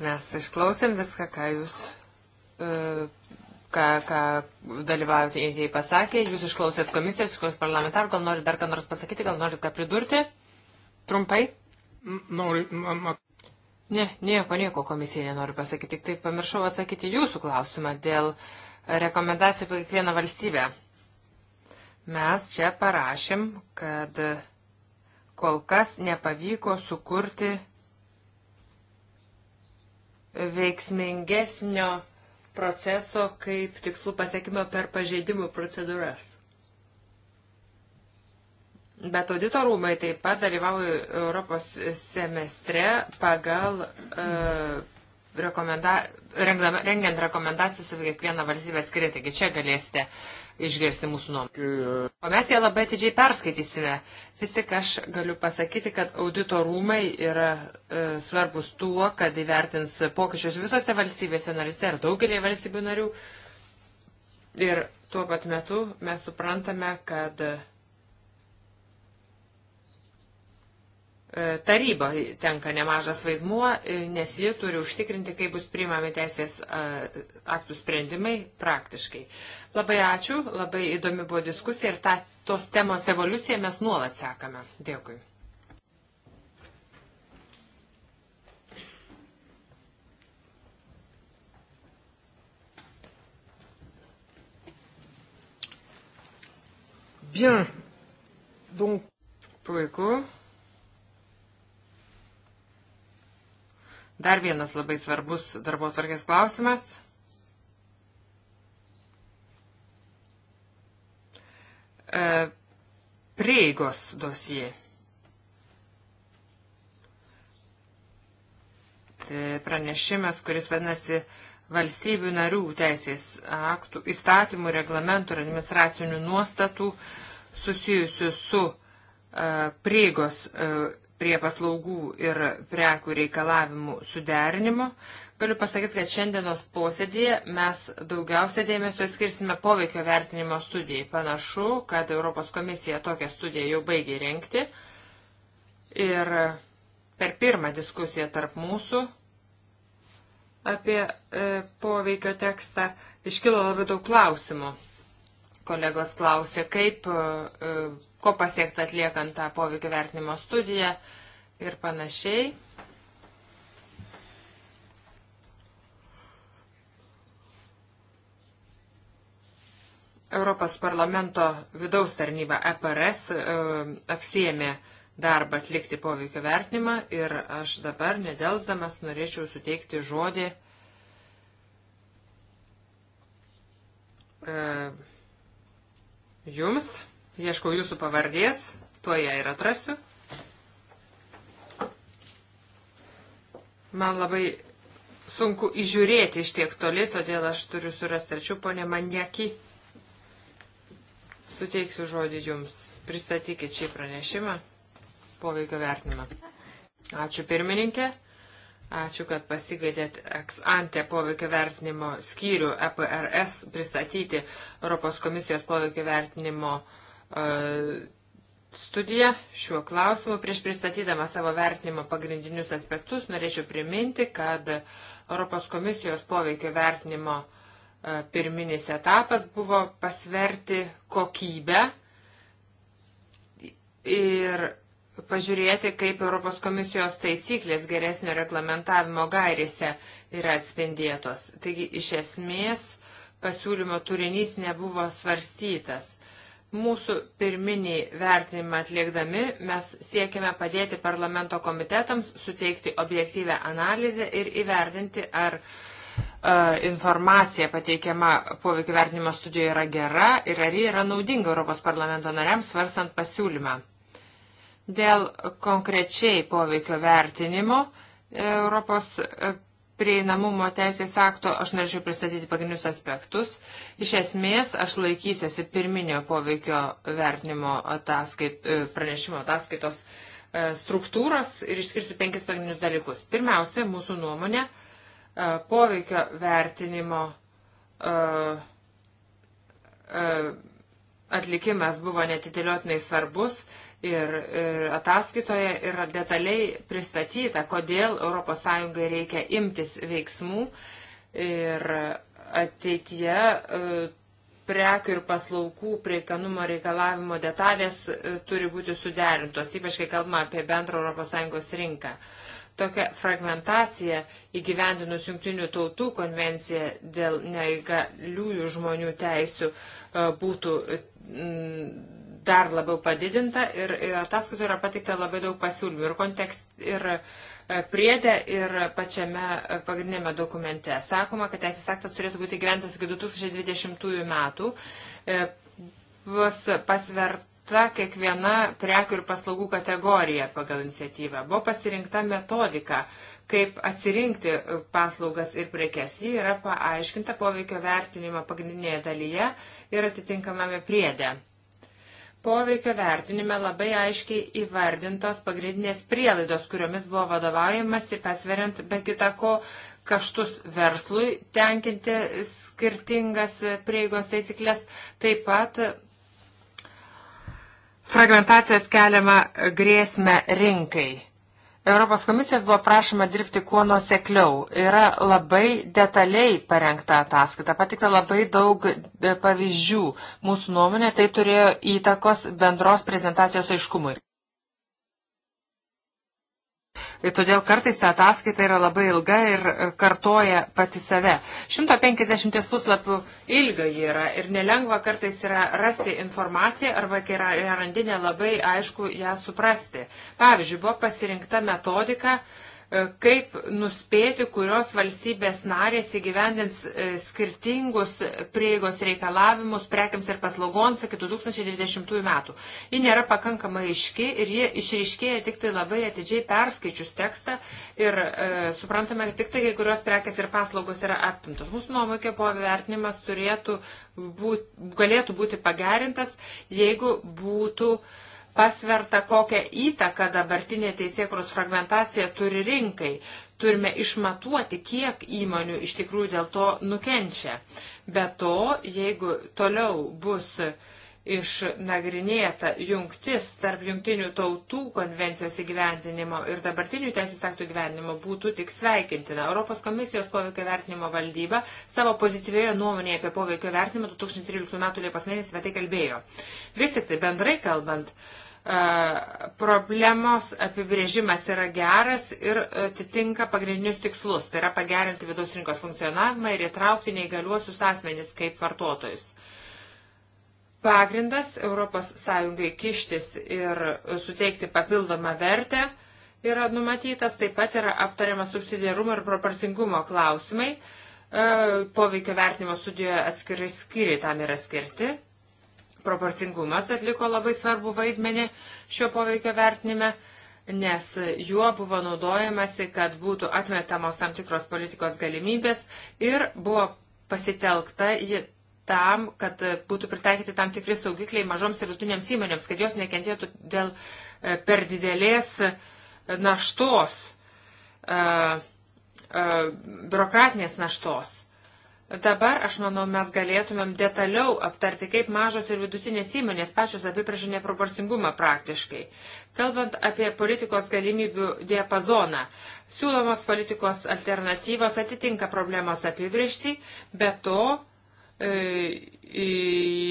Mes išklausėm viską, ką jūs, e, ką, ką dalyvaujate į pasakė. Jūs išklausėt komisijos, jūs parlamentarų. Gal norit dar ką nors pasakyti, gal norit ką pridurti? Trumpai? Noriu. Ne, nieko, nieko komisija nenoriu pasakyti, tik tai pamiršau atsakyti jūsų klausimą dėl rekomendacijų apie kiekvieną valstybę. Mes čia parašym, kad kol kas nepavyko sukurti veiksmingesnio proceso kaip tikslų pasiekimo per pažeidimų procedūras. Bet audito rūmai taip pat dalyvauja Europos semestre pagal uh, rekomenda rengdama, rengiant rekomendacijas apie kiekvieną valstybę atskirai. Taigi čia galėsite išgirsti mūsų nuomonę. O mes ją labai atidžiai perskaitysime. Vis tik aš galiu pasakyti, kad audito rūmai yra e, svarbus tuo, kad įvertins pokyčius visose valstybėse narise ir daugelį valstybių narių. Ir tuo pat metu mes suprantame, kad E, taryba tenka nemažas vaidmuo, e, nes ji turi užtikrinti, kaip bus priimami teisės e, aktų sprendimai praktiškai. Labai ačiū, labai įdomi buvo diskusija ir ta, tos temos evoliuciją mes nuolat sekame. Dėkui. Bien. Donc. Puiku. Dar vienas labai svarbus darbo atvarkės klausimas. E, prieigos dosijai. pranešimas, kuris vadinasi valstybių narių teisės aktų, įstatymų, reglamentų ir administracinių nuostatų susijusių su e, prieigos e, prie paslaugų ir prekių reikalavimų suderinimo. Galiu pasakyti, kad šiandienos posėdėje mes daugiausia dėmesio skirsime poveikio vertinimo studijai. Panašu, kad Europos komisija tokią studiją jau baigė renkti. Ir per pirmą diskusiją tarp mūsų apie e, poveikio tekstą iškilo labai daug klausimų. Kolegos klausė, kaip e, ko pasiekta atliekant tą poveikio vertinimo studiją ir panašiai. Europos parlamento vidaus tarnyba EPRS e, apsiemė darbą atlikti poveikio vertinimą ir aš dabar nedelsdamas norėčiau suteikti žodį e, jums. Ieškau jūsų pavardės, tuo ją ir atrasiu. Man labai sunku įžiūrėti iš tiek toli, todėl aš turiu surasti arčiau, ponė Manjaki. Suteiksiu žodį jums. Pristatykit šį pranešimą, poveikio vertinimą. Ačiū pirmininkė. Ačiū, kad pasigaidėt ex-ante poveikio vertinimo skyrių EPRS pristatyti Europos komisijos poveikio vertinimo uh, studiją šiuo klausimu. Prieš pristatydama savo vertinimo pagrindinius aspektus norėčiau priminti, kad Europos komisijos poveikio vertinimo pirminis etapas buvo pasverti kokybę ir pažiūrėti, kaip Europos komisijos taisyklės geresnio reglamentavimo gairėse yra atspindėtos. Taigi, iš esmės, pasiūlymo turinys nebuvo svarstytas Mūsų pirminį vertinimą atliekdami mes siekime padėti parlamento komitetams suteikti objektyvę analizę ir įvertinti, ar e, informacija pateikiama poveikio vertinimo studijoje yra gera ir ar ji yra naudinga Europos parlamento nariams svarstant pasiūlymą. Dėl konkrečiai poveikio vertinimo Europos e, prieinamumo teisės akto aš norėčiau pristatyti pagrindinius aspektus. Iš esmės, aš laikysiuosi pirminio poveikio vertinimo ataskait, e, pranešimo ataskaitos e, struktūros ir išskirsiu penkis pagrindinius dalykus. Pirmiausia, mūsų nuomonė, e, poveikio vertinimo atlikimas buvo netitėliotinai svarbus ir, ir ataskaitoje yra detaliai pristatyta, kodėl ES reikia imtis veiksmų ir ateityje e, prekių ir paslaugų priekanumo reikalavimo detalės e, turi būti suderintos, ypač kai kalbama apie bendrą ES rinką. Tokia fragmentacija įgyvendinus Junktinių tautų konvenciją dėl neįgaliųjų žmonių teisių e, būtų dar labiau padidinta ir, ir ataskaitoje yra pateikta labai daug pasiūlymų ir kontekst ir e, priedė ir pačiame e, pagrindinėme dokumente. Sakoma, kad teisės aktas turėtų būti gyventas iki 2020 metų. E, bus pasverta kiekviena prekių ir paslaugų kategorija pagal iniciatyvą. Buvo pasirinkta metodika, kaip atsirinkti paslaugas ir prekes. Ji yra paaiškinta poveikio vertinimo pagrindinėje dalyje ir atitinkamame priedė. Poveikio vertinime labai aiškiai įvardintos pagrindinės prielaidos, kuriomis buvo vadovaujamas, pasveriant be kitako kaštus verslui tenkinti skirtingas prieigos taisyklės, taip pat fragmentacijos keliama grėsmę rinkai. Europos komisijos buvo prašoma dirbti kuo nusekliau. Yra labai detaliai parengta ataskaita, patikta labai daug e, pavyzdžių. Mūsų nuomonė tai turėjo įtakos bendros prezentacijos aiškumui. Ir todėl kartais ta ataskaita yra labai ilga ir e, kartoja pati save. 150 puslapių ilga ji yra ir nelengva kartais yra rasti informaciją arba kai yra randinė labai aišku ją suprasti. Pavyzdžiui, buvo pasirinkta metodika kaip nuspėti, kurios valstybės narės įgyvendins e, skirtingus prieigos reikalavimus prekiams ir paslaugoms iki 2020 metų. Ji nėra pakankamai iški ir ji išryškėja tik tai labai atidžiai perskaičius tekstą ir e, suprantame, kad tik tai kai kurios prekės ir paslaugos yra apimtos. Mūsų nuomokė povertinimas turėtų būt, galėtų būti pagerintas, jeigu būtų e, pasverta, kokią įtaką dabartinė teisėkros fragmentacija turi rinkai. Turime išmatuoti, kiek įmonių iš tikrųjų dėl to nukenčia. Be to, jeigu toliau bus uh, išnagrinėta jungtis tarp jungtinių tautų konvencijos įgyvendinimo ir dabartinių teisės aktų įgyvendinimo būtų tik sveikintina. Europos komisijos poveikio vertinimo valdyba savo pozityvioje nuomonėje apie poveikio vertinimą 2013 m. Liepos mėnesį apie tai kalbėjo. Vis tik tai bendrai kalbant, e, problemos apibrėžimas yra geras ir atitinka pagrindinius tikslus, tai yra pagerinti vidaus rinkos funkcionavimą ir įtraukti neįgaliuosius asmenys kaip vartotojus pagrindas ES kištis ir suteikti papildomą vertę yra numatytas, taip pat yra aptariamas subsidiarumo ir proporcingumo klausimai. E, poveikio vertinimo studijoje atskirai skyriai tam yra skirti. Proporcingumas atliko labai svarbu vaidmenį šio poveikio vertinime, nes juo buvo naudojamasi, kad būtų atmetamos tam tikros politikos galimybės ir buvo pasitelkta tam, kad e, būtų pritaikyti tam tikri saugikliai mažoms ir rutinėms įmonėms, kad jos nekentėtų dėl e, per didelės e, naštos, biurokratinės naštos. Dabar, aš manau, mes galėtumėm detaliau aptarti, kaip mažos ir vidutinės įmonės pačios apiprašė neproporcingumą praktiškai. Kalbant apie politikos galimybių diapazoną, siūlomos politikos alternatyvos atitinka problemos apibriežti, bet to E,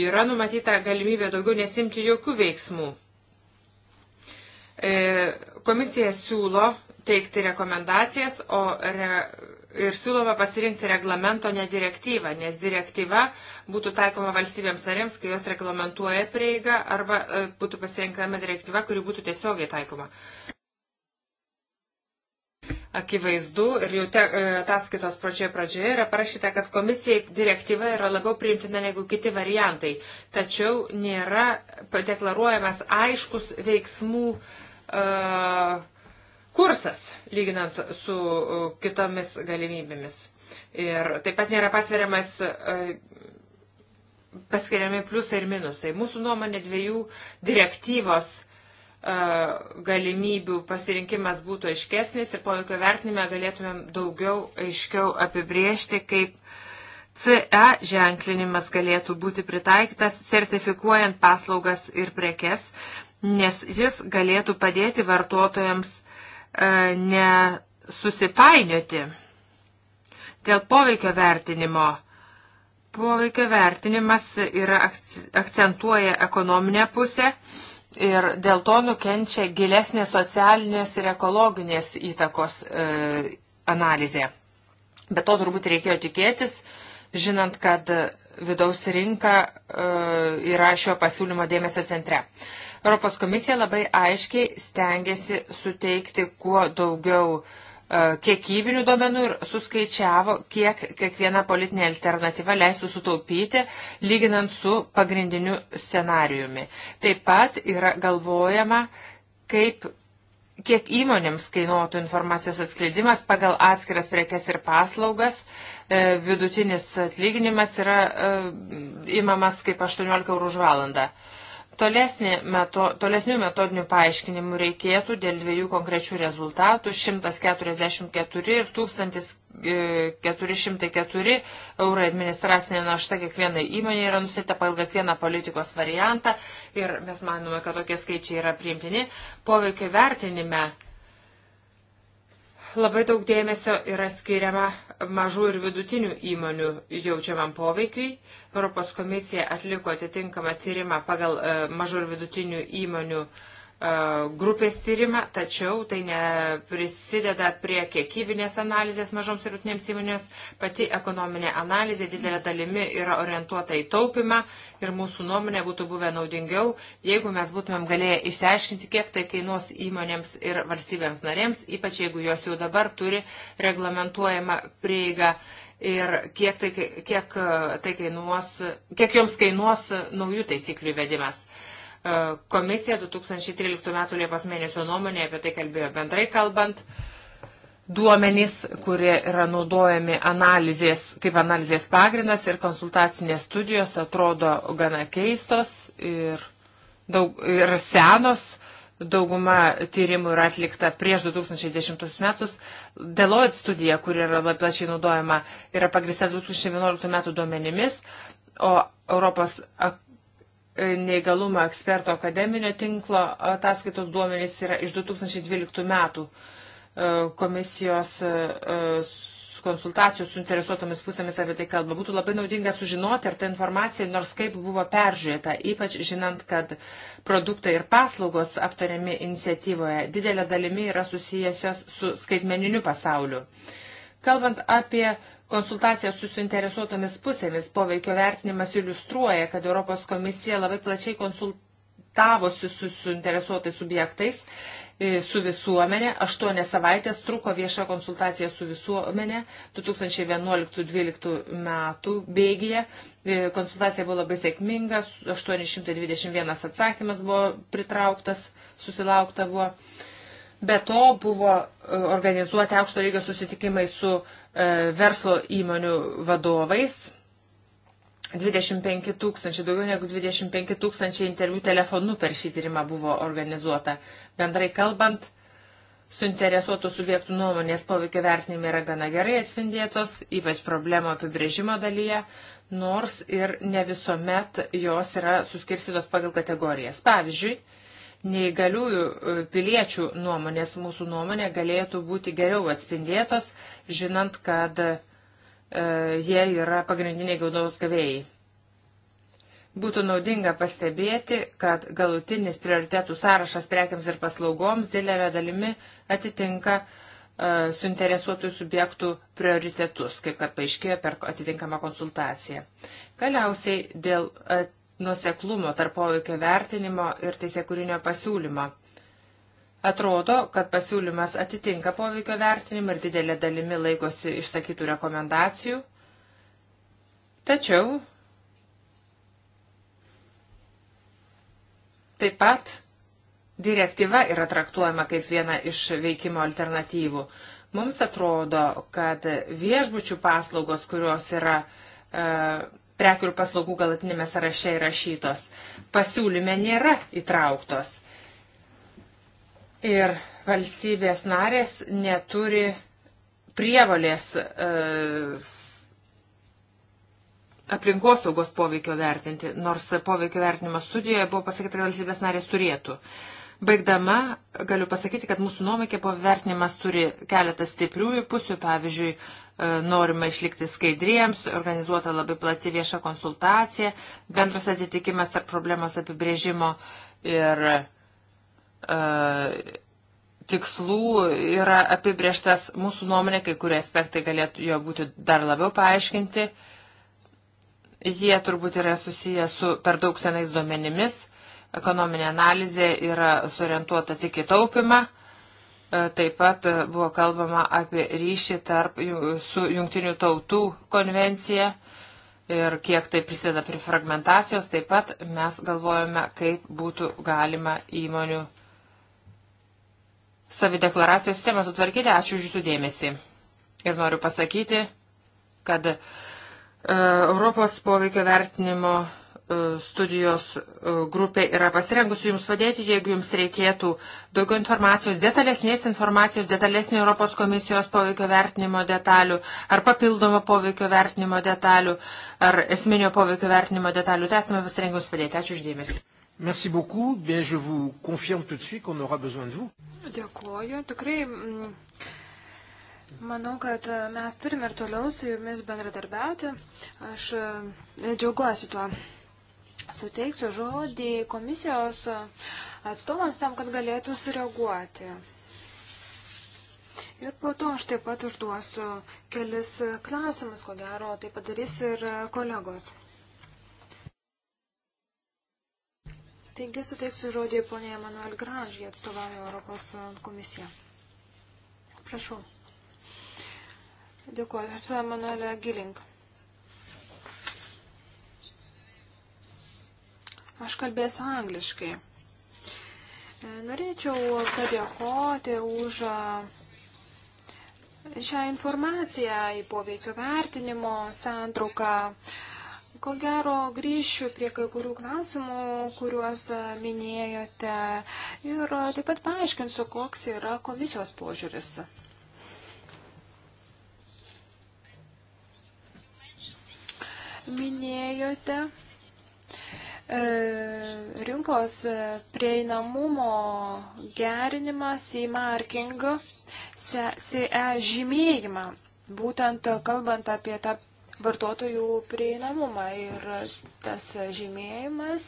yra numatyta galimybė daugiau nesimti jokių veiksmų. E, komisija siūlo teikti rekomendacijas o re, ir siūloma pasirinkti reglamento nedirektyvą, nes direktyva būtų taikoma valstybėms narėms, kai jos reglamentuoja prieigą, arba e, būtų pasirinkama direktyva, kuri būtų tiesiogiai taikoma akivaizdu ir jau te, e, ataskaitos pradžioje pradžioje yra parašyta, kad komisijai direktyva yra labiau priimtina negu kiti variantai, tačiau nėra deklaruojamas aiškus veiksmų uh, kursas, lyginant su uh, kitomis galimybėmis. Ir taip pat nėra pasveriamas uh, paskiriami pliusai ir minusai. Mūsų nuomonė dviejų direktyvos E, galimybių pasirinkimas būtų aiškesnis ir poveikio vertinime galėtumėm daugiau aiškiau apibriežti, kaip CE ženklinimas galėtų būti pritaikytas sertifikuojant paslaugas ir prekes, nes jis galėtų padėti vartotojams e, nesusipainioti. Dėl poveikio vertinimo. Poveikio vertinimas yra akcentuoja ekonominę pusę ir dėl to nukenčia gilesnės socialinės ir ekologinės įtakos e, analizė. Bet to turbūt reikėjo tikėtis, žinant, kad vidaus rinka e, yra šio pasiūlymo dėmesio centre. Europos komisija labai aiškiai stengiasi suteikti kuo daugiau e, E, kiekybinių duomenų ir suskaičiavo, kiek kiekviena politinė alternatyva leistų sutaupyti, lyginant su pagrindiniu scenariumi. Taip pat yra galvojama, kaip kiek įmonėms kainuotų informacijos atskleidimas pagal atskiras prekes ir paslaugas. E, vidutinis atlyginimas yra e, imamas kaip 18 eurų už valandą meto, tolesnių metodinių paaiškinimų reikėtų dėl dviejų konkrečių rezultatų - 144 ir 1404 e, eurų administracinė našta kiekvienai įmonė yra nusita pagal kiekvieną politikos variantą ir mes manome, kad tokie skaičiai yra priimtini. Poveikio vertinime labai daug dėmesio yra skiriama mažų ir vidutinių įmonių jaučiamam poveikiui. Europos komisija atliko atitinkamą tyrimą pagal e, mažų ir vidutinių įmonių uh, E, grupės tyrimą, tačiau tai neprisideda prie kiekybinės analizės mažoms ir rutinėms įmonėms. Pati ekonominė analizė didelė dalimi yra orientuota į taupimą ir mūsų nuomonė būtų buvę naudingiau, jeigu mes būtumėm galėję išsiaiškinti, kiek tai kainuos įmonėms ir valstybėms narėms, ypač jeigu jos jau dabar turi reglamentuojamą prieigą. Ir kiek, tai, kiek, tai kainuos, kiek joms kainuos naujų taisyklių vedimas. E, komisija 2013 m. Liepos mėnesio nuomonė apie tai kalbėjo bendrai kalbant. Duomenys, kurie yra naudojami analizės, kaip analizės pagrindas ir konsultacinės studijos atrodo gana keistos ir, daug, ir senos. Dauguma tyrimų yra atlikta prieš 2010 metus. Deloitte studija, kuri yra labai plačiai naudojama, yra pagrįsta 2011 metų duomenimis, o Europos neįgalumo eksperto akademinio tinklo ataskaitos duomenys yra iš 2012 metų e, komisijos e, konsultacijos su interesuotomis pusėmis apie tai kalba. Būtų labai naudinga sužinoti, ar ta informacija nors kaip buvo peržiūrėta, ypač žinant, kad produktai ir paslaugos aptariami iniciatyvoje didelė dalimi yra susijusios su skaitmeniniu pasauliu. Kalbant apie Konsultacija su suinteresuotomis pusėmis poveikio vertinimas iliustruoja, kad Europos komisija labai plačiai konsultavosi su suinteresuotais subjektais, e, su visuomenė. Aštuonės savaitės truko vieša konsultacija su visuomenė 2011-2012 metų bėgyje. E, konsultacija buvo labai sėkminga, 821 atsakymas buvo pritrauktas, susilaukta buvo. Be to buvo e, organizuoti aukšto lygio susitikimai su uh, E, verslo įmonių vadovais. 25 tūkstančiai, daugiau negu 25 tūkstančiai interviu telefonu per šį tyrimą buvo organizuota. Bendrai kalbant, suinteresuotų subjektų nuomonės poveikio vertinimai yra gana gerai atspindėtos, ypač problemo apibrėžimo dalyje, nors ir ne visuomet jos yra suskirstytos pagal kategorijas. Pavyzdžiui, neįgaliųjų e, piliečių nuomonės mūsų nuomonė galėtų būti geriau atspindėtos, žinant, kad e, jie yra pagrindiniai gaudos gavėjai. Būtų naudinga pastebėti, kad galutinis prioritetų sąrašas prekiams ir paslaugoms dėlėme dalimi atitinka e, suinteresuotųjų subjektų prioritetus, kaip kad paaiškėjo per atitinkamą konsultaciją. Galiausiai dėl at, e, nuseklumo tarp poveikio vertinimo ir teisėkūrinio pasiūlymo. Atrodo, kad pasiūlymas atitinka poveikio vertinimą ir didelė dalimi laikosi išsakytų rekomendacijų, tačiau taip pat direktyva yra traktuojama kaip viena iš veikimo alternatyvų. Mums atrodo, kad viešbučių paslaugos, kurios yra e, prekių ir paslaugų galatinėme sąraše įrašytos, pasiūlyme nėra įtrauktos. Ir valstybės narės neturi prievalės e, aplinkosaugos poveikio vertinti, nors poveikio vertinimo studijoje buvo pasakyta, kad valstybės narės turėtų. Baigdama, galiu pasakyti, kad mūsų nuomokė povertinimas turi keletą stipriųjų pusių, pavyzdžiui, E, norima išlikti skaidriems, organizuota labai plati vieša konsultacija, bendras atitikimas tarp problemos apibrėžimo ir e, tikslų yra apibrieštas. Mūsų nuomonė, kai kurie aspektai galėtų jo būti dar labiau paaiškinti. Jie turbūt yra susiję su per daug senais duomenimis. Ekonominė analizė yra sorientuota tik į taupimą E, taip pat e, buvo kalbama apie ryšį tarp, su jungtinių tautų konvencija ir kiek tai prisideda prie fragmentacijos. Taip pat mes galvojame, kaip būtų galima įmonių savideklaracijos sistemą sutvarkyti. Ačiū už jūsų dėmesį. Ir noriu pasakyti, kad e, Europos poveikio vertinimo E, studijos e, grupė yra pasirengusi jums padėti, jeigu jums reikėtų daugiau informacijos, detalesnės informacijos, detalesnio Europos komisijos poveikio vertinimo detalių, ar papildomo poveikio vertinimo detalių, ar esminio poveikio vertinimo detalių. Tai esame pasirengus padėti. Ačiū uždėmesi. Merci beaucoup. Bien, je vous confirme tout de suite qu'on aura besoin de vous. Dėkuoju. Tikrai. Mm, manau, kad e, mes turime ir toliau su jumis bendradarbiauti. Aš džiaugiuosi tuo suteiksiu žodį komisijos atstovams tam, kad galėtų sureaguoti. Ir po to aš taip pat užduosiu kelis klausimus, ko gero, tai padarys ir kolegos. Taigi suteiksiu žodį ponė Emanuel Graž, jie atstovauja Europos komisiją. Prašau. Dėkuoju, esu Emanuelė Gilink. Aš kalbėsiu angliškai. E, norėčiau padėkoti už e, šią informaciją į poveikio vertinimo santrauką. Ko gero grįšiu prie kai kurių klausimų, kuriuos minėjote ir taip pat paaiškinsiu, koks yra komisijos požiūris. Minėjote E, rinkos e, prieinamumo gerinimas į markingą, CE e, žymėjimą, būtent kalbant apie tą vartotojų prieinamumą. Ir tas žymėjimas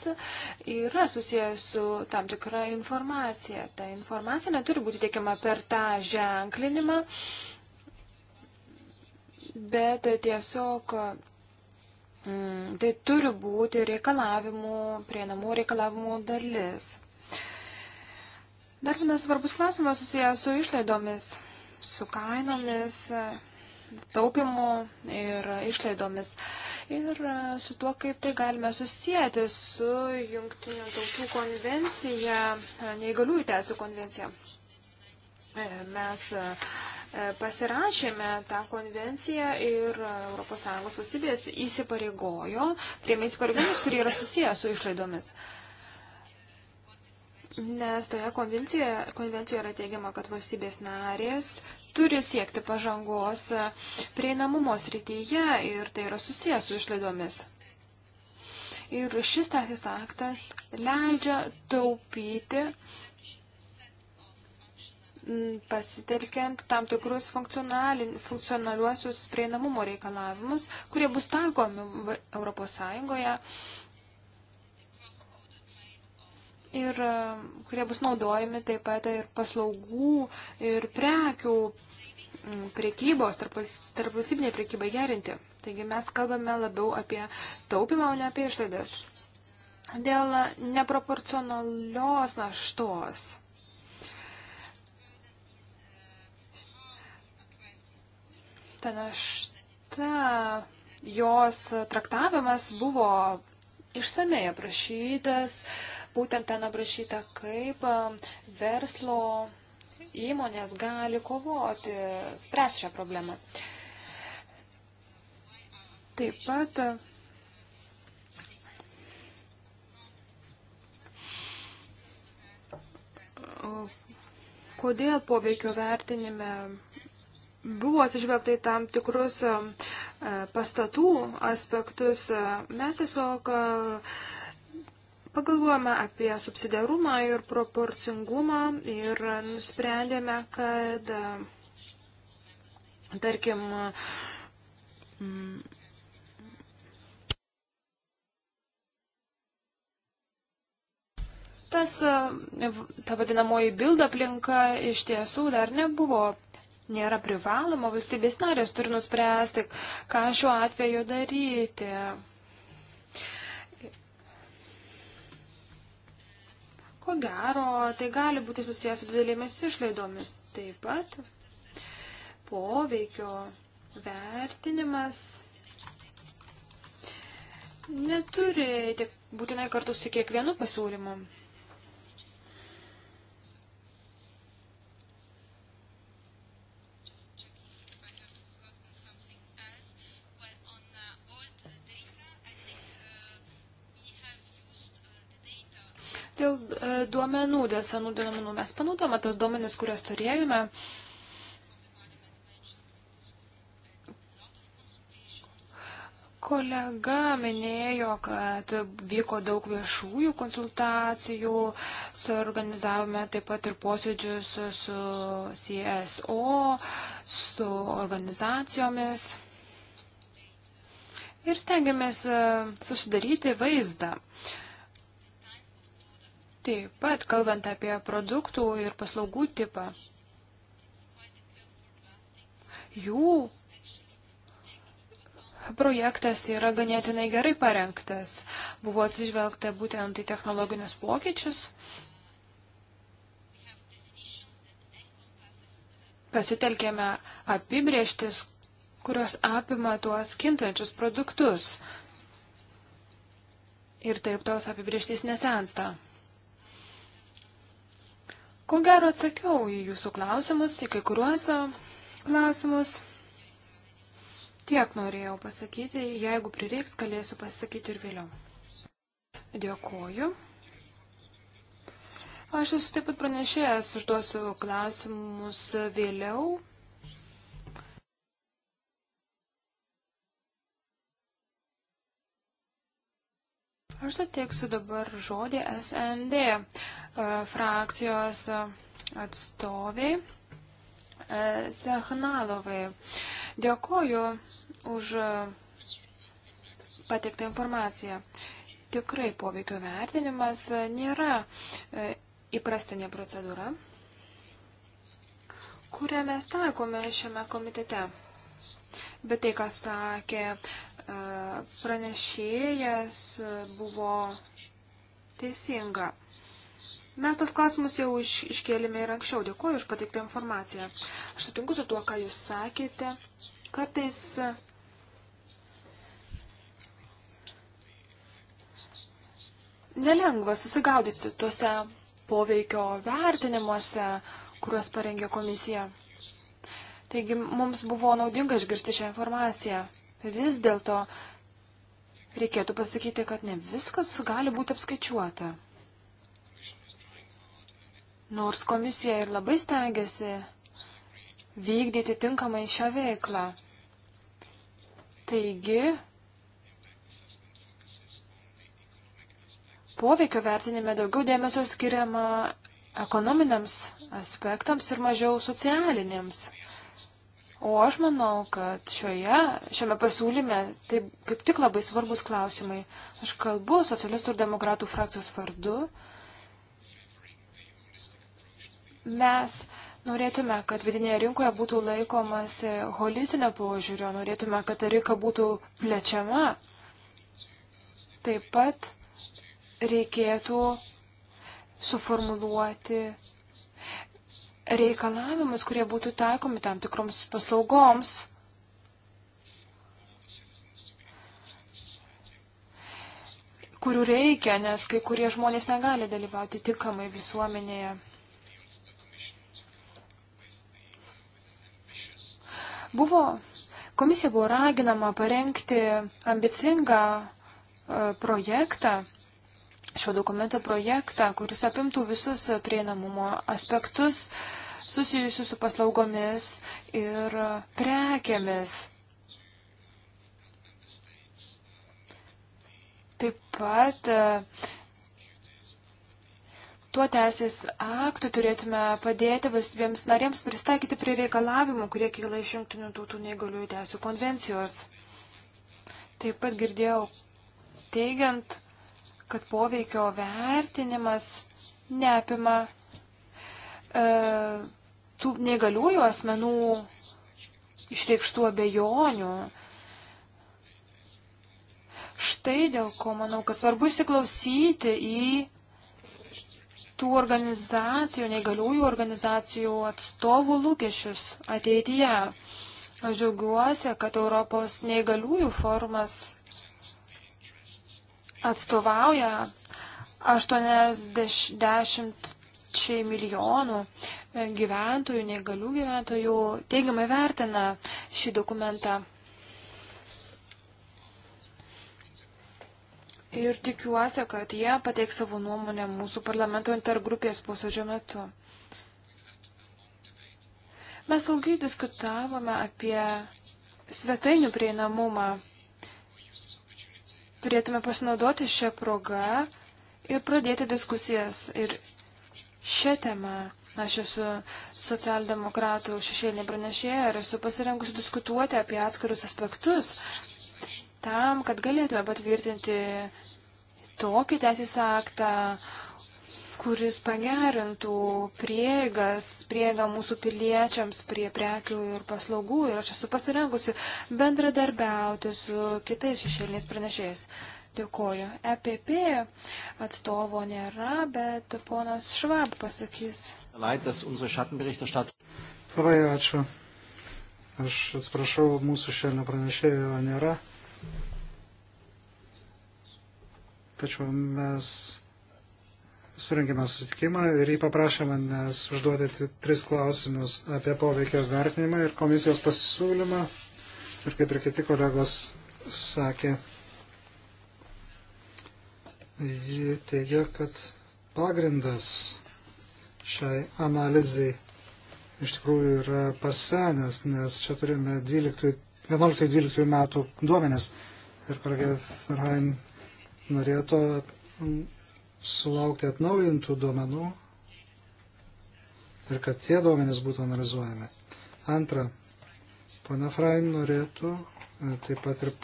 yra susijęs su tam tikra informacija. Ta informacija neturi būti teikiama per tą ženklinimą, bet tiesiog Mm, tai turi būti reikalavimų, prieinamų reikalavimų dalis. Dar vienas svarbus klausimas susijęs su išlaidomis, su kainomis, taupimu ir išlaidomis. Ir e, su tuo, kaip tai galime susijęti su Junktinių tautų konvencija, neįgaliųjų teisų konvencija. E, mes e, e, pasirašėme tą konvenciją ir ES valstybės įsipareigojo, priemė įsipareigojimus, kurie yra susijęs su išlaidomis. Nes toje konvencijoje, konvencijoje yra teigiama, kad valstybės narės turi siekti pažangos prieinamumo srityje ir tai yra susijęs su išlaidomis. Ir šis teisės aktas leidžia taupyti pasitelkiant tam tikrus funkcionaliuosius prieinamumo reikalavimus, kurie bus taikomi Europos Sąjungoje ir e, kurie bus naudojami taip pat ir paslaugų ir prekių priekybos, tarp valstybinė priekybai gerinti. Taigi mes kalbame labiau apie taupimą, o ne apie išlaidas. Dėl neproporcionalios naštos ta našta, jos traktavimas buvo išsamei aprašytas, būtent ten aprašyta, kaip um, verslo įmonės gali kovoti, spręs šią problemą. Taip pat uh, kodėl poveikio vertinime buvo atsižvelgta į tam tikrus um, e, pastatų aspektus. E, mes tiesiog e, pagalvojame apie subsidiarumą ir proporcingumą ir nusprendėme, kad, tarkim, mm, tas, ta vadinamoji bild aplinka iš tiesų dar nebuvo nėra privaloma, valstybės narės turi nuspręsti, ką šiuo atveju daryti. Ko gero, tai gali būti susijęs su didelėmis išlaidomis. Taip pat poveikio vertinimas neturi tik būtinai kartu su kiekvienu pasiūlymu. dėl e, duomenų, dėl senų duomenų. Mes panaudojame tos duomenys, kuriuos turėjome. Kolega minėjo, kad vyko daug viešųjų konsultacijų, suorganizavome taip pat ir posėdžius su CSO, su organizacijomis ir stengiamės e, susidaryti vaizdą Taip pat, kalbant apie produktų ir paslaugų tipą, jų projektas yra ganėtinai gerai parengtas. Buvo atsižvelgta būtent į technologinius pokyčius. Pasitelkėme apibrieštis, kurios apima tuos kintančius produktus. Ir taip tos apibrieštys nesensta. Ko gero atsakiau į jūsų klausimus, į kai kuriuos klausimus. Tiek norėjau pasakyti, jeigu prireiks, galėsiu pasakyti ir vėliau. Dėkuoju. Aš esu taip pat pranešėjęs, užduosiu klausimus vėliau. Aš suteiksiu dabar žodį SND frakcijos atstoviai Sehnalovai. Dėkoju už pateiktą informaciją. Tikrai poveikio vertinimas nėra įprastinė procedūra, kurią mes taikome šiame komitete. Bet tai, ką sakė pranešėjas, buvo teisinga. Mes tos klausimus jau iš, iškėlėme ir anksčiau. Dėkuoju už pateiktą informaciją. Aš sutinku su tuo, ką jūs sakėte. Kartais e, nelengva susigaudyti tuose poveikio vertinimuose, kuriuos parengė komisija. Taigi mums buvo naudinga išgirsti šią informaciją. Vis dėlto reikėtų pasakyti, kad ne viskas gali būti apskaičiuota nors komisija ir labai stengiasi vykdyti tinkamai šią veiklą. Taigi, poveikio vertinime daugiau dėmesio skiriama ekonominiams aspektams ir mažiau socialiniams. O aš manau, kad šioje, šiame pasiūlyme tai kaip tik labai svarbus klausimai. Aš kalbu socialistų ir demokratų frakcijos vardu Mes norėtume, kad vidinėje rinkoje būtų laikomas holistinio požiūrio, norėtume, kad ta rinka būtų plečiama. Taip pat reikėtų suformuluoti reikalavimus, kurie būtų taikomi tam tikroms paslaugoms. kurių reikia, nes kai kurie žmonės negali dalyvauti tinkamai visuomenėje. Buvo, komisija buvo raginama parengti ambicingą e, projektą, šio dokumento projektą, kuris apimtų visus prieinamumo aspektus susijusius su paslaugomis ir prekėmis. Taip pat e, tuo teisės aktu turėtume padėti valstybėms narėms pristaikyti prie reikalavimų, kurie kyla iš jungtinių tautų neįgaliųjų teisų konvencijos. Taip pat girdėjau teigiant, kad poveikio vertinimas neapima e, tų neįgaliųjų asmenų išreikštų abejonių. Štai dėl ko manau, kad svarbu įsiklausyti į tų organizacijų, neįgaliųjų organizacijų atstovų lūkesčius ateityje. Aš džiaugiuosi, kad Europos neįgaliųjų formas atstovauja 80 milijonų gyventojų, neįgalių gyventojų teigiamai vertina šį dokumentą. ir tikiuosi, kad jie pateiks savo nuomonę mūsų parlamento intergrupės posėdžio metu. Mes ilgai diskutavome apie svetainių prieinamumą. Turėtume pasinaudoti šią progą ir pradėti diskusijas ir šią temą. Aš esu socialdemokratų šešėlinė pranešėja ir esu pasirengusi diskutuoti apie atskirus aspektus, tam, kad galėtume patvirtinti tokį teisės aktą, kuris pagerintų prieigas, prieigą mūsų piliečiams prie prekių ir paslaugų. Ir aš esu pasirengusi bendradarbiauti su kitais šešėliniais pranešėjais. Dėkoju. EPP atstovo nėra, bet ponas Švab pasakys. Labai ačiū. Aš atsiprašau, mūsų šiandien pranešėjo nėra. Tačiau mes surinkime susitikimą ir jį paprašėme nes užduoti tris klausimus apie poveikio vertinimą ir komisijos pasiūlymą. Ir kaip ir kiti kolegos sakė, ji teigia, kad pagrindas šiai analizai iš tikrųjų yra pasenęs, nes čia turime 11-12 metų duomenis. Ir kolegė Ferhain norėtų mm, sulaukti atnaujintų duomenų ir kad tie duomenys būtų analizuojami. Antra, pana Frain norėtų e, taip pat ir e,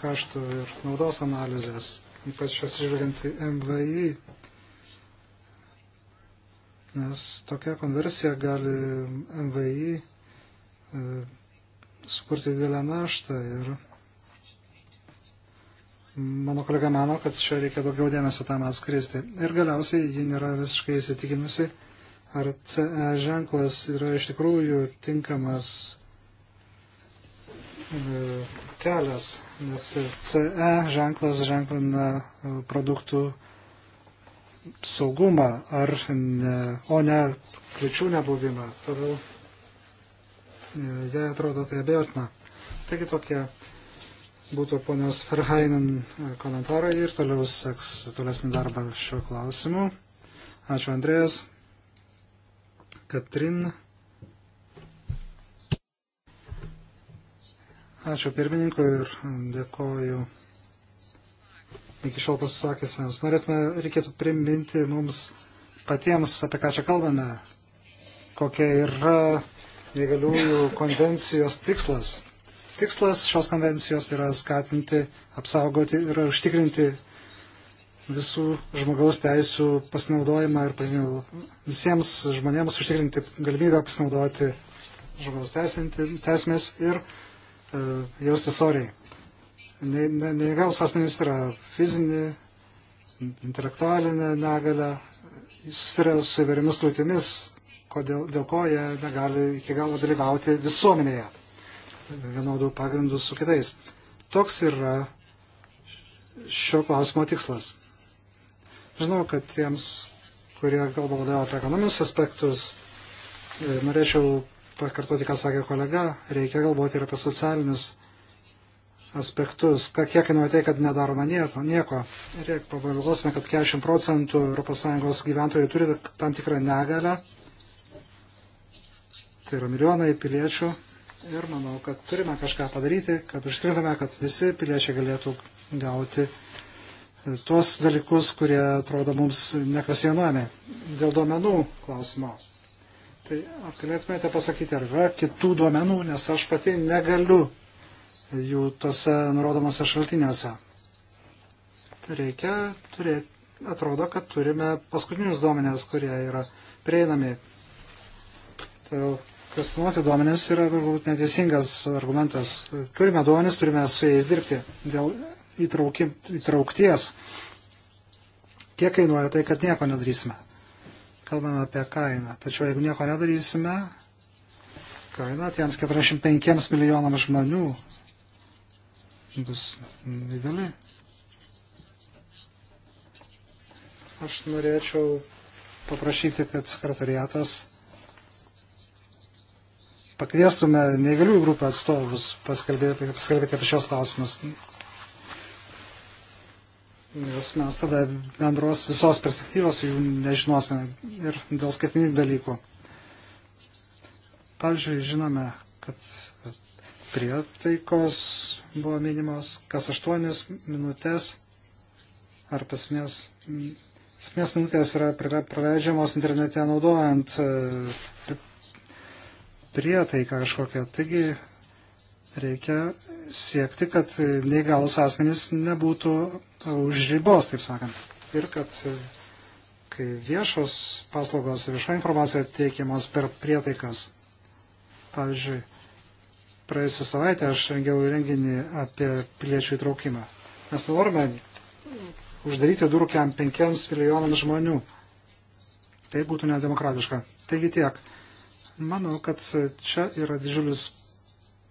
kaštų ir naudos analizės, ypač atsižvelgiant į MVI, nes tokia konversija gali MVI e, sukurti didelę naštą ir mano kolega mano, kad čia reikia daugiau dėmesio tam atskristi. Ir galiausiai ji nėra visiškai įsitikinusi, ar CE ženklas yra iš tikrųjų tinkamas e, kelias, nes CE ženklas ženklina e, produktų saugumą, ar ne, o ne kliučių nebuvimą. Todėl e, jai atrodo tai abejotina. Taigi tokie būtų ponios Ferhainen komentarai ir toliau seks tolesnį darbą šiuo klausimu. Ačiū Andrėjas. Katrin. Ačiū pirmininkui ir dėkoju iki šiol pasisakysiams. Norėtume, reikėtų priminti mums patiems, apie ką čia kalbame, kokia yra neįgaliųjų konvencijos tikslas. Tikslas šios konvencijos yra skatinti, apsaugoti ir užtikrinti visų žmogaus teisų pasinaudojimą ir visiems žmonėms užtikrinti galimybę pasinaudoti žmogaus teisėmis ir e, jausti soriai. Ne, ne, Neįgalus asmenys yra fizinė, intelektualinė negalė, susiduria su įvairiomis kliūtimis, dėl ko jie negali iki galo dalyvauti visuomenėje vienodų pagrindų su kitais. Toks yra šio klausimo tikslas. Žinau, kad tiems, kurie kalba labiau apie ekonominius aspektus, e, norėčiau pakartoti, ką sakė kolega, reikia galvoti ir apie socialinius aspektus, ką kiek kainuoja tai, kad nedaroma nieko. nieko. Ir pagalvosime, kad 40 procentų ES gyventojų turi tam tikrą negalę, tai yra milijonai piliečių, ir manau, kad turime kažką padaryti, kad užtikrintume, kad visi piliečiai galėtų gauti e, tuos dalykus, kurie atrodo mums nekasienuojami. Dėl duomenų klausimo. Tai ar galėtumėte pasakyti, ar yra kitų duomenų, nes aš pati negaliu jų tose nurodomose šaltiniuose. Tai reikia turėti, atrodo, kad turime paskutinius duomenės, kurie yra prieinami. Tai kvestionuoti duomenis yra turbūt neteisingas argumentas. Turime duomenis, turime su jais dirbti dėl įtrauki, įtraukties. Kiek kainuoja tai, kad nieko nedarysime? Kalbame apie kainą. Tačiau jeigu nieko nedarysime, kaina tiems 45 milijonams žmonių bus didelė. Aš norėčiau paprašyti, kad sekretariatas pakviestume neįgaliųjų grupę atstovus paskalbėti, paskalbėti apie šios klausimus. Nes mes tada bendros visos perspektyvos jų nežinosime ir dėl skaitminių dalykų. Pavyzdžiui, žinome, kad prietaikos buvo minimos kas aštuonias minutės ar pasmės. Septynės minutės yra praleidžiamos internete naudojant e, prietaiką kažkokią. Taigi reikia siekti, kad neįgalus asmenys nebūtų už ribos, taip sakant. Ir kad e, kai viešos paslaugos, vieša informacija teikiamos per prietaikas. Pavyzdžiui, praėjusią savaitę aš rengiau renginį apie piliečių įtraukimą. Mes norime uždaryti durų kiam penkiems milijonams žmonių. Tai būtų nedemokratiška. Taigi tiek. Manau, kad čia yra didžiulis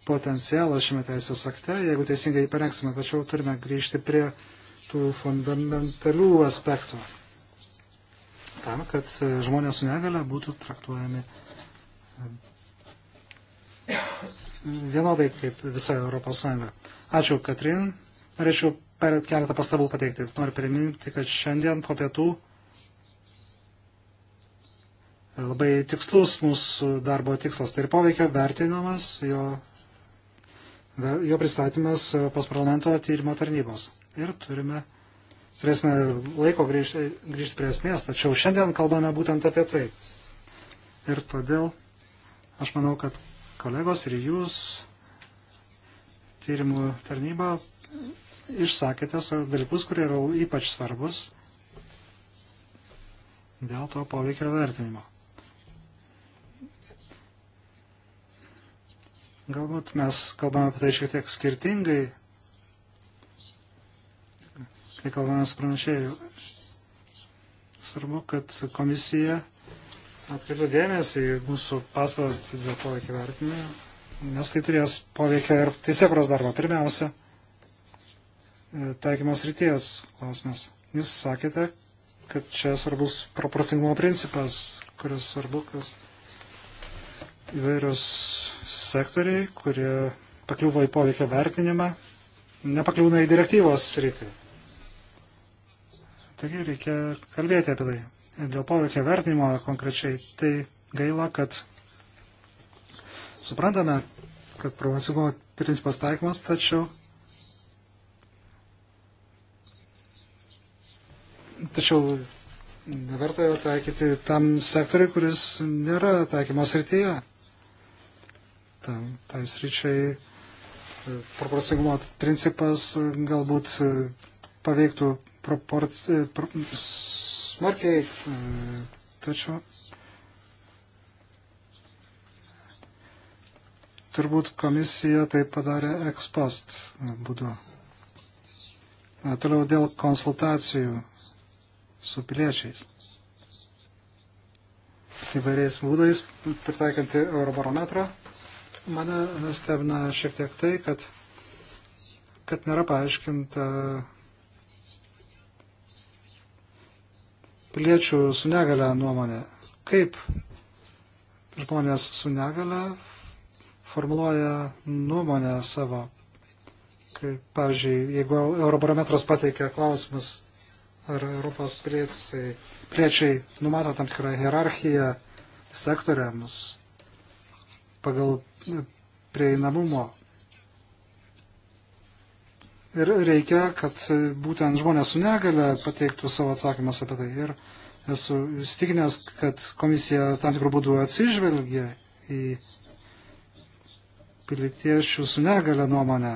potencialas šiame teisės akte, jeigu teisingai jį parengsime, tačiau turime grįžti prie tų fundamentalių aspektų. Tam, kad e, žmonės su negale būtų traktuojami e, vienodai kaip visa Europos Sąjunga. Ačiū, Katrin. Norėčiau per keletą pastabų pateikti. Noriu priminti, kad šiandien po pietų labai tikslus mūsų darbo tikslas. Tai ir poveikio vertinamas jo, jo pristatymas Europos parlamento tyrimo tarnybos. Ir turime, turėsime laiko grįžti, grįžti prie esmės, tačiau šiandien kalbame būtent apie tai. Ir todėl aš manau, kad kolegos ir jūs tyrimų tarnyba išsakėte savo dalykus, kurie yra ypač svarbus dėl to poveikio vertinimo. Galbūt mes kalbame apie tai šiek tiek skirtingai, kai kalbame su pranešėju. Svarbu, kad komisija atkreiptų dėmesį į mūsų pastabas dėl poveikio vertinimo, nes tai turės poveikio ir teisėkros darbą. Pirmiausia, e, taikymos ryties klausimas. Jūs sakėte, kad čia svarbus proporcingumo principas, kuris svarbu, kas. Kas įvairius sektoriai, kurie pakliuvo į poveikio vertinimą, nepakliūna į direktyvos sritį. Taigi reikia kalbėti apie tai. Dėl poveikio vertinimo konkrečiai tai gaila, kad suprantame, kad proporcingumo principas taikymas, tačiau tačiau neverta jo taikyti tam sektoriui, kuris nėra taikymos rytyje tai sričiai. Proporcingumo principas galbūt paveiktų proporci... pro... smarkiai, tačiau turbūt komisija tai padarė ekspost būdu. Toliau dėl konsultacijų su piliečiais. Įvairiais būdais, pritaikant Eurobarometrą. Mane stebina šiek tiek tai, kad, kad nėra paaiškinta piliečių su negale nuomonė. Kaip žmonės su negale formuluoja nuomonę savo. Kaip, pavyzdžiui, jeigu Eurobarometras pateikia klausimus, ar Europos piliečiai, piliečiai numato tam tikrą hierarchiją sektoriams, pagal prieinamumo. Ir reikia, kad būtent žmonės su negale pateiktų savo atsakymus apie tai. Ir esu įstikinęs, kad komisija tam tikrų būdų atsižvelgia į piliečių su negale nuomonę.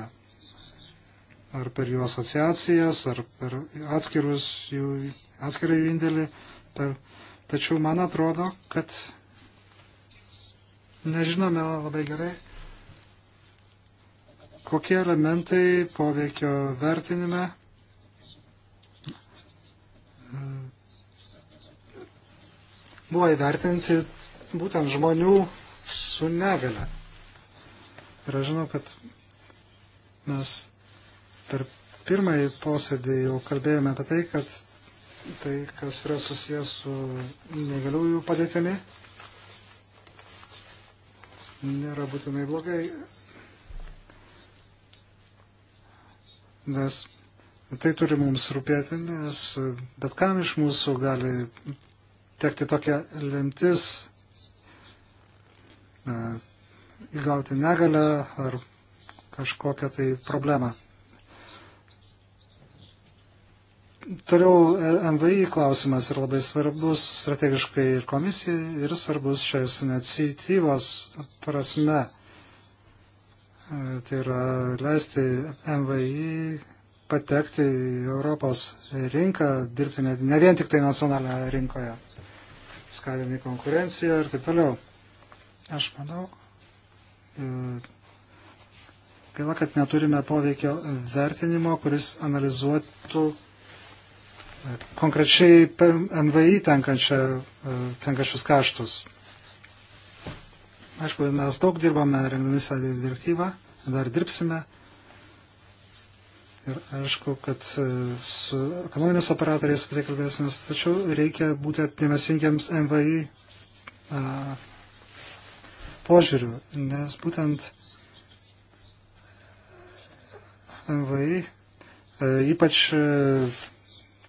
Ar per jų asociacijas, ar per atskirus jų, atskirą jų indėlį. Per... Tačiau man atrodo, kad Nežinome labai gerai, kokie elementai poveikio vertinime buvo įvertinti būtent žmonių su negale. Ir aš žinau, kad mes per pirmąjį posėdį jau kalbėjome apie tai, kad tai, kas yra susijęs su negaliųjų padėtimi, nėra būtinai blogai, nes tai turi mums rūpėti, nes bet kam iš mūsų gali tekti tokia lemtis e, įgauti negalę ar kažkokią tai problemą. Toliau e, MVI klausimas yra labai svarbus strategiškai ir komisijai, ir svarbus šios iniciatyvos prasme. E, tai yra leisti MVI patekti į Europos rinką, dirbti ne, ne vien tik tai nacionalinėje rinkoje, skatinti konkurenciją ir taip toliau. Aš manau, e, gaila, kad neturime poveikio vertinimo, kuris analizuotų konkrečiai MVI e, tenkančius kaštus. Aišku, mes daug dirbame rengdami šią direktyvą, dar dirbsime. Ir aišku, kad e, su ekonominiais operatoriais apie tai kalbėsimės, tačiau reikia būti dėmesingiams MVI a, e, požiūrių, nes būtent MVI a, ypač a,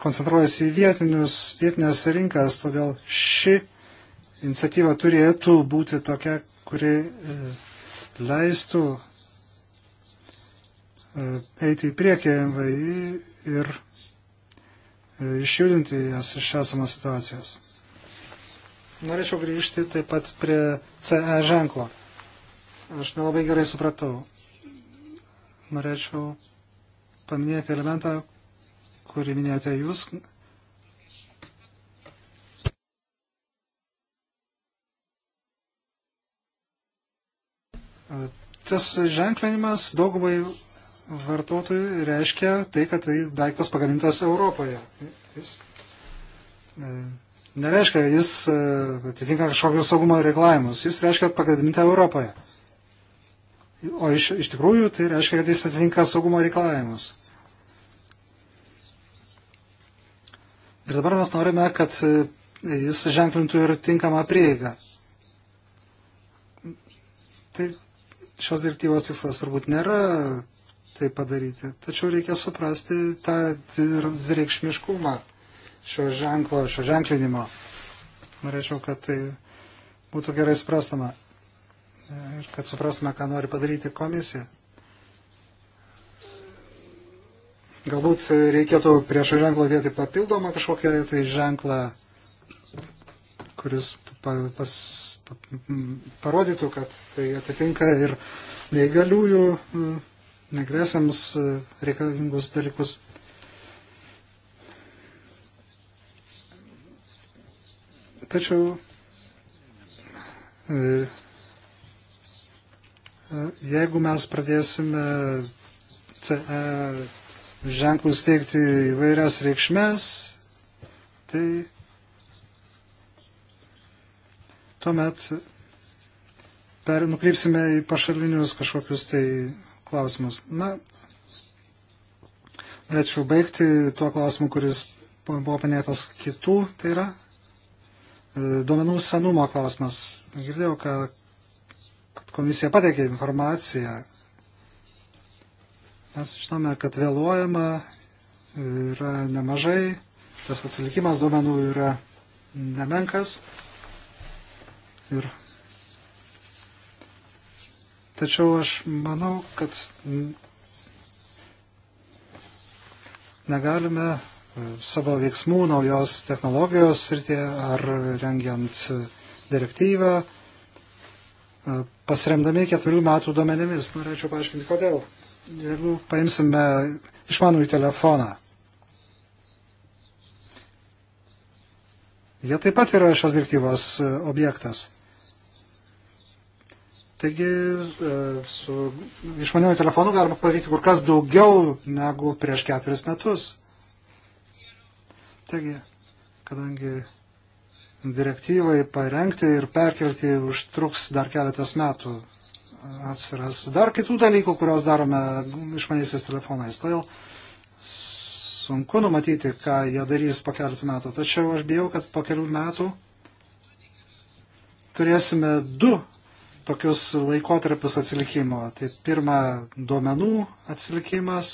koncentruojasi į vietinius, vietinės rinkas, todėl ši iniciatyva turėtų būti tokia, kuri e, leistų e, eiti į priekį MVI ir e, išjudinti jas iš esamos situacijos. Norėčiau grįžti taip pat prie CE ženklo. Aš nelabai gerai supratau. Norėčiau paminėti elementą, kurį minėjote jūs. Tas ženklinimas daugumai vartotojų reiškia tai, kad tai daiktas pagamintas Europoje. Jis e, nereiškia, jis e, atitinka kažkokius saugumo reikalavimus. Jis reiškia, kad pagaminta Europoje. O iš, iš tikrųjų tai reiškia, kad jis atitinka saugumo reikalavimus. Ir dabar mes norime, kad e, jis ženklintų ir tinkamą prieigą. Tai šios direktyvos tikslas turbūt nėra tai padaryti. Tačiau reikia suprasti tą dvireikšmiškumą šio ženklo, šio ženklinimo. Norėčiau, kad tai būtų gerai suprastama ir kad suprastume, ką nori padaryti komisija. Galbūt reikėtų prieš ženklą dėti papildomą kažkokią tai ženklą, kuris pas, parodytų, kad tai atitinka ir neįgaliųjų, negrėsiams e, reikalingus dalykus. Tačiau e, e, jeigu mes pradėsime CE ženklus teikti įvairias reikšmes, tai tuomet per, nukreipsime į pašalinius kažkokius tai klausimus. Na, norėčiau baigti tuo klausimu, kuris buvo panėtas kitų, tai yra e, duomenų senumo klausimas. Girdėjau, kad komisija pateikė informaciją Mes žinome, kad vėluojama yra nemažai, tas atsilikimas duomenų yra nemenkas. Ir Tačiau aš manau, kad negalime savo veiksmų naujos technologijos srityje ar rengiant direktyvą pasiremdami keturių metų duomenimis. Norėčiau paaiškinti, kodėl. Jeigu paimsime išmanųjį telefoną, jie taip pat yra šios direktyvos e, objektas. Taigi e, su išmaniuoju telefonu galima padaryti kur kas daugiau negu prieš keturis metus. Taigi, kadangi direktyvai parengti ir perkelti užtruks dar keletas metų, atsiras dar kitų dalykų, kuriuos darome išmaniaisiais telefonais. Todėl sunku numatyti, ką jie darys po keletų metų. Tačiau aš bijau, kad po kelių metų turėsime du tokius laikotarpius atsilikimo. Tai pirma, duomenų atsilikimas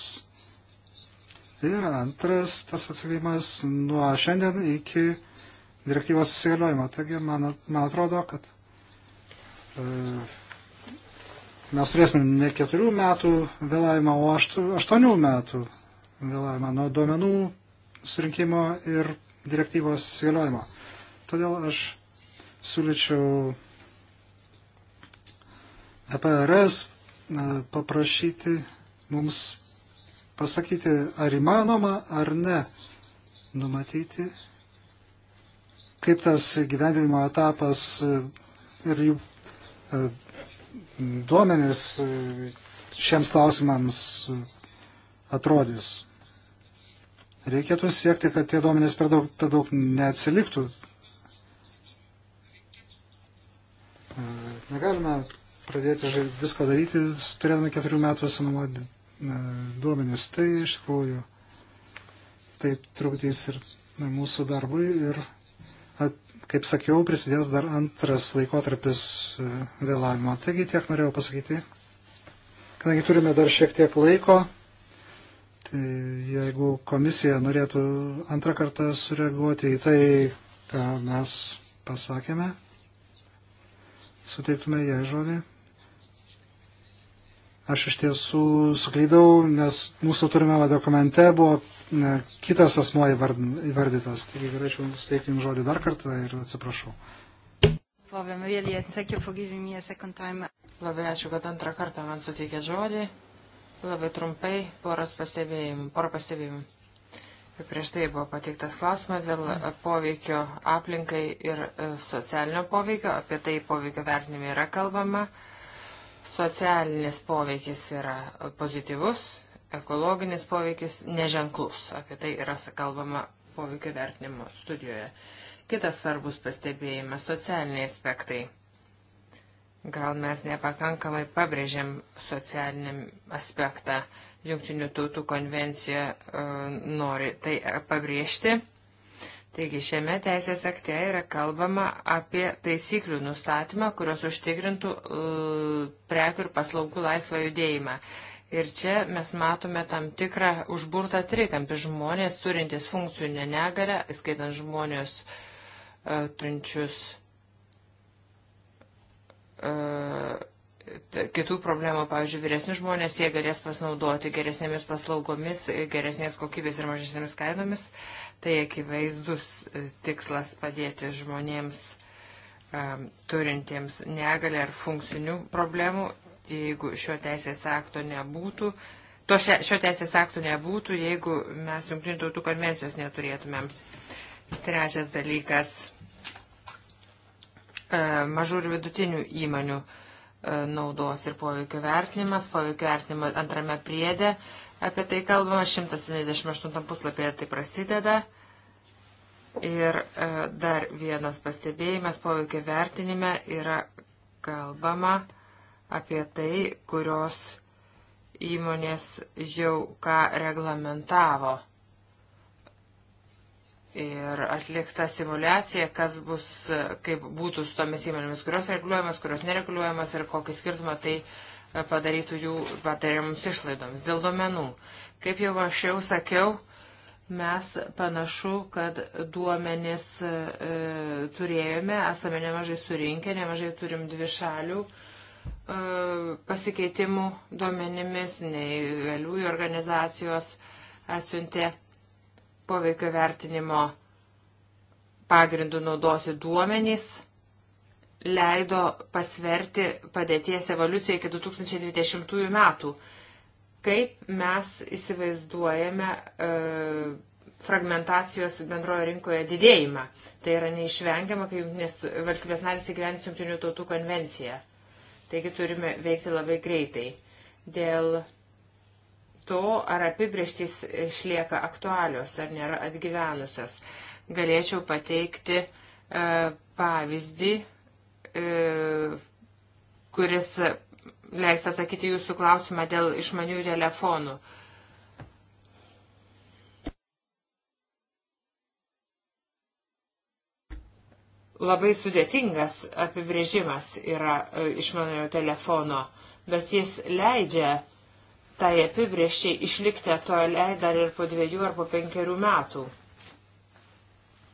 ir antras tas atsilikimas nuo šiandien iki direktyvos įsigaliojimo. Taigi, man, man atrodo, kad. Uh, mes turėsime ne keturių metų vėlavimą, o aštuonių metų vėlavimą nuo duomenų surinkimo ir direktyvos įsigaliojimo. Todėl aš siūlyčiau EPRS paprašyti mums pasakyti, ar įmanoma ar ne numatyti, kaip tas gyvendinimo etapas ir jų e, duomenis šiems klausimams atrodys. Reikėtų siekti, kad tie duomenys per daug, per daug neatsiliktų. E, negalime pradėti viską daryti, turėdami keturių metų senumo e, duomenys. Tai iš tikrųjų taip trukdys ir mūsų darbui ir kaip sakiau, prisidės dar antras laikotarpis e, vėlavimo. Taigi tiek norėjau pasakyti. Kadangi turime dar šiek tiek laiko, tai jeigu komisija norėtų antrą kartą sureaguoti į tai, ką mes pasakėme, suteiktume jai žodį. Aš iš tiesų suklydau, nes mūsų turimame dokumente buvo ne, kitas asmo įvardytas. Taigi galėčiau suteikti jums žodį dar kartą ir atsiprašau. Labai ačiū, kad antrą kartą man suteikė žodį. Labai trumpai poros pastebėjimų. Porą pastebėjimų. Prieš tai buvo pateiktas klausimas dėl poveikio aplinkai ir e, socialinio poveikio. Apie tai poveikio vertinime yra kalbama. Socialinis poveikis yra pozityvus, ekologinis poveikis neženklus. Apie tai yra kalbama poveikio vertinimo studijoje. Kitas svarbus pastebėjimas - socialiniai aspektai. Gal mes nepakankamai pabrėžiam socialiniam aspektą. Junktinių tautų konvencija e, nori tai pabrėžti Taigi šiame teisės akte yra kalbama apie taisyklių nustatymą, kurios užtikrintų e, prekių ir paslaugų laisvą judėjimą. Ir čia mes matome tam tikrą užburtą trikampį žmonės turintys funkcinę negalę, skaitant žmonės uh, turinčius uh, kitų problemų, pavyzdžiui, vyresni žmonės, jie galės pasinaudoti geresnėmis paslaugomis, geresnės kokybės ir mažesnėmis kainomis. Tai akivaizdus e, tikslas padėti žmonėms e, turintiems negalę ar funkcinių problemų, jeigu šio teisės akto nebūtų. To šio, šio teisės akto nebūtų, jeigu mes jungtinių tautų konvencijos neturėtumėm. Trečias dalykas e, - mažų ir vidutinių įmonių naudos ir poveikio vertinimas. Poveikio vertinimo antrame priedė Apie tai kalbama 178 puslapyje tai prasideda. Ir e, dar vienas pastebėjimas poveikio vertinime yra kalbama apie tai, kurios įmonės jau ką reglamentavo. Ir atlikta simulacija, kas bus, kaip būtų su tomis įmonėmis, kurios reguliuojamas, kurios nereguliuojamas ir kokį skirtumą tai uh, padarytų jų patariamams išlaidoms. Dėl duomenų. Kaip jau aš jau sakiau, mes panašu, kad duomenis e, turėjome, esame nemažai surinkę, nemažai turim dvi šalių e, pasikeitimų duomenimis, neįgaliųjų organizacijos atsiuntė poveikio vertinimo pagrindų naudoti duomenys leido pasverti padėties evoliuciją iki 2020 metų. Kaip mes įsivaizduojame e, fragmentacijos bendrojo rinkoje didėjimą? Tai yra neišvengiama, kai jungtinės valstybės narės įgyvens jungtinių tautų konvenciją. Taigi turime veikti labai greitai. Dėl to, ar apibrieštys išlieka aktualios, ar nėra atgyvenusios, galėčiau pateikti e, pavyzdį E, kuris leis atsakyti jūsų klausimą dėl išmanių telefonų. Labai sudėtingas apibrėžimas yra e, išmaniojo telefono, bet jis leidžia tai apibrėžčiai išlikti toliai dar ir po dviejų ar po penkerių metų.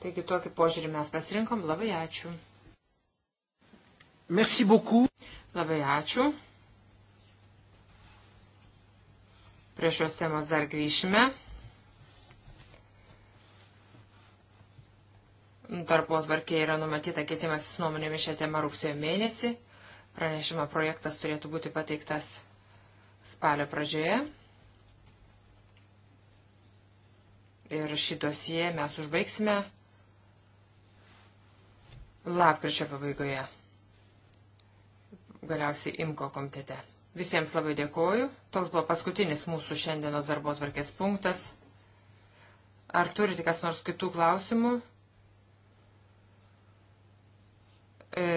Taigi tokį požiūrį mes pasirinkom. Labai ačiū. Merci beaucoup. Labai ačiū. Prie šios temos dar grįšime. Tarpos varkė yra numatyta keitimasis nuomonėmis šią temą rugsėjo mėnesį. Pranešimo projektas turėtų būti pateiktas spalio pradžioje. Ir šį dosiją mes užbaigsime lapkričio pabaigoje galiausiai IMKO komitete. Visiems labai dėkoju. Toks buvo paskutinis mūsų šiandienos darbo tvarkės punktas. Ar turite kas nors kitų klausimų? E,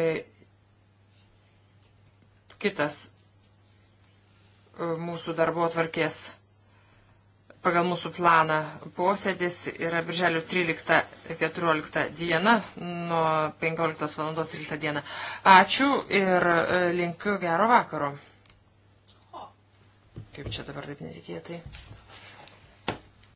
kitas e, mūsų darbo tvarkės pagal mūsų planą posėdis yra birželio 13-14 diena nuo 15 valandos visą dieną. Ačiū ir e, linkiu gero vakaro. Kaip čia dabar taip netikėtai?